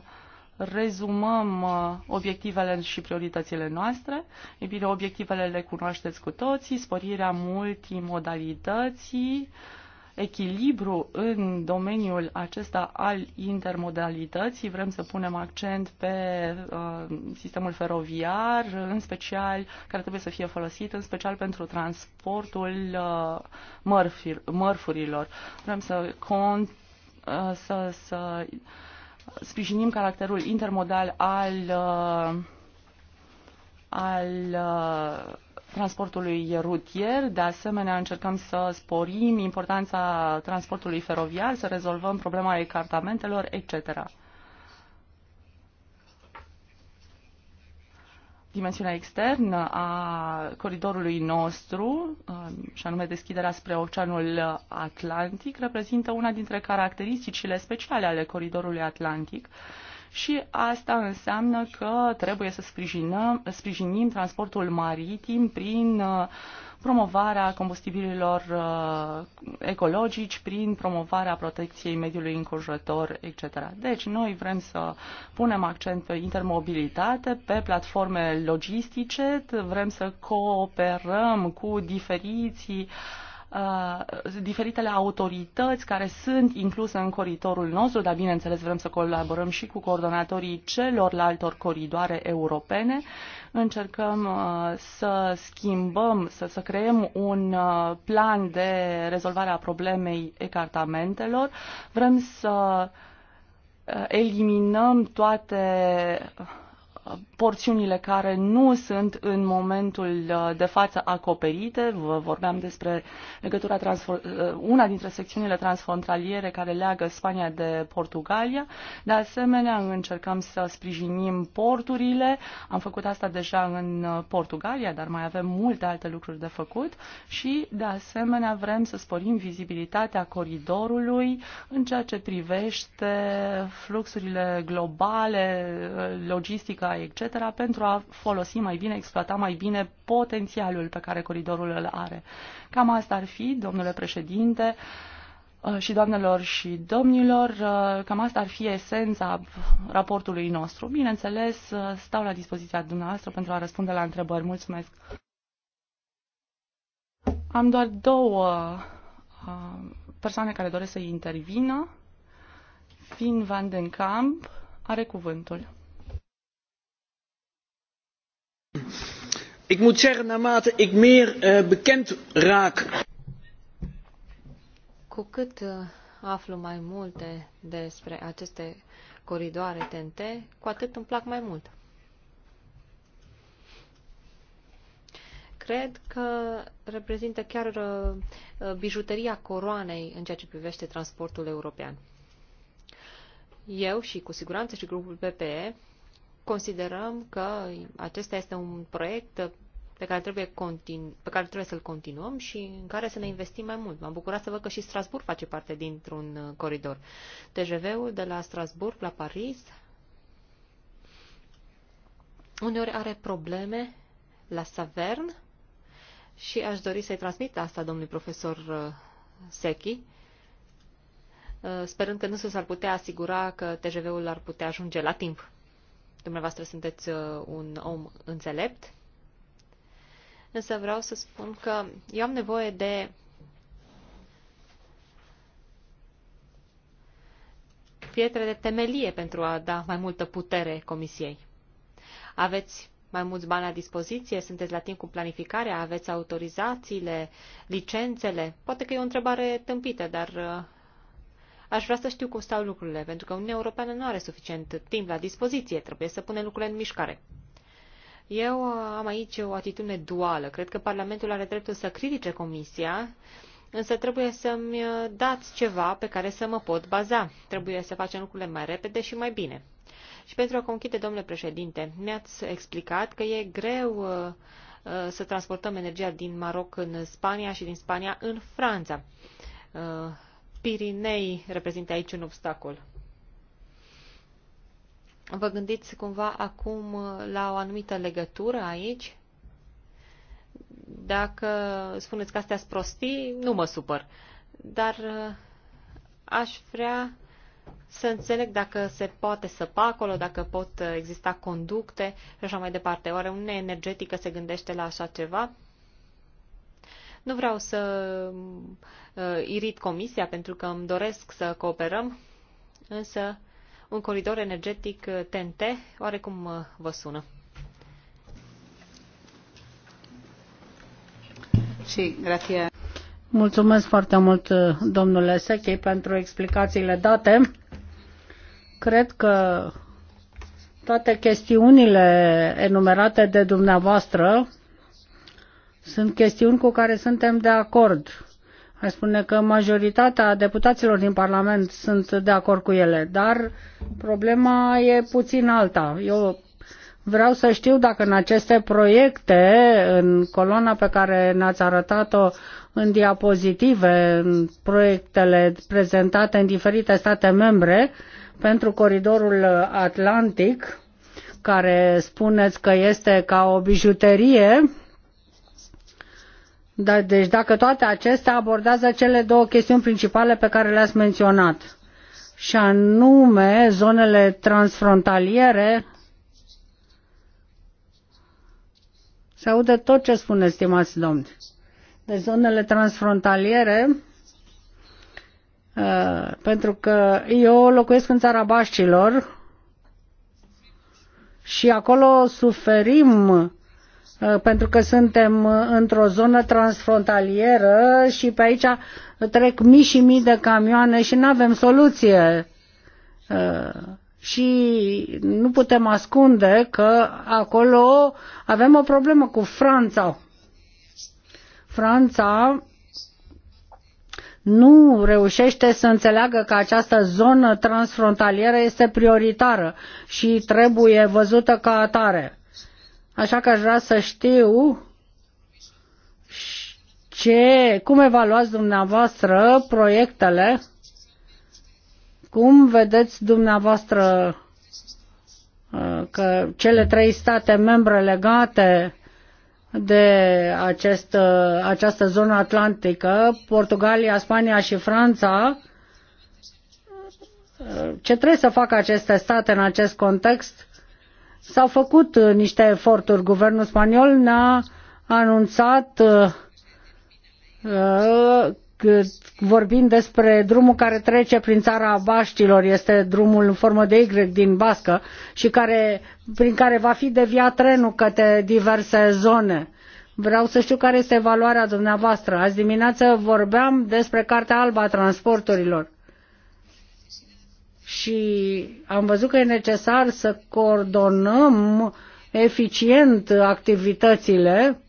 S2: rezumăm uh, obiectivele și prioritățile noastre, e bine, obiectivele le cunoașteți cu toții, sporirea multimodalității, echilibru în domeniul acesta al intermodalității. Vrem să punem accent pe uh, sistemul feroviar, în special, care trebuie să fie folosit, în special pentru transportul uh, mărfir, mărfurilor. Vrem să, con, uh, să, să sprijinim caracterul intermodal al, uh, al uh, transportului rutier. De asemenea, încercăm să sporim importanța transportului feroviar, să rezolvăm problema ecartamentelor, etc. dimensiunea externă a coridorului nostru, um, și anume deschiderea spre Oceanul Atlantic, reprezintă una dintre caracteristicile speciale ale coridorului Atlantic și asta înseamnă că trebuie să sprijinăm, sprijinim transportul maritim prin uh, promovarea combustibililor uh, ecologici, prin promovarea protecției mediului înconjurător, etc. Deci noi vrem să punem accent pe intermobilitate, pe platforme logistice, vrem să cooperăm cu diferiții uh, Uh, diferitele autorități care sunt incluse în coridorul nostru, dar bineînțeles vrem să colaborăm și cu coordonatorii celorlaltor coridoare europene. Încercăm uh, să schimbăm, să, să creăm un uh, plan de rezolvare a problemei ecartamentelor. Vrem să eliminăm toate porțiunile care nu sunt în momentul uh, de față acoperite. Vă vorbeam despre legătura uh, una dintre secțiunile transfrontaliere care leagă Spania de Portugalia. De asemenea, încercăm să sprijinim porturile. Am făcut asta deja în uh, Portugalia, dar mai avem multe alte lucruri de făcut și, de asemenea, vrem să sporim vizibilitatea coridorului în ceea ce privește fluxurile globale, logistica etc., pentru a folosi mai bine, exploata mai bine potențialul pe care coridorul îl are. Cam asta ar fi, domnule președinte uh, și doamnelor și domnilor, uh, cam asta ar fi esența raportului nostru. Bineînțeles, uh, stau la dispoziția dumneavoastră pentru a răspunde la întrebări. Mulțumesc! Am doar două persoane care doresc să intervină. Finn van den Kamp are cuvântul.
S7: Ik moet zeggen, naarmate ik meer eh, bekend raak.
S3: Cu cât eh, aflu mai multe despre aceste coridoare TNT, cu atât îmi plac mai mult. Cred că reprezintă chiar eh, bijuteria coroanei în ceea ce privește transportul european. Eu și cu siguranță și grupul PPE considerăm că acesta este un proiect pe care trebuie, continu- pe care trebuie să-l continuăm și în care să ne investim mai mult. M-am bucurat să văd că și Strasburg face parte dintr-un uh, coridor. TGV-ul de la Strasburg la Paris uneori are probleme la Savern și aș dori să-i transmit asta domnului profesor uh, Sechi, uh, sperând că nu s-ar putea asigura că TGV-ul ar putea ajunge la timp dumneavoastră sunteți uh, un om înțelept, însă vreau să spun că eu am nevoie de pietre de temelie pentru a da mai multă putere comisiei. Aveți mai mulți bani la dispoziție, sunteți la timp cu planificarea, aveți autorizațiile, licențele. Poate că e o întrebare tâmpită, dar uh, Aș vrea să știu cum stau lucrurile, pentru că Uniunea Europeană nu are suficient timp la dispoziție, trebuie să pune lucrurile în mișcare. Eu uh, am aici o atitudine duală. Cred că Parlamentul are dreptul să critique Comisia, însă trebuie să-mi uh, dați ceva pe care să mă pot baza. Trebuie să facem lucrurile mai repede și mai bine. Și pentru a conchide, domnule președinte, mi-ați explicat că e greu uh, să transportăm energia din Maroc în Spania și din Spania în Franța. Pirinei reprezintă aici un obstacol. Vă gândiți cumva acum uh, la o anumită legătură aici? Dacă spuneți că astea sunt prostii, nu mă supăr. Dar uh, aș vrea să înțeleg dacă se poate săpa acolo, dacă pot uh, exista conducte și așa mai departe. Oare Uniunea Energetică se gândește la așa ceva? Nu vreau să uh, irit comisia pentru că îmi doresc să cooperăm, însă un coridor
S4: energetic
S3: TNT uh, oarecum uh, vă sună.
S4: Și, grație. Mulțumesc foarte mult, domnule Sechei, pentru explicațiile date. Cred că toate chestiunile enumerate de dumneavoastră sunt chestiuni cu care suntem de acord. Aș spune că majoritatea deputaților din Parlament sunt de acord cu ele, dar problema e puțin alta. Eu vreau să știu dacă în aceste proiecte, în coloana pe care ne-ați arătat-o în diapozitive, în proiectele prezentate în diferite state membre pentru coridorul Atlantic, care spuneți că este ca o bijuterie, da, deci dacă toate acestea abordează cele două chestiuni principale pe care le-ați menționat, și anume zonele transfrontaliere, se aude tot ce spune, stimați domni. Deci zonele transfrontaliere, ă, pentru că eu locuiesc în țara Baștilor și acolo suferim Uh, pentru că suntem uh, într-o zonă transfrontalieră și pe aici trec mii și mii de camioane și nu avem soluție. Uh, și nu putem ascunde că acolo avem o problemă cu Franța. Franța nu reușește să înțeleagă că această zonă transfrontalieră este prioritară și trebuie văzută ca atare Așa că aș vrea să știu ce, cum evaluați dumneavoastră proiectele, cum vedeți dumneavoastră uh, că cele trei state membre legate de acest, uh, această zonă atlantică, Portugalia, Spania și Franța, uh, ce trebuie să facă aceste state în acest context S-au făcut uh, niște eforturi. Guvernul spaniol ne-a anunțat uh, uh, vorbind despre drumul care trece prin țara Baștilor, este drumul în formă de Y din Bască și care, prin care va fi deviat trenul către diverse zone. Vreau să știu care este evaluarea dumneavoastră. Azi dimineață vorbeam despre Cartea Albă a Transporturilor și am văzut că e necesar să coordonăm eficient activitățile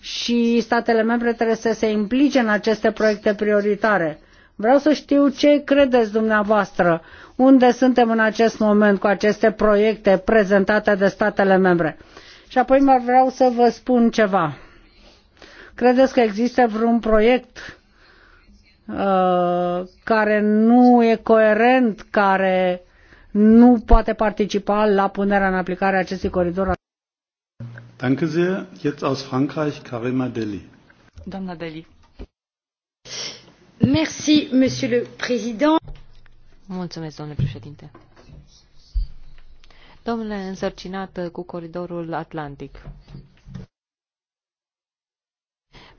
S4: și statele membre trebuie să se implice în aceste proiecte prioritare. Vreau să știu ce credeți dumneavoastră, unde suntem în acest moment cu aceste proiecte prezentate de statele membre. Și apoi mai vreau să vă spun ceva. Credeți că există vreun proiect Uh, care nu e coerent, care nu poate participa la punerea în aplicare a acestui coridor.
S1: Danke sehr. Jetzt aus Frankreich, Karima Deli.
S4: Doamna
S2: Deli.
S3: Merci, Monsieur le Président. Mulțumesc, domnule președinte. Domnule însărcinat cu coridorul Atlantic,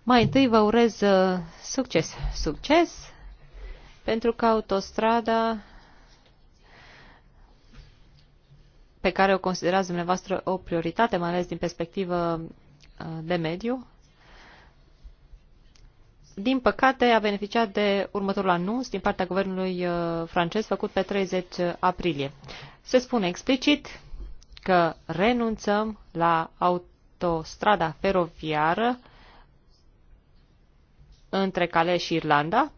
S3: mai întâi vă urez uh, succes. Succes pentru că autostrada pe care o considerați dumneavoastră o prioritate, mai ales din perspectivă uh, de mediu, din păcate a beneficiat de următorul anunț din partea guvernului uh, francez făcut pe 30 aprilie. Se spune explicit că renunțăm la autostrada feroviară între Calais și Irlanda,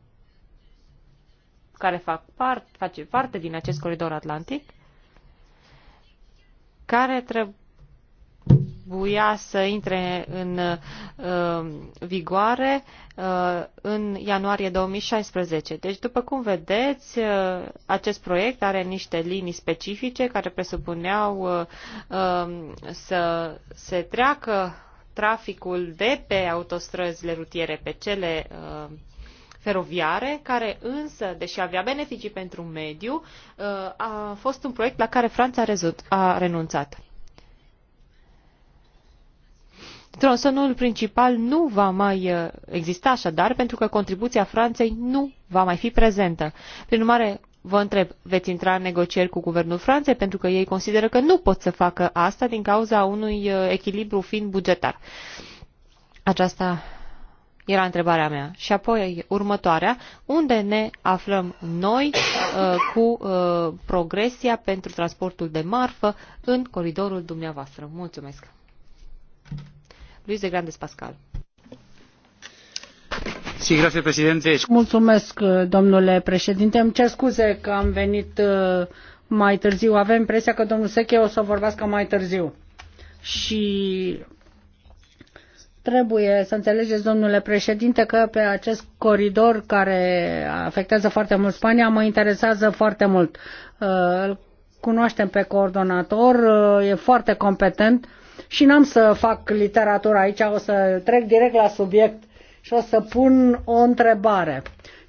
S3: care fac part, face parte din acest coridor atlantic, care trebuia să intre în uh, vigoare uh, în ianuarie 2016. Deci, după cum vedeți, uh, acest proiect are niște linii specifice care presupuneau uh, uh, să se treacă traficul de pe autostrăzile rutiere pe cele uh, feroviare, care însă, deși avea beneficii pentru mediu, uh, a fost un proiect la care Franța a, rezut, a renunțat. Tronsonul principal nu va mai uh, exista așadar pentru că contribuția Franței nu va mai fi prezentă. Prin urmare, Vă întreb, veți intra în negocieri cu guvernul Franței pentru că ei consideră că nu pot să facă asta din cauza unui uh, echilibru fin bugetar. Aceasta era întrebarea mea. Și apoi următoarea, unde ne aflăm noi uh, cu uh, progresia pentru transportul de marfă în coridorul dumneavoastră? Mulțumesc! Luis de Grandes Pascal.
S4: Mulțumesc, domnule președinte. Îmi cer scuze că am venit uh, mai târziu. Avem impresia că domnul Seche o să vorbească mai târziu. Și trebuie să înțelegeți, domnule președinte, că pe acest coridor care afectează foarte mult Spania mă interesează foarte mult. Uh, îl cunoaștem pe coordonator, uh, e foarte competent și n-am să fac literatură aici, o să trec direct la subiect și o să pun o întrebare.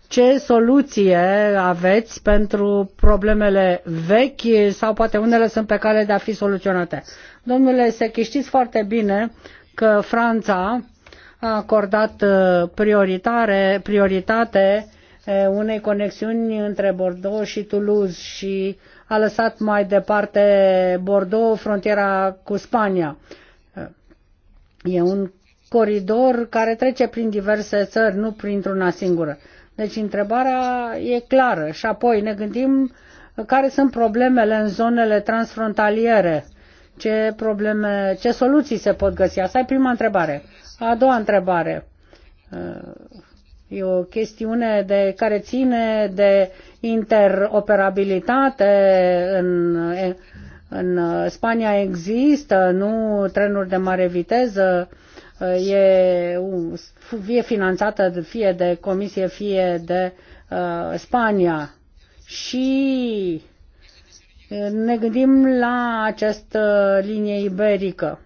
S4: Ce soluție aveți pentru problemele vechi sau poate unele sunt pe cale de a fi soluționate? Domnule Sechi, știți foarte bine că Franța a acordat uh, prioritare, prioritate uh, unei conexiuni între Bordeaux și Toulouse și a lăsat mai departe Bordeaux, frontiera cu Spania. Uh, e un coridor care trece prin diverse țări, nu printr-una singură. Deci întrebarea e clară și apoi ne gândim care sunt problemele în zonele transfrontaliere, ce, probleme, ce soluții se pot găsi. Asta e prima întrebare. A doua întrebare e o chestiune de, care ține de interoperabilitate în, în Spania există, nu trenuri de mare viteză, e, fie finanțată fie de Comisie, fie de uh, Spania. Și uh, ne gândim la această linie iberică.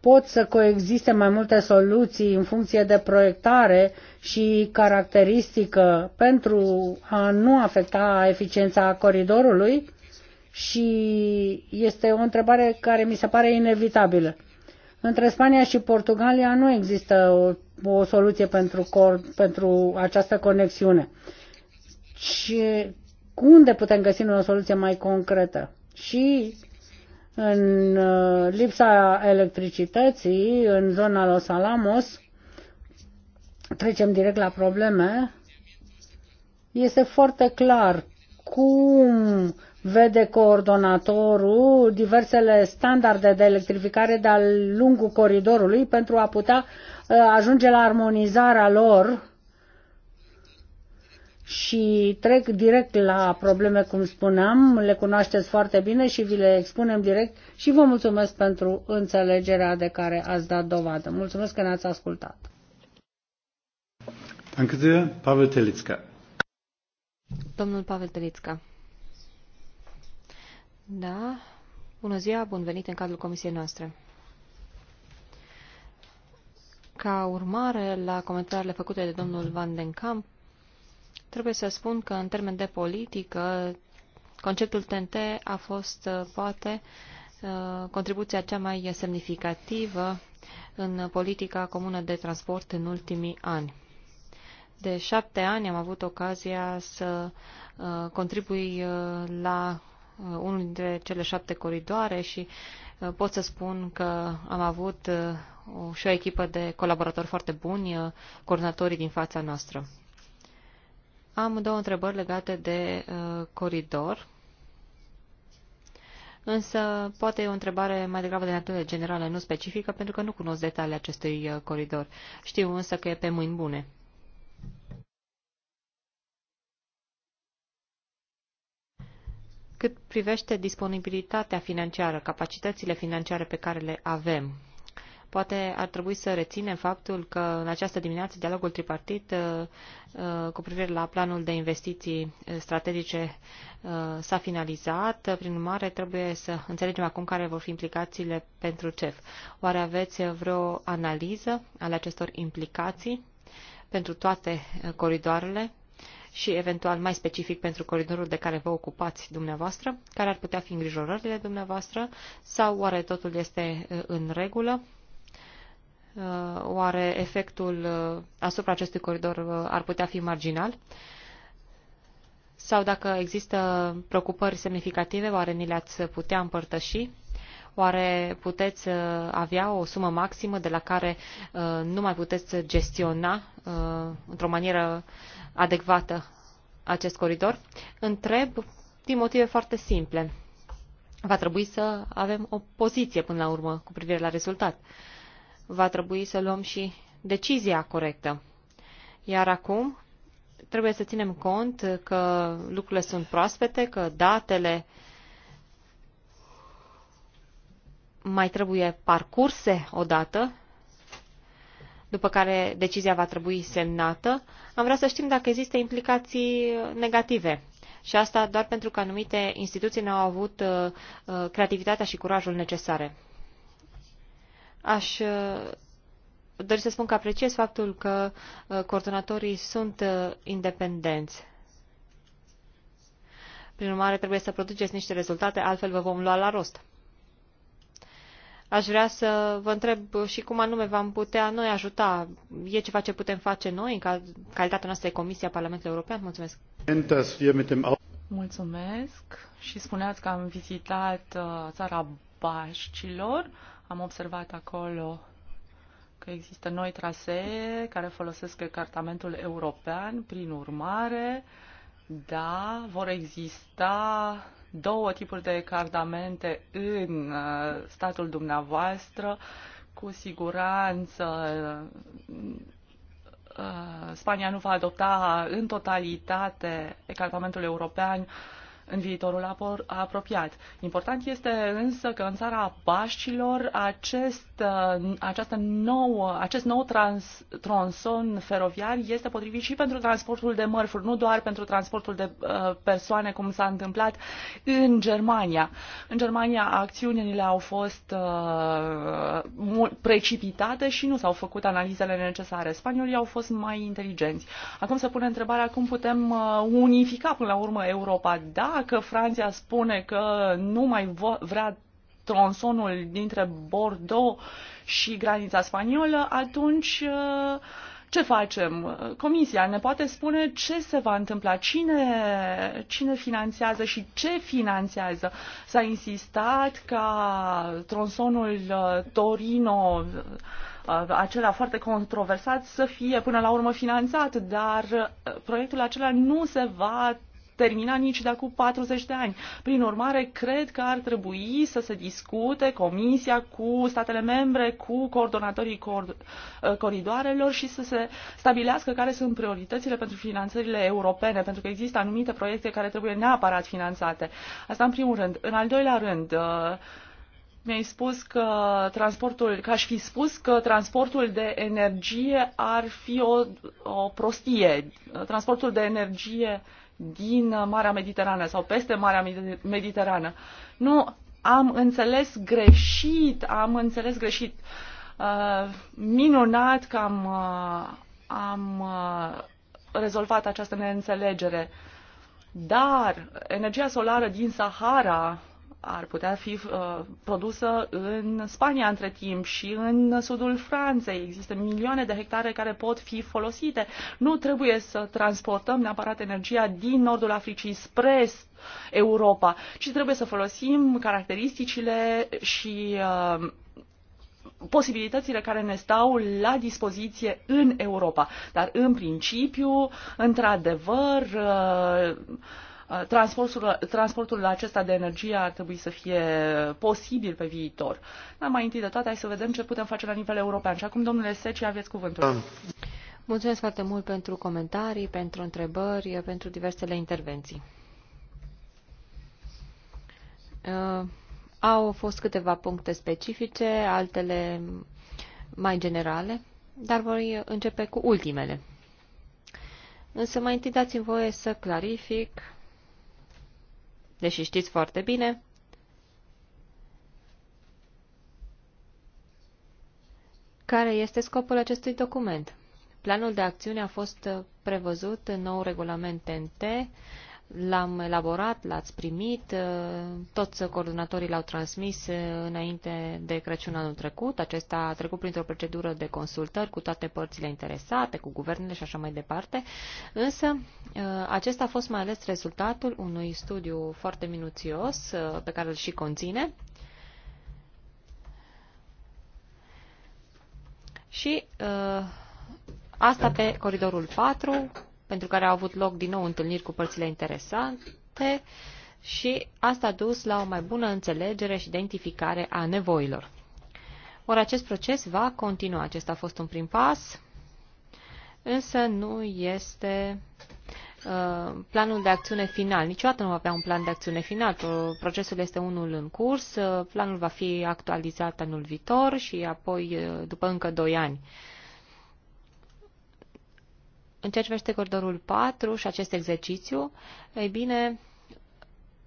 S4: Pot să coexiste mai multe soluții în funcție de proiectare și caracteristică pentru a nu afecta eficiența coridorului și este o întrebare care mi se pare inevitabilă între Spania și Portugalia nu există o, o soluție pentru, pentru această conexiune. Și unde putem găsi o soluție mai concretă? Și în uh, lipsa electricității în zona Los Alamos, trecem direct la probleme, este foarte clar cum vede coordonatorul diversele standarde de electrificare de-a lungul coridorului pentru a putea uh, ajunge la armonizarea lor și trec direct la probleme, cum spuneam, le cunoașteți foarte bine și vi le expunem direct și vă mulțumesc pentru înțelegerea de care ați dat dovadă. Mulțumesc că ne-ați ascultat.
S1: Danke Pavel Telițca.
S4: Domnul Pavel Telițca.
S3: Da. Bună ziua, bun venit în cadrul comisiei noastre. Ca urmare la comentariile făcute de domnul Van den Kamp, trebuie să spun că în termen de politică, conceptul TNT a fost uh, poate uh, contribuția cea mai semnificativă în politica comună de transport în ultimii ani. De șapte ani am avut ocazia să uh, contribui la Uh, unul dintre cele șapte coridoare și uh, pot să spun că am avut uh, și o echipă de colaboratori foarte buni, coordonatorii din fața noastră. Am două întrebări legate de coridor. Însă, poate e o întrebare mai degrabă de natură generală, nu specifică, pentru că nu cunosc detaliile acestui coridor. Știu însă că e pe mâini bune. Cât privește disponibilitatea financiară, capacitățile financiare pe care le avem, poate ar trebui să reținem faptul că în această dimineață dialogul tripartit uh, uh, cu privire la planul de investiții uh, strategice s-a finalizat. Prin urmare, trebuie să înțelegem acum care vor fi implicațiile pentru CEF. Oare aveți vreo analiză ale acestor implicații pentru toate coridoarele? și eventual mai specific pentru coridorul de care vă ocupați dumneavoastră, care ar putea fi îngrijorările dumneavoastră sau oare totul este uh, în regulă? Uh, oare efectul uh, asupra acestui coridor ar putea fi marginal? Sau dacă există preocupări semnificative, oare ni le-ați putea împărtăși? Oare puteți avea o sumă maximă de la care nu mai puteți gestiona într-o manieră adecvată acest coridor? Întreb din motive foarte simple. Va trebui să avem o poziție până la urmă cu privire la rezultat. Va trebui să luăm și decizia corectă. Iar acum trebuie să ținem cont că lucrurile sunt proaspete, că datele mai trebuie parcurse odată după care decizia va trebui semnată, am vrea să știm dacă există implicații negative. Și asta doar pentru că anumite instituții n-au avut uh, uh, creativitatea și curajul necesare. Aș uh, dori să spun că apreciez faptul că coordonatorii sunt independenți. Prin urmare, trebuie să produceți niște rezultate, altfel vă vom lua la rost. Aș vrea să vă întreb și cum anume v-am putea noi ajuta. E ceva ce putem face noi în calitatea noastră de Comisie a Parlamentului European? Mulțumesc! Mulțumesc și spuneați
S2: că am vizitat uh, țara Bașcilor. Am observat acolo că există noi trasee care folosesc cartamentul european, prin urmare, da, vor exista două tipuri de cardamente în uh, statul dumneavoastră, cu siguranță uh, Spania nu va adopta în totalitate ecartamentul european în viitorul apropiat. Important este însă că în țara Paștilor acest, uh, această nouă, acest nou trans, tronson feroviar este potrivit și pentru transportul de mărfuri, nu doar pentru transportul de uh, persoane, cum s-a întâmplat în Germania. În Germania acțiunile au fost uh, precipitate și nu s-au făcut analizele necesare. Spaniolii au fost mai inteligenți. Acum se pune întrebarea cum putem uh, unifica până la urmă Europa. Da, dacă Franța spune că nu mai vrea tronsonul dintre Bordeaux și granița spaniolă, atunci uh, ce facem? Comisia ne poate spune ce se va întâmpla, cine, cine finanțează și ce finanțează. S-a insistat ca tronsonul uh, Torino uh, acela foarte controversat să fie până la urmă finanțat, dar proiectul acela nu se va termina nici de acum 40 de ani. Prin urmare, cred că ar trebui să se discute Comisia cu statele membre, cu coordonatorii cor- uh, coridoarelor și să se stabilească care sunt prioritățile pentru finanțările europene, pentru că există anumite proiecte care trebuie neapărat finanțate. Asta în primul rând. În al doilea rând, uh, mi-ai spus că transportul, că aș fi spus că transportul de energie ar fi o, o prostie. Transportul de energie din Marea Mediterană sau peste Marea Mediterană. Nu, am înțeles greșit, am înțeles greșit. Uh, minunat că am, uh, am uh, rezolvat această neînțelegere. Dar energia solară din Sahara ar putea fi uh, produsă în Spania între timp și în sudul Franței. Există milioane de hectare care pot fi folosite. Nu trebuie să transportăm neapărat energia din nordul Africii spre Europa, ci trebuie să folosim caracteristicile și uh, posibilitățile care ne stau la dispoziție în Europa. Dar, în principiu, într-adevăr, uh, Transportul, transportul acesta de energie ar trebui să fie posibil pe viitor. Dar mai întâi de toate, hai să vedem ce putem face la nivel european. Și acum, domnule Seci, aveți cuvântul.
S3: Mulțumesc foarte mult pentru comentarii, pentru întrebări, pentru diversele intervenții. Uh, au fost câteva puncte specifice, altele mai generale, dar voi începe cu ultimele. Însă mai întâi dați-mi voie să clarific deși știți foarte bine, care este scopul acestui document. Planul de acțiune a fost prevăzut în nou regulament TNT L-am elaborat, l-ați primit, uh, toți coordonatorii l-au transmis uh, înainte de Crăciun anul trecut. Acesta a trecut printr-o procedură de consultări cu toate părțile interesate, cu guvernele și așa mai departe. Însă, uh, acesta a fost mai ales rezultatul unui studiu foarte minuțios pe care îl și conține. Și Asta pe coridorul 4, pentru care au avut loc din nou întâlniri cu părțile interesante și asta a dus la o mai bună înțelegere și identificare a nevoilor. Ori acest proces va continua. Acesta a fost un prim pas, însă nu este uh, planul de acțiune final. Niciodată nu va avea un plan de acțiune final. Procesul este unul în curs, uh, planul va fi actualizat anul viitor și apoi uh, după încă 2 ani. În ceea ce privește coridorul 4 și acest exercițiu, ei bine,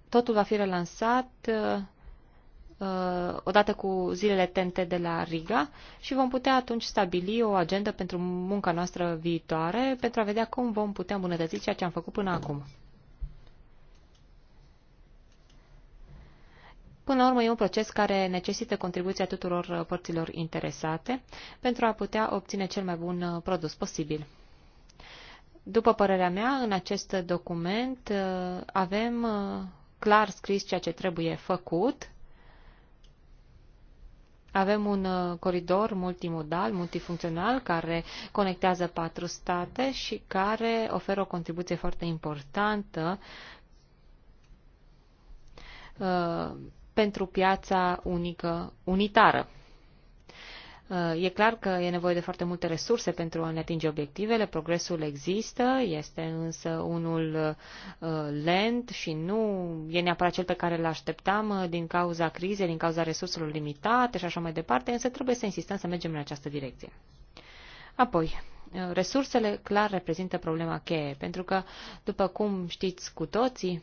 S3: totul va fi relansat uh, odată cu zilele TNT de la Riga și vom putea atunci stabili o agendă pentru munca noastră viitoare pentru a vedea cum vom putea îmbunătăți ceea ce am făcut până acum. Până la urmă, e un proces care necesită contribuția tuturor părților interesate pentru a putea obține cel mai bun produs posibil. După părerea mea, în acest document uh, avem uh, clar scris ceea ce trebuie făcut. Avem un uh, coridor multimodal, multifuncțional, care conectează patru state și care oferă o contribuție foarte importantă pentru piața unică unitară. Uh, e clar că e nevoie de foarte multe resurse pentru a ne atinge obiectivele, progresul există, este însă unul uh, lent și nu e neapărat cel pe care îl așteptam uh, din cauza crizei, din cauza resurselor limitate și așa mai departe, însă trebuie să insistăm să mergem în această direcție. Apoi, resursele clar reprezintă problema cheie, pentru că, după cum știți cu toții,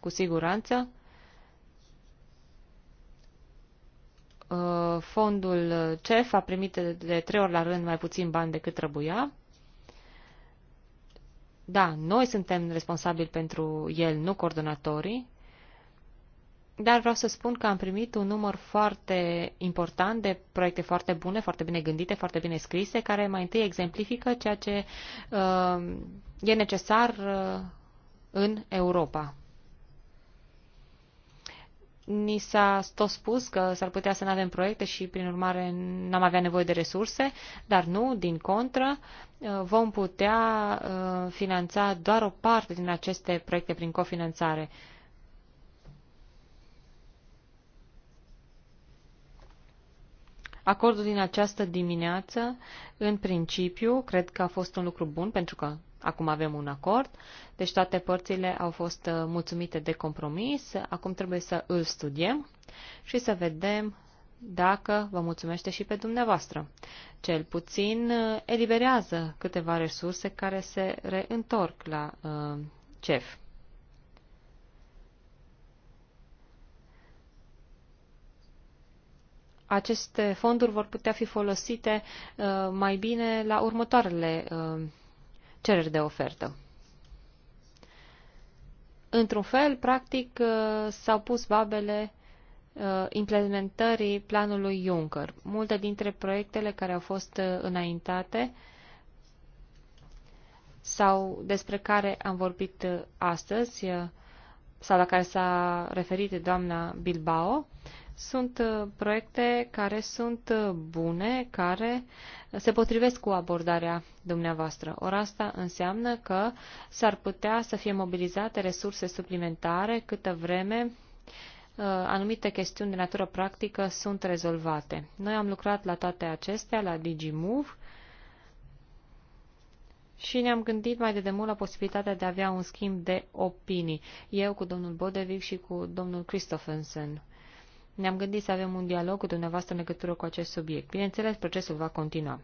S3: cu siguranță, Uh, fondul CEF a primit de trei ori la rând mai puțin bani decât trebuia. Da, noi suntem responsabili pentru el, nu coordonatorii, dar vreau să spun că am primit un număr foarte important de proiecte foarte bune, foarte bine gândite, foarte bine scrise, care mai întâi exemplifică ceea ce uh, e necesar uh, în Europa. Ni s-a tot spus că s-ar putea să nu avem proiecte și, prin urmare, n-am avea nevoie de resurse, dar nu, din contră, uh, vom putea uh, finanța doar o parte din aceste proiecte prin cofinanțare. Acordul din această dimineață, în principiu, cred că a fost un lucru bun, pentru că Acum avem un acord, deci toate părțile au fost uh, mulțumite de compromis, acum trebuie să îl studiem și să vedem dacă vă mulțumește și pe dumneavoastră. Cel puțin uh, eliberează câteva resurse care se reîntorc la uh, CEF. Aceste fonduri vor putea fi folosite uh, mai bine la următoarele uh, cereri de ofertă. Într-un fel, practic, uh, s-au pus babele uh, implementării planului Juncker. Multe dintre proiectele care au fost uh, înaintate sau despre care am vorbit astăzi sau la care s-a referit doamna Bilbao, sunt uh, proiecte care sunt uh, bune, care se potrivesc cu abordarea dumneavoastră. Ori asta înseamnă că s-ar putea să fie mobilizate resurse suplimentare câtă vreme uh, anumite chestiuni de natură practică sunt rezolvate. Noi am lucrat la toate acestea, la DigiMove, și ne-am gândit mai de demult la posibilitatea de a avea un schimb de opinii, eu cu domnul Bodevic și cu domnul Christophensen. Ne-am gândit să avem un dialog cu dumneavoastră în legătură cu acest subiect. Bineînțeles, procesul va continua.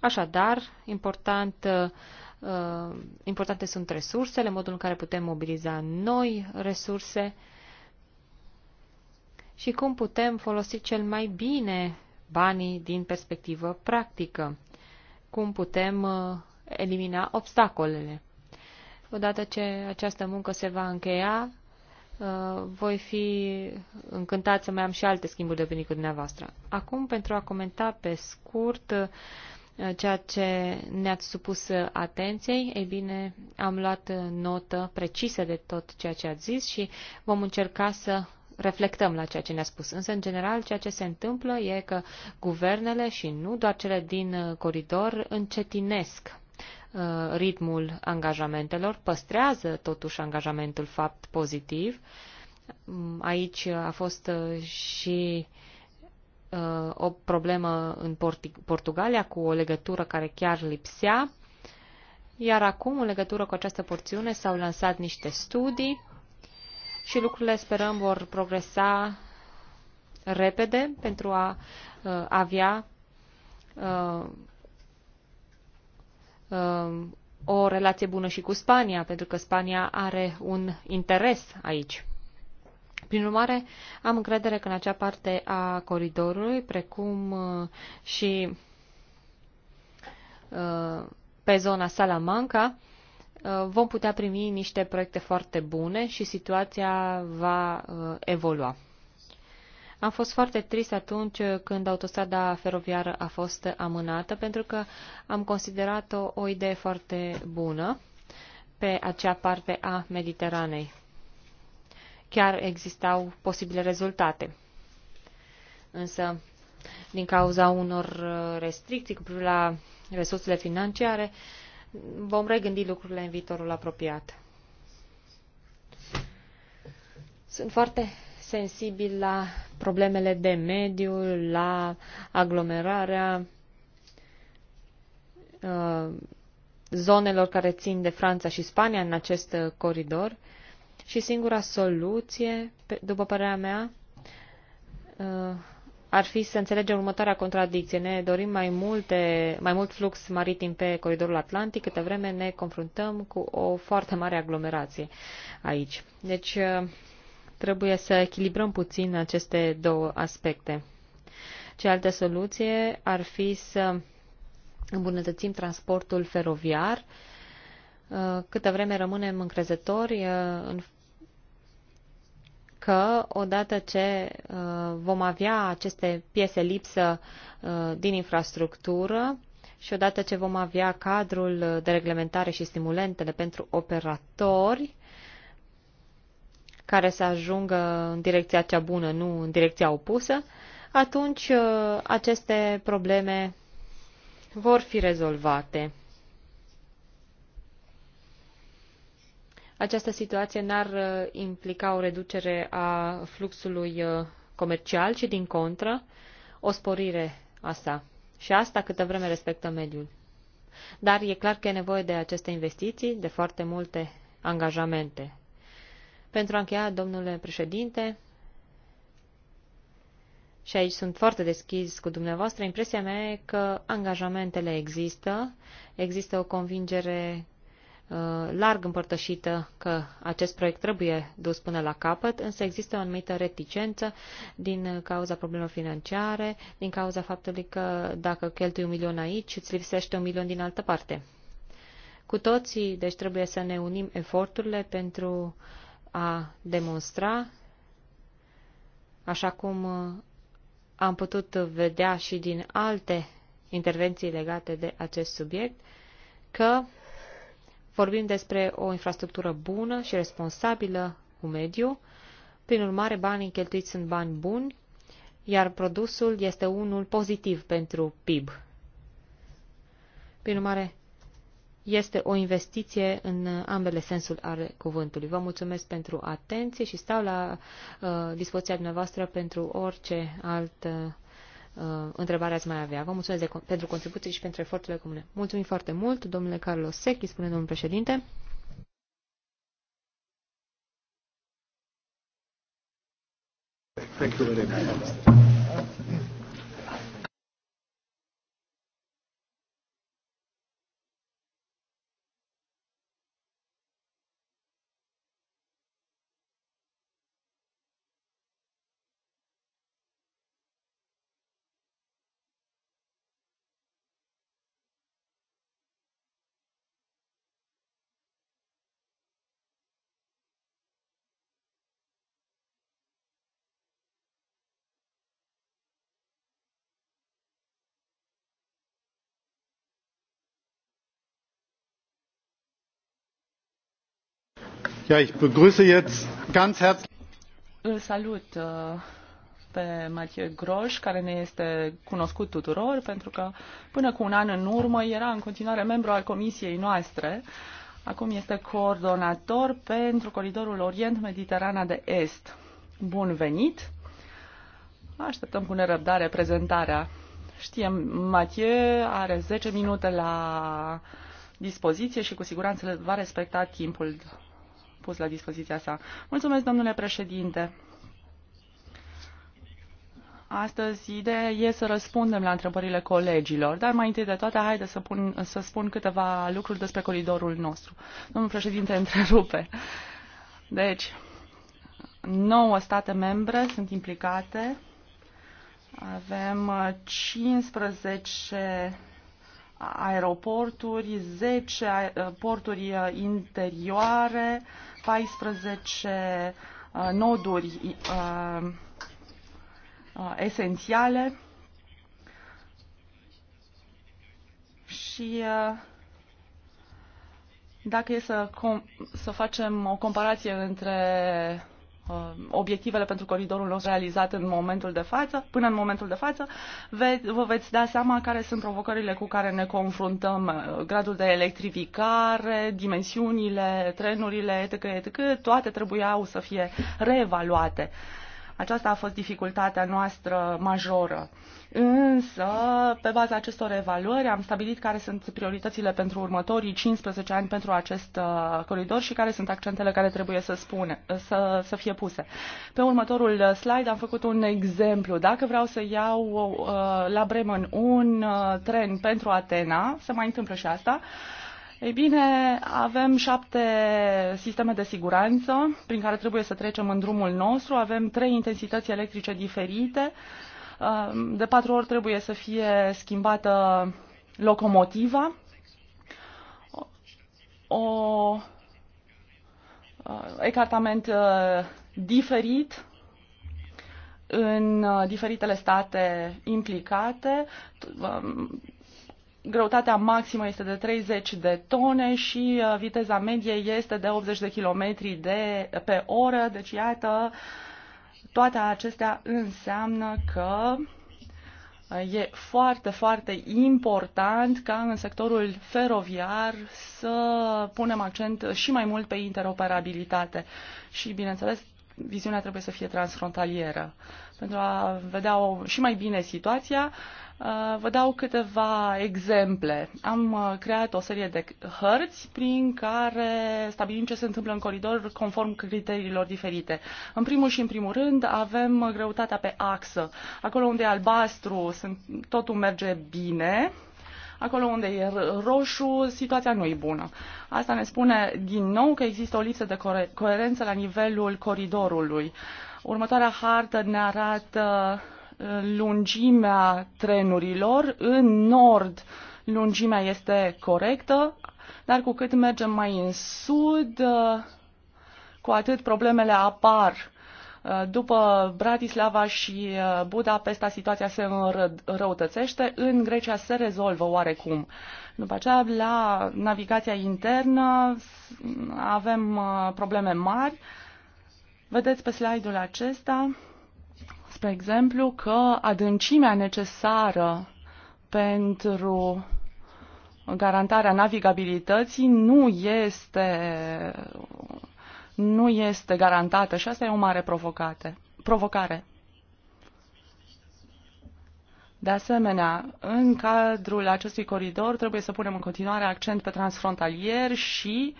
S3: Așadar, important, uh, importante sunt resursele, modul în care putem mobiliza noi resurse și cum putem folosi cel mai bine banii din perspectivă practică, cum putem uh, elimina obstacolele. Odată ce această muncă se va încheia, Uh, voi fi încântat să mai am și alte schimburi de opinii cu dumneavoastră. Acum, pentru a comenta pe scurt uh, ceea ce ne-ați supus atenției, ei bine, am luat notă precisă de tot ceea ce ați zis și vom încerca să reflectăm la ceea ce ne-a spus. Însă, în general, ceea ce se întâmplă e că guvernele și nu doar cele din uh, coridor încetinesc Uh, ritmul angajamentelor, păstrează totuși angajamentul fapt pozitiv. Mm, aici a fost uh, și uh, o problemă în Portugalia cu o legătură care chiar lipsea. Iar acum, în legătură cu această porțiune, s-au lansat niște studii și lucrurile sperăm vor progresa repede pentru a avea Um, o relație bună și cu Spania, pentru că Spania are un interes aici. Prin urmare, am încredere că în acea parte a coridorului, precum uh, și uh, pe zona Salamanca, uh, vom putea primi niște proiecte foarte bune și situația va evolua. Am fost foarte trist atunci când autostrada feroviară a fost amânată, pentru că am considerat-o o idee foarte bună pe acea parte a Mediteranei. Chiar existau posibile rezultate. Însă, din cauza unor restricții cu privire la resursele financiare, vom regândi lucrurile în viitorul apropiat. Sunt foarte sensibil la problemele de mediu, la aglomerarea uh, zonelor care țin de Franța și Spania în acest uh, coridor și singura soluție, după părerea mea, uh, ar fi să înțelegem următoarea contradicție. Ne dorim mai, multe, mai mult flux maritim pe coridorul Atlantic, câte vreme ne confruntăm cu o foarte mare aglomerație aici. Deci, Trebuie să echilibrăm puțin aceste două aspecte. Cealaltă soluție ar fi să îmbunătățim transportul feroviar. Uh, câtă vreme rămânem încrezători uh, în că odată ce uh, vom avea aceste piese lipsă din infrastructură și odată ce vom avea cadrul de reglementare și stimulentele pentru operatori, care să ajungă în direcția cea bună, nu în direcția opusă, atunci uh, aceste probleme vor fi rezolvate. Această situație n-ar uh, implica o reducere a fluxului uh, comercial, ci din contră o sporire a sa. Și asta câtă vreme respectă mediul. Dar e clar că e nevoie de aceste investiții, de foarte multe angajamente pentru a încheia, domnule președinte, și aici sunt foarte deschis cu dumneavoastră, impresia mea e că angajamentele există, există o convingere uh, larg împărtășită că acest proiect trebuie dus până la capăt, însă există o anumită reticență din cauza problemelor financiare, din cauza faptului că dacă cheltui un milion aici, îți lipsește un milion din altă parte. Cu toții, deci trebuie să ne unim eforturile pentru uh, a demonstra, așa cum uh, am putut vedea și din alte intervenții legate de acest subiect, că vorbim despre o infrastructură bună și responsabilă cu mediu, prin urmare banii cheltuiți sunt bani buni, iar produsul este unul pozitiv pentru PIB. Prin urmare, este o investiție în ambele sensuri ale cuvântului. Vă mulțumesc pentru atenție și stau la uh, dispoziția dumneavoastră pentru orice altă uh, întrebare ați mai avea. Vă mulțumesc de, pentru contribuții și pentru eforturile comune. Mulțumim foarte mult, domnule Carlos Secchi, spune domnul președinte.
S5: Thank you very much.
S1: ich begrüße jetzt ganz herzlich.
S2: Îl salut uh, pe Mathieu Grosch, care ne este cunoscut tuturor, pentru că până cu un an în urmă era în continuare membru al comisiei noastre. Acum este coordonator pentru Coridorul Orient-Mediterana de Est. Bun venit! Așteptăm cu nerăbdare prezentarea. Știem, Mathieu are 10 minute la dispoziție și cu siguranță va respecta timpul pus la dispoziția sa. Mulțumesc, domnule președinte. Astăzi ideea e să răspundem la întrebările colegilor, dar mai întâi de toate haide să, pun, să spun câteva lucruri despre coridorul nostru. Domnul președinte *laughs* întrerupe. Deci, nouă state membre sunt implicate. Avem 15 aeroporturi, 10 porturi uh, interioare, 14 uh, noduri uh, uh, esențiale și dacă e să, să facem o comparație între Uh, obiectivele pentru coridorul nostru realizat în momentul de față, până în momentul de față, ve- vă veți da seama care sunt provocările cu care ne confruntăm, uh, gradul de electrificare, dimensiunile, trenurile, etc., etc., toate trebuiau să fie reevaluate. Aceasta a fost dificultatea noastră majoră. Însă, pe baza acestor evaluări, am stabilit care sunt prioritățile pentru următorii 15 ani pentru acest uh, coridor și care sunt accentele care trebuie să, spune, să, să fie puse. Pe următorul slide am făcut un exemplu. Dacă vreau să iau uh, la Bremen un uh, tren pentru Atena, se mai întâmplă și asta, uh, ei bine, avem șapte sisteme de siguranță prin care trebuie să trecem în drumul nostru, avem trei intensități electrice diferite, uh, de patru ori trebuie să fie schimbată locomotiva, o uh, ecartament uh, diferit în diferitele state implicate, greutatea maximă este de 30 de tone și uh, viteza medie este de 80 de km de, pe oră. Deci, iată, toate acestea înseamnă că uh, e foarte, foarte important ca în sectorul feroviar să punem accent și mai mult pe interoperabilitate. Și, bineînțeles, viziunea trebuie să fie transfrontalieră. Pentru a vedea o, și mai bine situația, Uh, vă dau câteva exemple. Am uh, creat o serie de hărți prin care stabilim ce se întâmplă în coridor conform criteriilor diferite. În primul și în primul rând avem greutatea pe axă. Acolo unde e albastru totul merge bine, acolo unde e roșu, situația nu e bună. Asta ne spune din nou că există o lipsă de coerență la nivelul coridorului. Următoarea hartă ne arată uh, lungimea trenurilor. În nord lungimea este corectă, dar cu cât mergem mai în sud, cu atât problemele apar. După Bratislava și uh, Budapesta, situația se înrăutățește. În Grecia se rezolvă oarecum. După aceea, la navigația internă avem uh, probleme mari. Vedeți pe slide-ul acesta spre exemplu, că adâncimea necesară pentru garantarea navigabilității nu este, nu este garantată și asta e o mare provocate, provocare. De asemenea, în cadrul acestui coridor trebuie să punem în continuare accent pe transfrontalier și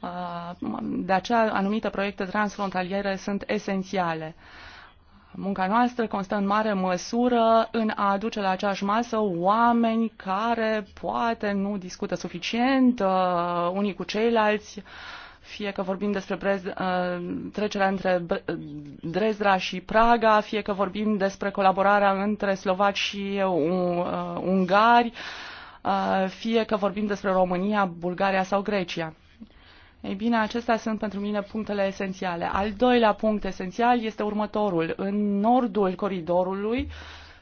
S2: uh, de aceea anumite proiecte transfrontaliere sunt esențiale. Munca noastră constă în mare măsură în a aduce la aceeași masă oameni care poate nu discută suficient uh, unii cu ceilalți, fie că vorbim despre brez, uh, trecerea între Drezra și Praga, fie că vorbim despre colaborarea între slovaci și uh, ungari, uh, fie că vorbim despre România, Bulgaria sau Grecia. Ei bine, acestea sunt pentru mine punctele esențiale. Al doilea punct esențial este următorul. În nordul coridorului,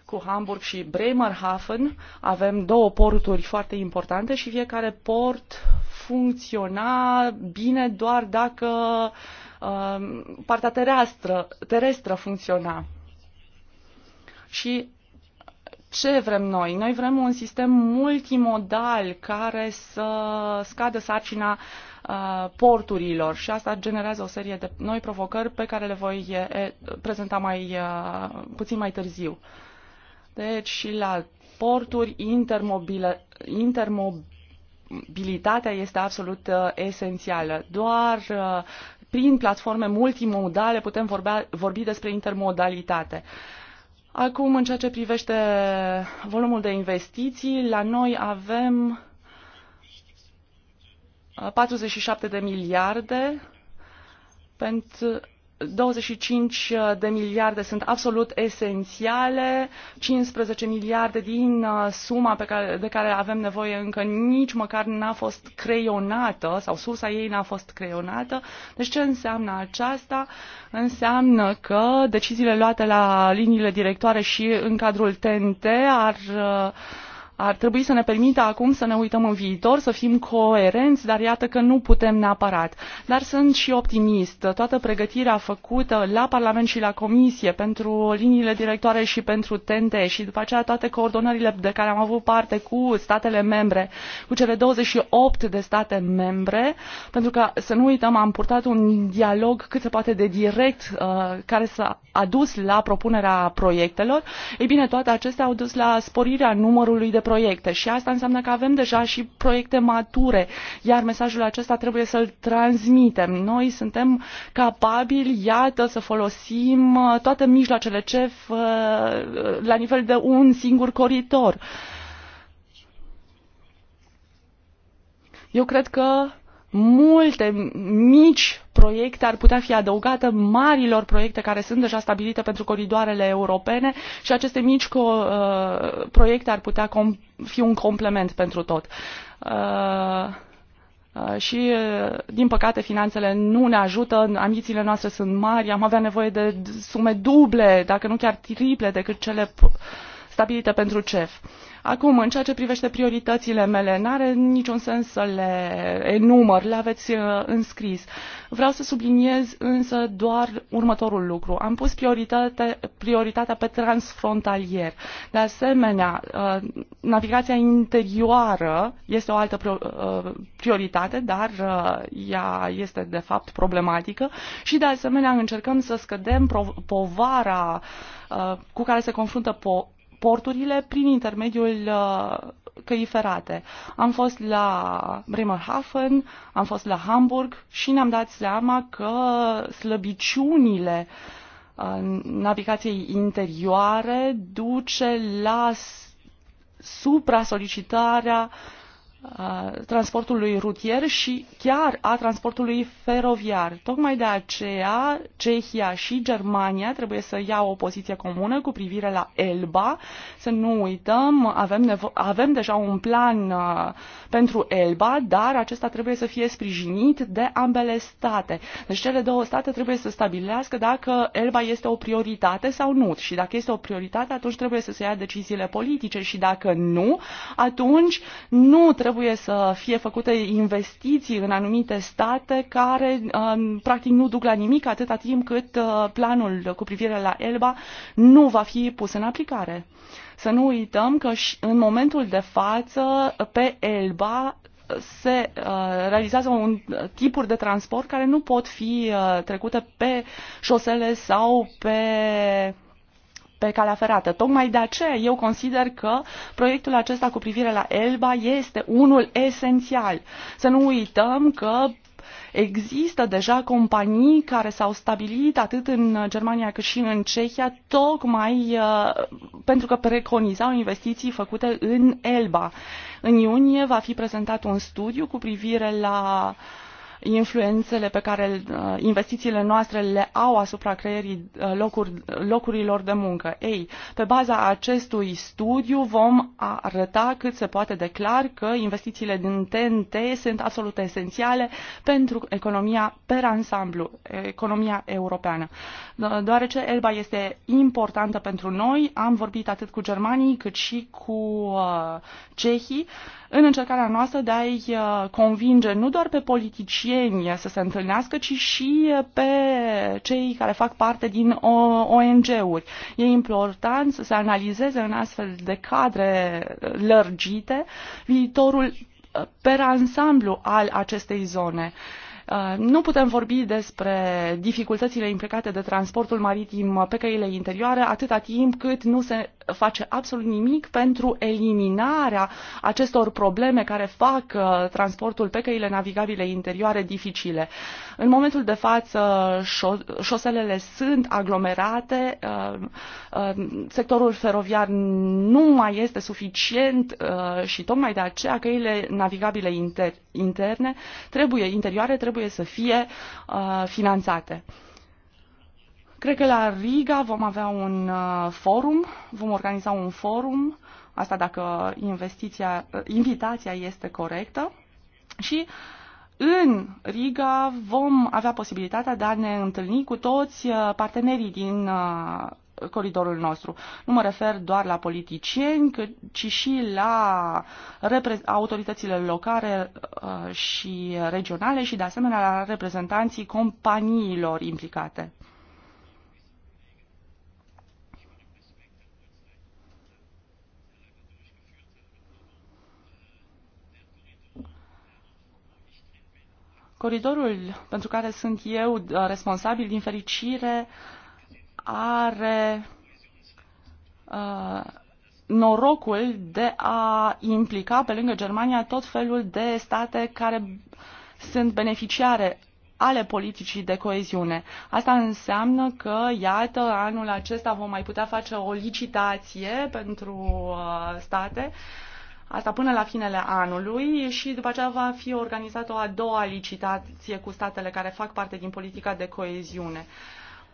S2: cu Hamburg și Bremerhaven, avem două porturi foarte importante și fiecare port funcționa bine doar dacă uh, partea terestră, terestră funcționa. Și ce vrem noi? Noi vrem un sistem multimodal care să scadă sarcina uh, Uh, porturilor și asta generează o serie de noi provocări pe care le voi prezenta mai, uh, puțin mai târziu. Deci și la porturi intermobile, intermobilitatea este absolut uh, esențială. Doar prin platforme multimodale putem vorbea, vorbi despre intermodalitate. Acum, în ceea ce privește volumul de investiții, la noi avem 47 de miliarde pentru 25 de miliarde sunt absolut esențiale, 15 miliarde din uh, suma pe care, de care avem nevoie încă nici măcar n-a fost creionată sau sursa ei n-a fost creionată. Deci ce înseamnă aceasta? Înseamnă că deciziile luate la liniile directoare și în cadrul TNT ar uh, ar trebui să ne permită acum să ne uităm în viitor, să fim coerenți, dar iată că nu putem neapărat. Dar sunt și optimist. Toată pregătirea făcută la Parlament și la Comisie pentru liniile directoare și pentru TENTE și după aceea toate coordonările de care am avut parte cu statele membre, cu cele 28 de state membre, pentru că să nu uităm, am purtat un dialog cât se poate de direct uh, care s-a adus la propunerea proiectelor. Ei bine, toate acestea au dus la sporirea numărului de proiecte și asta înseamnă că avem deja și proiecte mature, iar mesajul acesta trebuie să-l transmitem. Noi suntem capabili, iată, să folosim uh, toate mijloacele CEF uh, la nivel de un singur coridor. Eu cred că multe mici proiecte ar putea fi adăugate marilor proiecte care sunt deja stabilite pentru coridoarele europene și aceste mici co- uh, proiecte ar putea fi un complement pentru tot. Uh, uh și, uh, din păcate, finanțele nu ne ajută, ambițiile noastre sunt mari, am avea nevoie de sume duble, dacă nu chiar triple, decât cele stabilite pentru CEF. Acum, în ceea ce privește prioritățile mele, n-are niciun sens să le enumăr, le aveți uh, înscris. Vreau să subliniez însă doar următorul lucru. Am pus prioritate, prioritatea pe transfrontalier. De asemenea, uh, navigația interioară este o altă uh, prioritate, dar ea este de fapt problematică și de asemenea încercăm să scădem povara cu care se confruntă po porturile prin intermediul uh, căi ferate. Am fost la Bremerhaven, am fost la Hamburg și ne-am dat seama că slăbiciunile uh, navigației interioare duce la supra-solicitarea uh, transportului rutier și chiar a transportului feroviar. Tocmai de aceea Cehia și Germania trebuie să ia o poziție comună cu privire la Elba. Să nu uităm, avem, avem deja un plan uh, pentru Elba, dar acesta trebuie să fie sprijinit de ambele state. Deci cele două state trebuie să stabilească dacă Elba este o prioritate sau nu. Și dacă este o prioritate, atunci trebuie să se ia deciziile politice și dacă nu, atunci nu trebuie trebuie să fie făcute investiții în anumite state care um, practic nu duc la nimic atâta timp cât uh, planul cu privire la Elba nu va fi pus în aplicare. Să nu uităm că în momentul de față pe Elba uh, se uh, realizează un tipuri de transport care nu pot fi trecute pe șosele sau pe pe calea ferată. Tocmai de aceea eu consider că proiectul acesta cu privire la Elba este unul esențial. Să nu uităm că Există deja companii care s-au stabilit atât în Germania cât și în Cehia, tocmai uh, pentru că preconizau investiții făcute în Elba. În iunie va fi prezentat un studiu cu privire la uh, influențele pe care uh, investițiile noastre le au asupra creierii uh, locuri, locurilor de muncă. Ei, pe baza acestui studiu vom arăta cât se poate de clar că investițiile din TNT sunt absolut esențiale pentru economia per ansamblu, economia europeană. Uh, deoarece ELBA este importantă pentru noi, am vorbit atât cu germanii cât și cu cehii în încercarea noastră de a-i convinge nu doar pe politici politicieni să se întâlnească, ci și pe cei care fac parte din ONG-uri. E important să se analizeze în astfel de cadre lărgite viitorul per ansamblu al acestei zone. Uh, Uh, nu putem vorbi despre dificultățile implicate de transportul maritim pe căile interioare atâta timp cât nu se face absolut nimic pentru eliminarea acestor probleme care fac uh, transportul pe căile navigabile interioare dificile. Uh, în momentul de față, șoselele sunt aglomerate, uh, uh, sectorul feroviar nu mai este suficient uh, și tocmai de aceea căile navigabile inter interne trebuie, interioare trebuie să fie finanțate. Cred că la Riga vom avea un forum, vom organiza un forum, asta dacă investiția, invitația este corectă. Și uh, în Riga vom avea posibilitatea de a ne întâlni cu toți uh, partenerii din uh, coridorul nostru. Nu mă refer doar la politicieni, ci și la autoritățile locale uh, și regionale și de asemenea la reprezentanții companiilor implicate. Coridorul pentru care sunt eu uh, responsabil, din fericire, are uh, norocul de a implica pe lângă Germania tot felul de state care sunt beneficiare ale politicii de coeziune. Asta înseamnă că, iată, anul acesta vom mai putea face o licitație pentru uh, state uh, Asta până la finele anului și după aceea va fi organizată o a doua licitație cu statele care fac parte din politica de coeziune.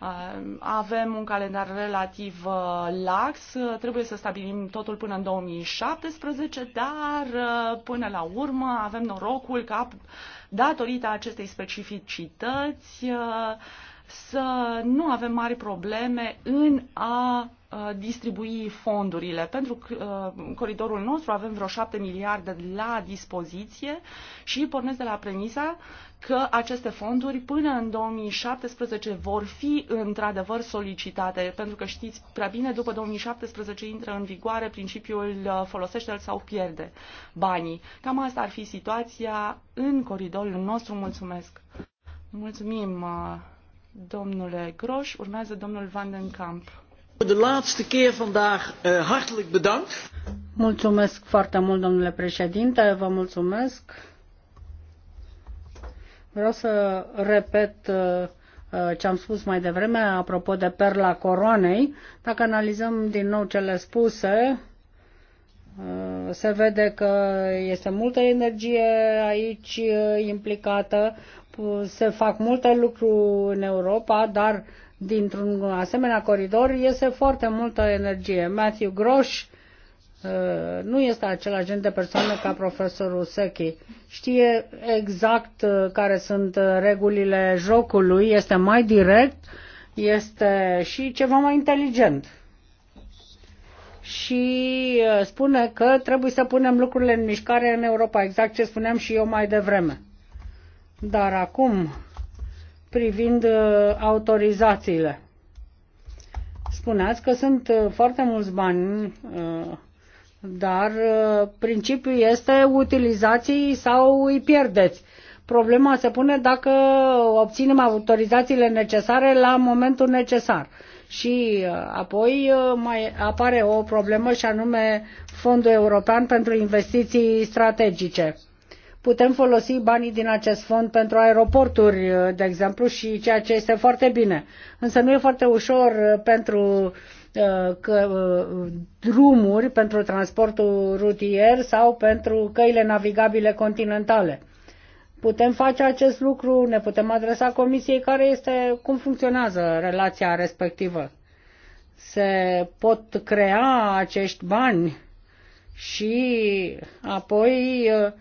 S2: Uh, avem un calendar relativ uh, lax, uh, trebuie să stabilim totul până în 2017, dar până la urmă avem norocul ca, datorită acestei specificități, să nu avem mari probleme în a Uh, distribui fondurile. Pentru uh, coridorul nostru avem vreo 7 miliarde la dispoziție și pornesc de la premisa că aceste fonduri până în 2017 vor fi într-adevăr solicitate, pentru că știți prea bine, după 2017 intră în vigoare principiul uh, folosește-l sau pierde banii. Cam asta ar fi situația în coridorul nostru. Mulțumesc! Mulțumim, domnule Groș.
S4: Urmează domnul
S7: Van den Kamp. De laatste keer vandaag eh, hartelijk bedankt.
S4: Mulțumesc foarte mult, domnule președinte, vă mulțumesc. Vreau să repet eh, eh, ce am spus mai devreme apropo de perla coroanei. Dacă analizăm din nou cele spuse, se vede că este multă energie aici implicată, se fac multe lucruri în Europa, dar dintr-un asemenea coridor iese foarte multă energie. Matthew Grosh uh, nu este același gen de persoană ca profesorul Sechi. Știe exact uh, care sunt uh, regulile jocului, este mai direct, este și ceva mai inteligent. Și spune că trebuie să punem lucrurile în mișcare în Europa, exact ce spuneam și eu mai devreme. Dar acum privind uh, autorizațiile. Spuneați că sunt uh, foarte mulți bani, uh, dar principiul este utilizații sau îi pierdeți. Problema se pune dacă obținem autorizațiile necesare la momentul necesar. Și apoi mai apare o problemă și anume Fondul European pentru Investiții Strategice putem folosi banii din acest fond pentru aeroporturi, uh, de exemplu, și ceea ce este foarte bine. Însă nu e foarte ușor uh, pentru uh, că, drumuri, pentru transportul rutier sau pentru căile navigabile continentale. Putem face acest lucru, ne putem adresa comisiei care este, cum funcționează relația respectivă. Se pot crea acești bani și apoi uh,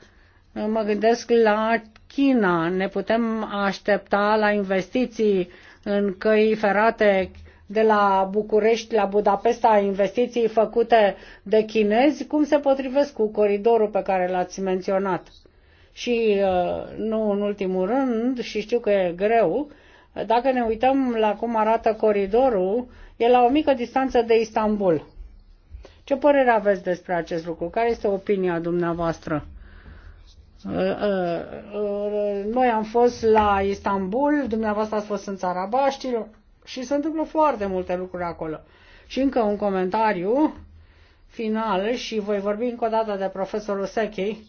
S4: Mă gândesc la China. Ne putem aștepta la investiții în căi ferate de la București la Budapesta, investiții făcute de chinezi, cum se potrivesc cu coridorul pe care l-ați menționat? Și uh, nu în ultimul rând, și știu că e greu, dacă ne uităm la cum arată coridorul, e la o mică distanță de Istanbul. Ce părere aveți despre acest lucru? Care este opinia dumneavoastră? Ă, ă, ă, noi am fost la Istanbul, dumneavoastră ați fost în țara Baștilor și se întâmplă foarte multe lucruri acolo. Și încă un comentariu final și voi vorbi încă o dată de profesorul Sechei.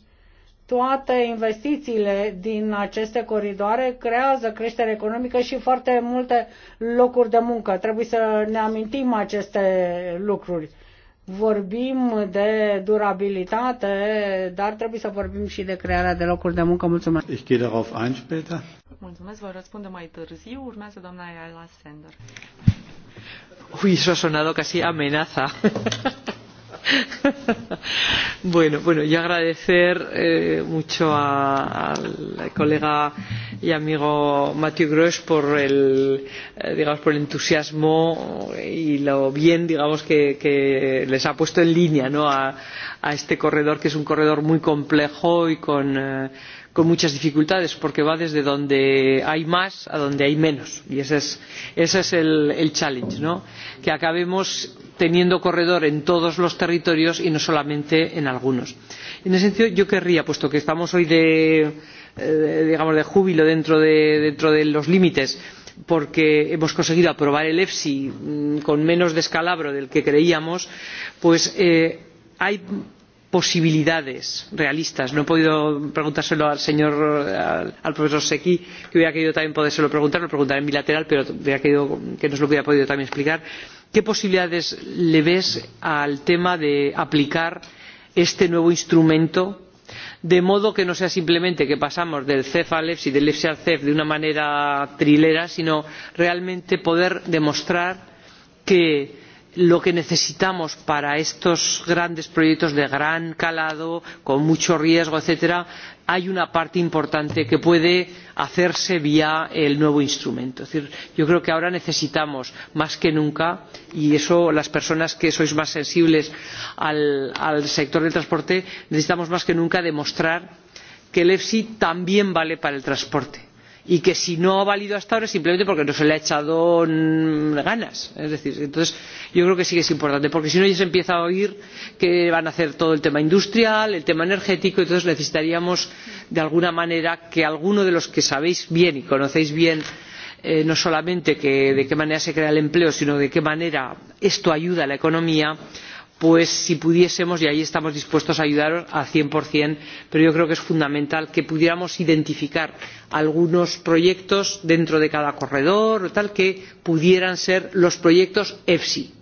S4: Toate investițiile din aceste coridoare creează creștere economică și foarte multe locuri de muncă. Trebuie să ne amintim aceste lucruri vorbim de durabilitate, dar trebuie să vorbim și de crearea de locuri de muncă. Mulțumesc. Ich
S7: gehe darauf ein später.
S2: Mulțumesc, vă răspunde mai târziu. Urmează doamna Ayala Sender.
S7: Uy, eso ha sonado casi amenaza. bueno, bueno, yo agradecer eh, mucho a, al colega y amigo Mathieu Grosch por el, eh, digamos, por el entusiasmo y lo bien digamos, que, les ha puesto en línea ¿no? a, este corredor, que es un corredor muy complejo y eh, con, muchas dificultades, porque va desde donde hay más a donde hay menos. Y ese es, ese es el, challenge, ¿no? que acabemos teniendo corredor en todos los territorios y no solamente en algunos. En ese sentido, yo querría, puesto que estamos hoy de Eh, digamos de júbilo dentro de, dentro de los límites porque hemos conseguido aprobar el efsi mm, con menos descalabro del que creíamos pues eh, hay posibilidades realistas no he podido preguntárselo al señor al, profesor secchi que hubiera querido también podérselo preguntar lo preguntaré en bilateral pero hubiera querido que nos lo hubiera podido también explicar qué posibilidades le ves al tema de aplicar este nuevo instrumento de modo que no sea simplemente que pasamos del cef al efsi del efsi al cef de una manera trilera sino realmente poder demostrar que lo que necesitamos para estos grandes proyectos de gran calado con mucho riesgo etc. hay una parte importante que puede hacerse vía el nuevo instrumento. es decir yo creo que ahora necesitamos más que nunca y eso las personas que sois más sensibles al, sector del transporte necesitamos más que nunca demostrar que el feie también vale para el transporte y que si no ha valido hasta ahora es simplemente porque no se le ha echado ganas. entonces yo creo que sí que es importante porque si no ya se empieza a oír que van a hacer todo el tema industrial el tema energético y entonces necesitaríamos de alguna manera que alguno de los que sabéis bien y conocéis bien eh, no solamente de qué manera se crea el empleo sino de qué manera esto ayuda a la economía pues si pudiésemos y ahí estamos dispuestos a ayudaros al cien pero yo creo que es fundamental que pudiéramos identificar algunos proyectos dentro de cada corredor tal, que pudieran ser los proyectos efsi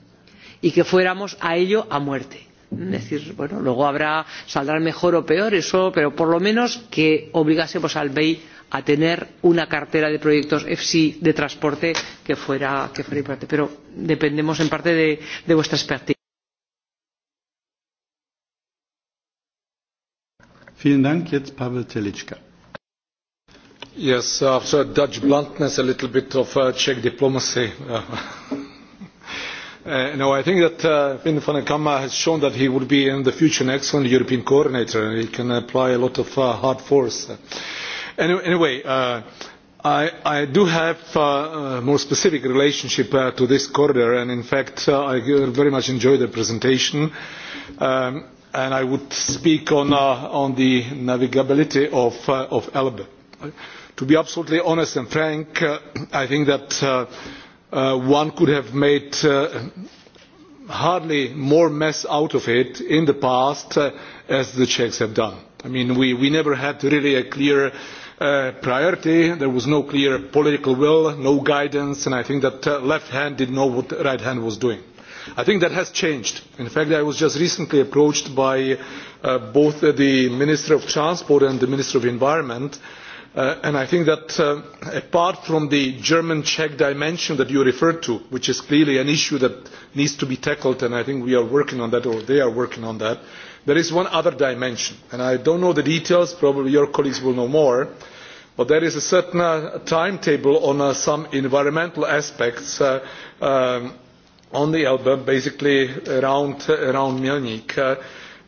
S7: y que fuéramos a ello a muerte. Es decir, bueno, luego habrá, saldrá mejor o peor eso, pero por lo menos que obligásemos al BEI a tener una cartera de proyectos EFSI de transporte que fuera, que fuera importante. Pero dependemos en parte de, de vuestra expertise.
S1: Vielen Dank. Jetzt Pavel Telitschka.
S6: Yes, after Dutch bluntness, a little bit of uh, Czech diplomacy. *laughs* Uh, uh, no, I think that Vin uh, van Kamma has shown that he would be in the future an excellent European coordinator and he can apply a lot of uh, hard force. Uh, anyway, anyway uh, I, I, do have uh, a more specific relationship uh, to this corridor and in fact uh, I uh, very much enjoyed the presentation. Um, and I would speak on, uh, on the navigability of, uh, of Elbe. To be absolutely honest and frank, uh, I think that uh, uh, one could have made uh, hardly more mess out of it in the past as the Czechs have done. I mean, we, we never had really a clear Uh, priority there was no clear political will no guidance and i think that the uh, left hand did not know what the right hand was doing. I think that has changed. In fact, I was just recently approached by uh, both the Minister of Transport and the Minister of Environment Uh, and i think that uh, apart from the german czech dimension that you referred to which is clearly an issue that needs to be tackled and i think we are working on that or they are working on that there is one other dimension and i do not know the details probably your colleagues will know more but there is a certain uh, timetable on uh, some environmental aspects uh, um, on the Elbe, basically around, around Munich. Uh,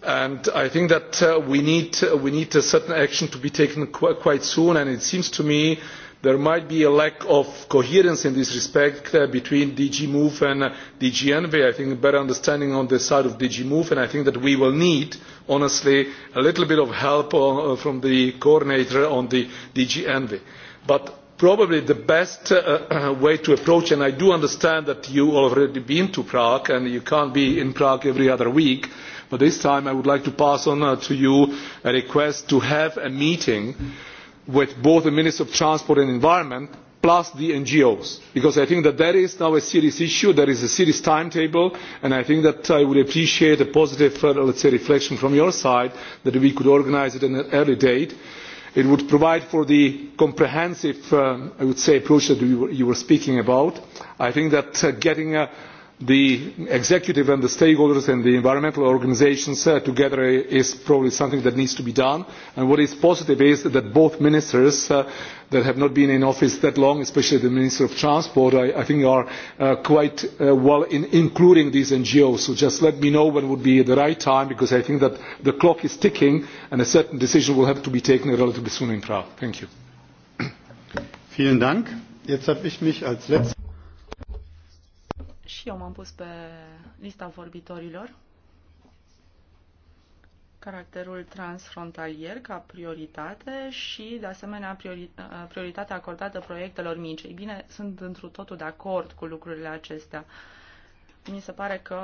S6: and I think that uh, we, need, uh, we need a certain action to be taken qu quite soon, and it seems to me there might be a lack of coherence in this respect uh, between DG Move and uh, DG Envy. I think a better understanding on the side of DG Move, and I think that we will need, honestly, a little bit of help uh, from the coordinator on the DG Envy. But probably the best uh, uh, way to approach and i do understand that you have already been to prague and you cannot be in prague every other week but this time i would like to pass on uh, to you a request to have a meeting with both the ministers of transport and environment plus the ngos because i think that there is now a serious issue there is a serious timetable and i think that i would appreciate a positive let's say reflection from your side that we could organise it at an early date It would provide for the comprehensive, um, I would say, approach that you were, speaking about. I think that uh, getting a the executive and the stakeholders and the environmental organisations uh, together is probably something that needs to be done. And what is positive is that both ministers uh, that have not been in office that long, especially the Minister of Transport, I, I think are uh, quite uh, well in including these NGOs. So just let me know when would be the right time, because I think that the clock is ticking and a certain decision will have to be taken relatively soon in Prague. Thank you. Vielen Dank.
S1: Jetzt habe ich mich als letzter
S2: și eu m-am pus pe lista vorbitorilor. Caracterul transfrontalier ca prioritate și, de asemenea, priori, uh, prioritatea acordată proiectelor mici. Ei bine, sunt întru totul de acord cu lucrurile acestea. Mi se pare că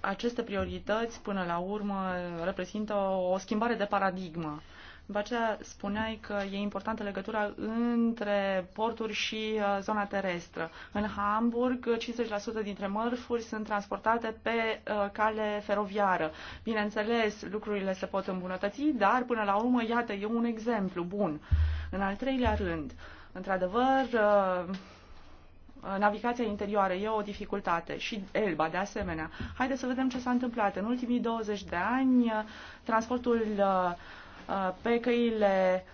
S2: aceste priorități, până la urmă, reprezintă o schimbare de paradigmă după aceea spuneai că e importantă legătura între porturi și uh, zona terestră. În Hamburg, 50% dintre mărfuri sunt transportate pe uh, cale feroviară. Bineînțeles, lucrurile se pot îmbunătăți, dar până la urmă, iată, e un exemplu bun. În al treilea rând, într-adevăr, uh, navigația interioară e o dificultate și Elba de asemenea. Haideți să vedem ce s-a întâmplat. În ultimii 20 de ani, transportul uh, Uh, pe căile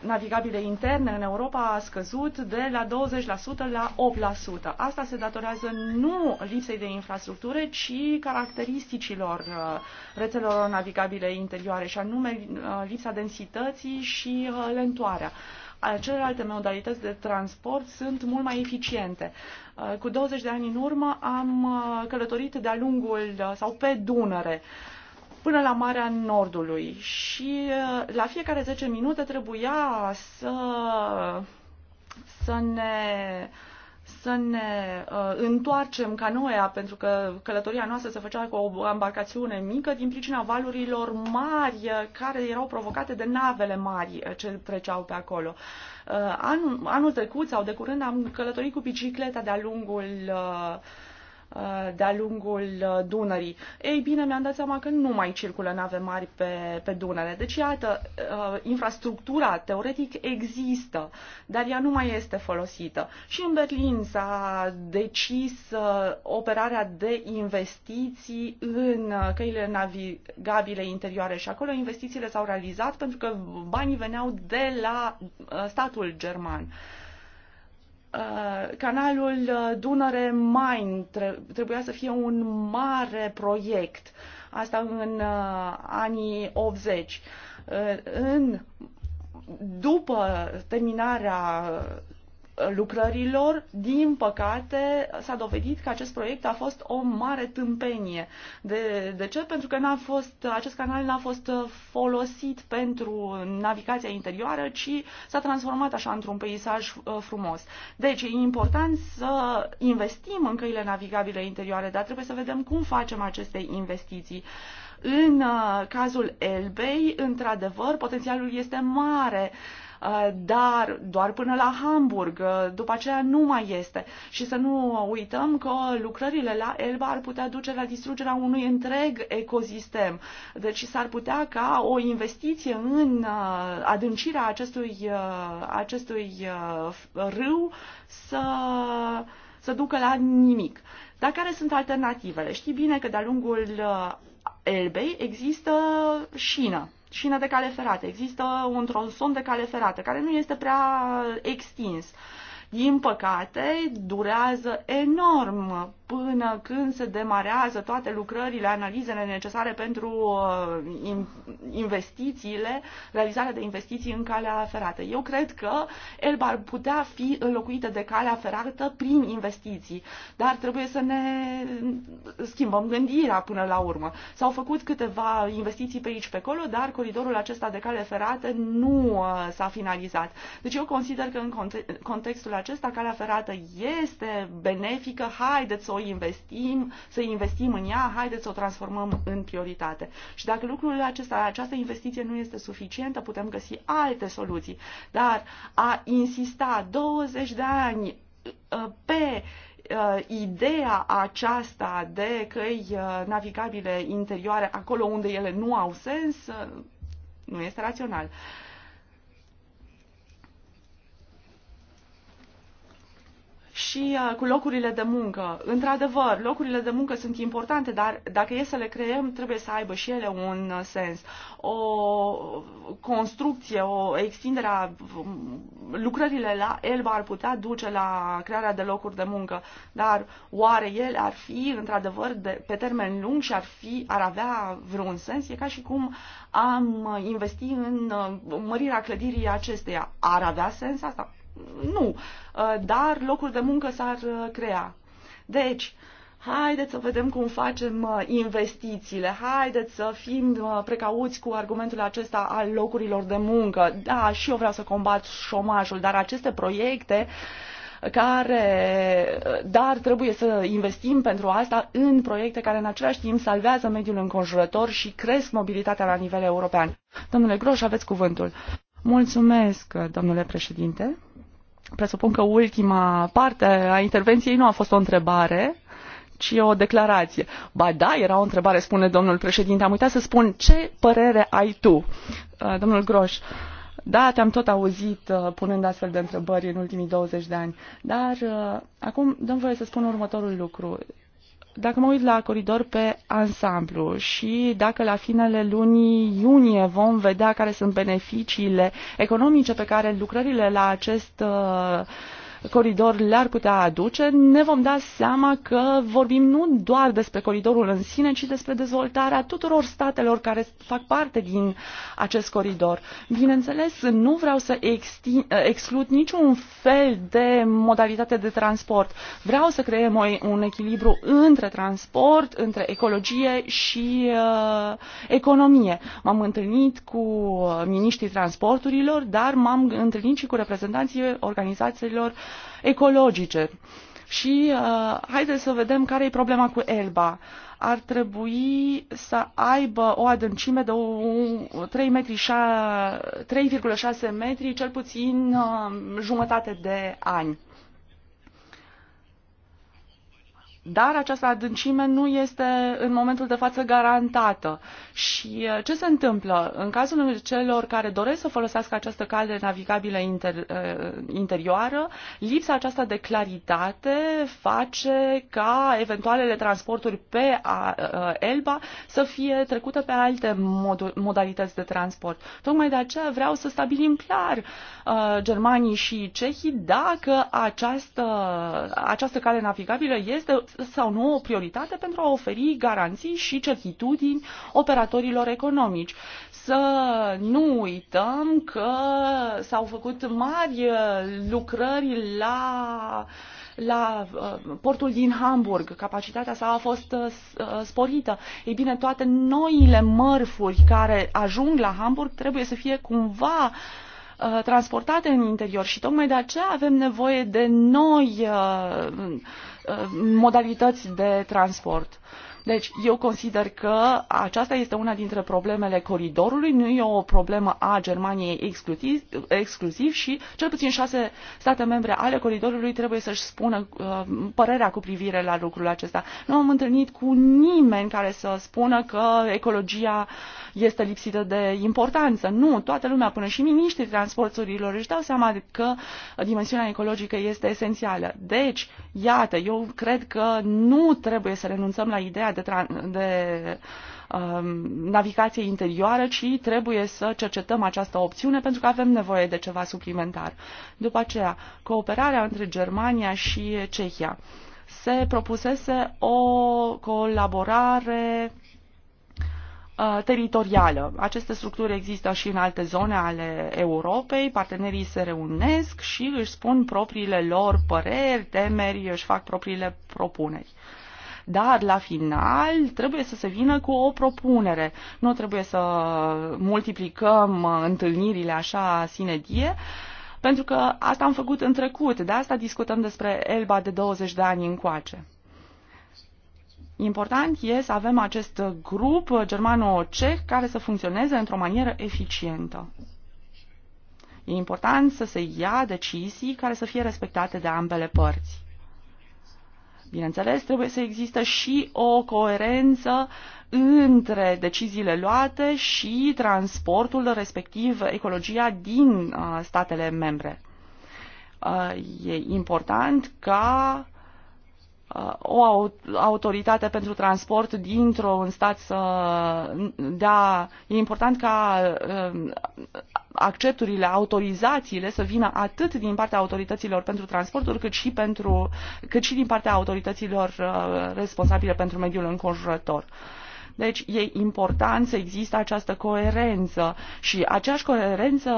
S2: navigabile interne în Europa a scăzut de la 20% la 8%. Asta se datorează nu lipsei de infrastructură, ci caracteristicilor uh, rețelor navigabile interioare, și anume uh, lipsa densității și lentoarea celelalte modalități de transport sunt mult mai eficiente. Cu 20 de ani în urmă am călătorit de-a lungul sau pe Dunăre până la Marea Nordului și uh, la fiecare 10 minute trebuia să, să ne să ne uh, întoarcem canoea, pentru că călătoria noastră se făcea cu o embarcațiune mică din pricina valurilor mari uh, care erau provocate de navele mari uh, ce treceau pe acolo. Uh, anul, anul trecut sau de curând am călătorit cu bicicleta de-a lungul uh, Uh, de-a lungul uh, Dunării. Ei bine, mi-am dat seama că nu mai circulă nave mari pe, pe Dunăre. Deci, iată, uh, infrastructura teoretic există, dar ea nu mai este folosită. Și în Berlin s-a decis operarea de investiții în căile navigabile interioare și acolo investițiile s-au realizat pentru că banii veneau de la statul german. Uh, canalul uh, Dunăre-Main trebuia să fie un mare proiect, asta în uh, anii 80. În, după terminarea lucrărilor, din păcate, s-a dovedit că acest proiect a fost o mare tâmpenie. De, de ce? Pentru că n-a fost, acest canal n-a fost folosit pentru navigația interioară, ci s-a transformat așa într-un peisaj uh, frumos. Deci e important să investim în căile navigabile interioare, dar trebuie să vedem cum facem aceste investiții. În uh, cazul Elbei, într-adevăr, potențialul este mare. Uh, Eh, dar doar până la Hamburg, eh, după aceea nu mai este. Și să nu uităm că lucrările la Elba ar putea duce la distrugerea unui întreg ecosistem. Deci s-ar putea ca o investiție în eh, adâncirea acestui, acestui râu să, să ducă la nimic. Dar care sunt alternativele? Știi bine că de-a lungul Elbei există șină șină de cale ferată. Există un tronson de cale ferată care nu este prea extins. Din păcate, durează enorm până când se demarează toate lucrările, analizele necesare pentru uh, investițiile, realizarea de investiții în calea ferată. Eu cred că Elba ar putea fi înlocuită de calea ferată prin investiții, dar trebuie să ne schimbăm gândirea până la urmă. S-au făcut câteva investiții pe aici, pe acolo, dar coridorul acesta de cale ferată nu uh, s-a finalizat. Deci eu consider că în contextul acesta calea ferată este benefică, haideți să o investim, să investim în ea, haideți să o transformăm în prioritate. Și dacă lucrul acesta, această investiție nu este suficientă, putem găsi alte soluții. Dar a insista 20 de ani uh, pe uh, ideea aceasta de căi uh, navigabile interioare acolo unde ele nu au sens nu este rațional. Uh, și uh, cu locurile de muncă. Într-adevăr, locurile de muncă sunt importante, dar dacă e să le creăm, trebuie să aibă și ele un uh, sens. O construcție, o extindere a um, lucrările la Elba ar putea duce la crearea de locuri de muncă, dar oare ele ar fi, într-adevăr, de, pe termen lung și ar, fi, ar avea vreun sens? E ca și cum am uh, investi în mărirea clădirii acesteia. Ar avea sens asta? Nu. Uh, dar locuri de muncă s-ar uh, crea. Deci, haideți să vedem cum facem uh, investițiile, haideți să fim precauți cu argumentul acesta al locurilor de muncă. Da, și eu vreau să combat șomajul, dar aceste proiecte care, dar trebuie să investim pentru asta în proiecte care în același timp salvează mediul înconjurător și cresc mobilitatea la nivel european. Domnule Groș, aveți cuvântul. Mulțumesc, domnule președinte presupun că ultima parte a intervenției nu a fost o întrebare, ci o declarație. Ba da, era o întrebare, spune domnul președinte. Am uitat să spun ce părere ai tu, uh, domnul Groș. Da, te-am tot auzit uh, punând astfel de întrebări în ultimii 20 de ani, dar uh, acum dăm voie să spun următorul lucru dacă mă uit la coridor pe ansamblu și dacă la finele lunii iunie vom vedea care sunt beneficiile economice pe care lucrările la acest uh, coridor le-ar putea aduce, ne vom da seama că vorbim nu doar despre coridorul în sine, ci despre dezvoltarea tuturor statelor care fac parte din acest coridor. Bineînțeles, nu vreau să exclud niciun fel de modalitate de transport. Vreau să creăm o, un echilibru între transport, între ecologie și uh, economie. M-am întâlnit cu miniștrii transporturilor, dar m-am întâlnit și cu reprezentanții organizațiilor ecologice. Și uh, haideți să vedem care e problema cu Elba. Ar trebui să aibă o adâncime de 3,6 metri, 3,6 metri, cel puțin uh, jumătate de ani. Dar această adâncime nu este în momentul de față garantată. Și uh, ce se întâmplă? În cazul celor care doresc să folosească această cale navigabilă inter, uh, interioară, lipsa aceasta de claritate face ca eventualele transporturi pe uh, Elba să fie trecute pe alte modalități de transport. Tocmai de aceea vreau să stabilim clar a, germanii și cehii dacă această, această cale navigabilă este sau nu o prioritate pentru a oferi garanții și certitudini operatorilor economici. Să nu uităm că s-au făcut mari uh, lucrări la la uh, portul din Hamburg, capacitatea sa a fost uh, sporită. Ei bine, toate noile mărfuri care ajung la Hamburg trebuie să fie cumva transportate în interior și tocmai de aceea avem nevoie de noi uh, modalități de transport. Deci, eu consider că aceasta este una dintre problemele coridorului, nu e o problemă a Germaniei exclusiv, exclusiv și cel puțin șase state membre ale coridorului trebuie să-și spună uh, părerea cu privire la lucrul acesta. Nu am întâlnit cu nimeni care să spună că ecologia este lipsită de importanță. Nu, toată lumea, până și miniștrii transporturilor își dau seama că dimensiunea ecologică este esențială. Deci, iată, eu cred că nu trebuie să renunțăm la ideea aceea de, de um, navigație interioară, ci trebuie să cercetăm această opțiune pentru că avem nevoie de ceva suplimentar. După aceea, cooperarea între Germania și Cehia. Se propusese o colaborare uh, teritorială. Aceste structuri există și în alte zone ale Europei, partenerii se reunesc și își spun propriile lor păreri, temeri, își fac propriile propuneri dar la final trebuie să se vină cu o propunere. Nu trebuie să multiplicăm uh, întâlnirile așa sine die, pentru că asta am făcut în trecut, de asta discutăm despre Elba de 20 de ani încoace. Important e să avem acest grup germano-ceh care să funcționeze într-o manieră eficientă. E important să se ia decizii care să fie respectate de ambele părți. Bineînțeles, trebuie să există și o coerență între deciziile luate și transportul, respectiv ecologia din uh, statele membre. Uh, e important ca uh, o autoritate pentru transport dintr-un stat să dea, e important ca um, accepturile, autorizațiile să vină atât din partea autorităților pentru transporturi, cât și, pentru, cât și din partea autorităților uh, responsabile pentru mediul înconjurător. Uh, deci e important să există această coerență și aceeași coerență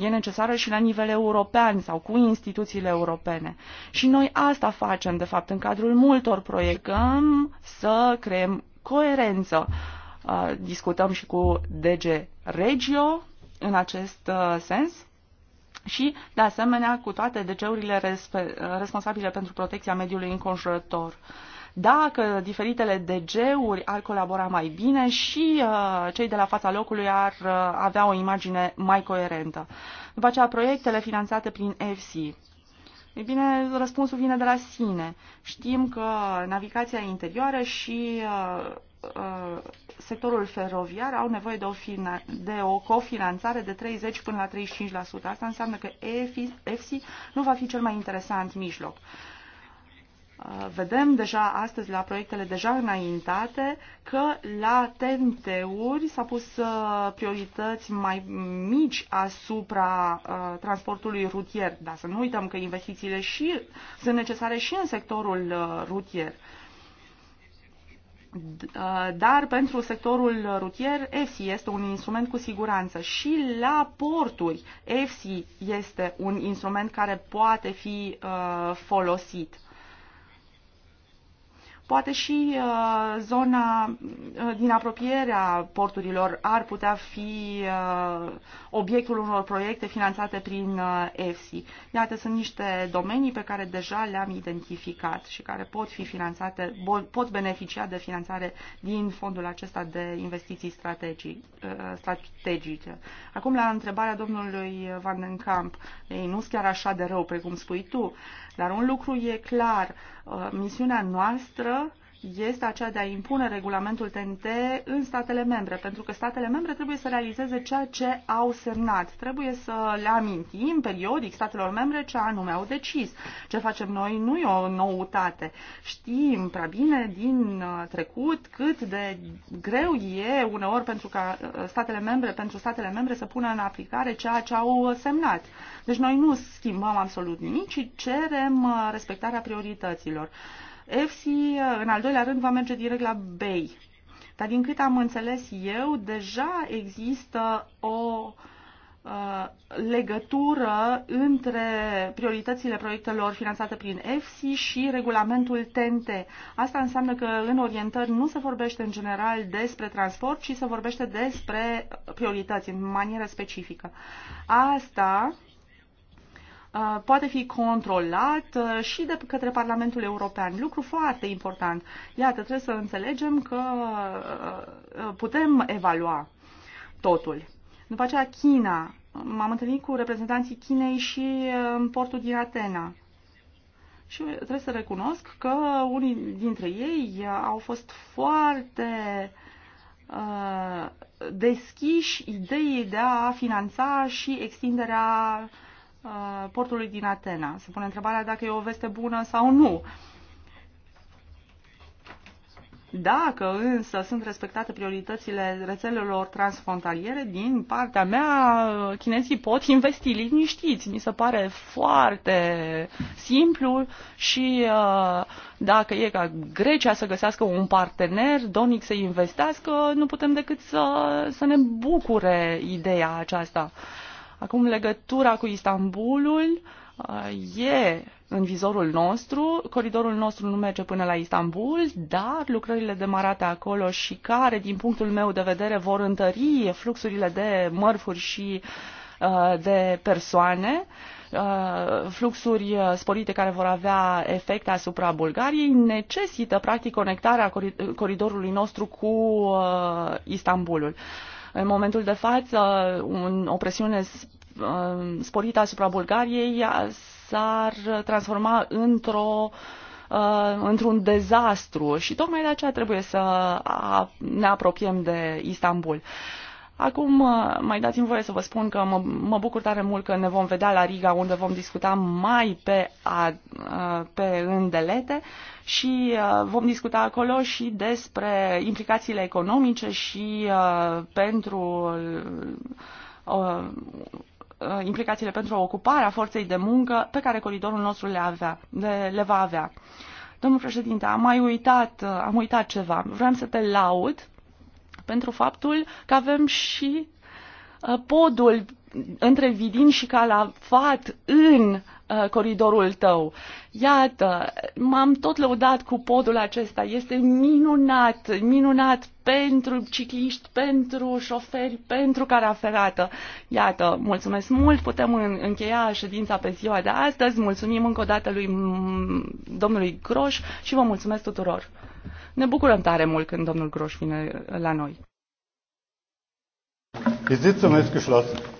S2: e necesară și la nivel european sau cu instituțiile europene. Și noi asta facem, de fapt, în cadrul multor proiecte, să creăm coerență. Discutăm și cu DG Regio în acest sens și, de asemenea, cu toate DG-urile responsabile pentru protecția mediului înconjurător. Uh, dacă diferitele DG-uri ar colabora mai bine și uh, cei de la fața locului ar uh, avea o imagine mai coerentă. După aceea, proiectele finanțate prin EFSI. Ei bine, răspunsul vine de la sine. Știm că navigația interioară și uh, uh, sectorul feroviar au nevoie de o, de o cofinanțare de 30 până la 35%. Asta înseamnă că EFSI nu va fi cel mai interesant mijloc. Uh, Uh, vedem deja astăzi la proiectele deja înaintate că la TNT-uri s-a pus uh, priorități mai mici asupra uh, transportului rutier, dar să nu uităm că investițiile și sunt necesare și în sectorul rutier. Dar pentru sectorul rutier, EFSI este un instrument cu siguranță și la porturi EFSI este un instrument care poate fi folosit Poate și uh, zona uh, din apropierea porturilor ar putea fi uh, obiectul unor proiecte finanțate prin uh, EFSI. Iată, sunt niște domenii pe care deja le-am identificat și care pot fi finanțate, pot beneficia de finanțare din fondul acesta de investiții strategic, uh, strategice. Acum, la întrebarea domnului Van den Camp, ei nu sunt chiar așa de rău precum spui tu. Uh, dar un lucru e clar, uh, misiunea noastră este aceea de a impune regulamentul TNT în statele membre, pentru că statele membre trebuie să realizeze ceea ce au semnat. Trebuie să le amintim periodic statelor membre ce anume au decis. Ce facem noi nu e o noutate. Știm prea bine din uh, trecut cât de greu e uneori pentru ca uh, statele membre, pentru statele membre să pună în aplicare ceea ce au semnat. Deci noi nu schimbăm absolut nimic, ci cerem uh, respectarea priorităților. EFSI, în al doilea rând, va merge direct la BEI. Dar din câte am înțeles eu, deja există o uh, legătură între prioritățile proiectelor finanțate prin EFSI și regulamentul TNT. Asta înseamnă că în orientări nu se vorbește în general despre transport, ci se vorbește despre priorități în manieră specifică. Asta Uh, poate fi controlat uh, și de către Parlamentul European. Lucru foarte important. Iată, trebuie să înțelegem că uh, putem evalua totul. După aceea, China. M-am întâlnit cu reprezentanții Chinei și în portul din Atena. Și trebuie să recunosc că unii dintre ei au fost foarte deschiși ideii de a finanța și extinderea uh, Uh, portului din Atena. Se pune întrebarea dacă e o veste bună sau nu. Dacă însă sunt respectate prioritățile rețelelor transfrontaliere, din partea mea, uh, chinezii pot investi liniștiți. Mi se pare foarte simplu și uh, dacă e ca Grecia să găsească un partener donic să investească, nu putem decât să, să ne bucure ideea aceasta. Acum legătura cu Istanbulul uh, e în vizorul nostru. Coridorul nostru nu merge până la Istanbul, dar lucrările demarate acolo și care, din punctul meu de vedere, vor întări fluxurile de mărfuri și uh, de persoane, uh, fluxuri sporite care vor avea efecte asupra Bulgariei, necesită practic conectarea coridorului nostru cu Istanbulul. În momentul de față, un, o presiune uh, sporită asupra Bulgariei s-ar transforma într-o uh, într-un dezastru și tocmai de aceea trebuie să ne apropiem de Istanbul. Acum, uh, mai dați-mi voie să vă spun că mă, mă bucur tare mult că ne vom vedea la Riga, unde vom discuta mai pe, a, pe îndelete și uh, vom discuta acolo și despre implicațiile economice și uh, pentru uh, implicațiile pentru ocuparea forței de muncă pe care coridorul nostru le, avea, le, le va avea. Domnul președinte, am mai uitat, am uitat ceva. Vreau să te laud pentru faptul că avem și podul între Vidin și Calafat în Uh, coridorul tău. Iată, m-am tot lăudat cu podul acesta. Este minunat, minunat pentru cicliști, pentru șoferi, pentru care ferată. Iată, mulțumesc mult, putem încheia ședința pe ziua de astăzi. Mulțumim încă o dată lui mm, domnului Groș și vă mulțumesc tuturor. Ne bucurăm tare mult când domnul Groș vine la noi.
S1: Die Sitzung ist geschlossen.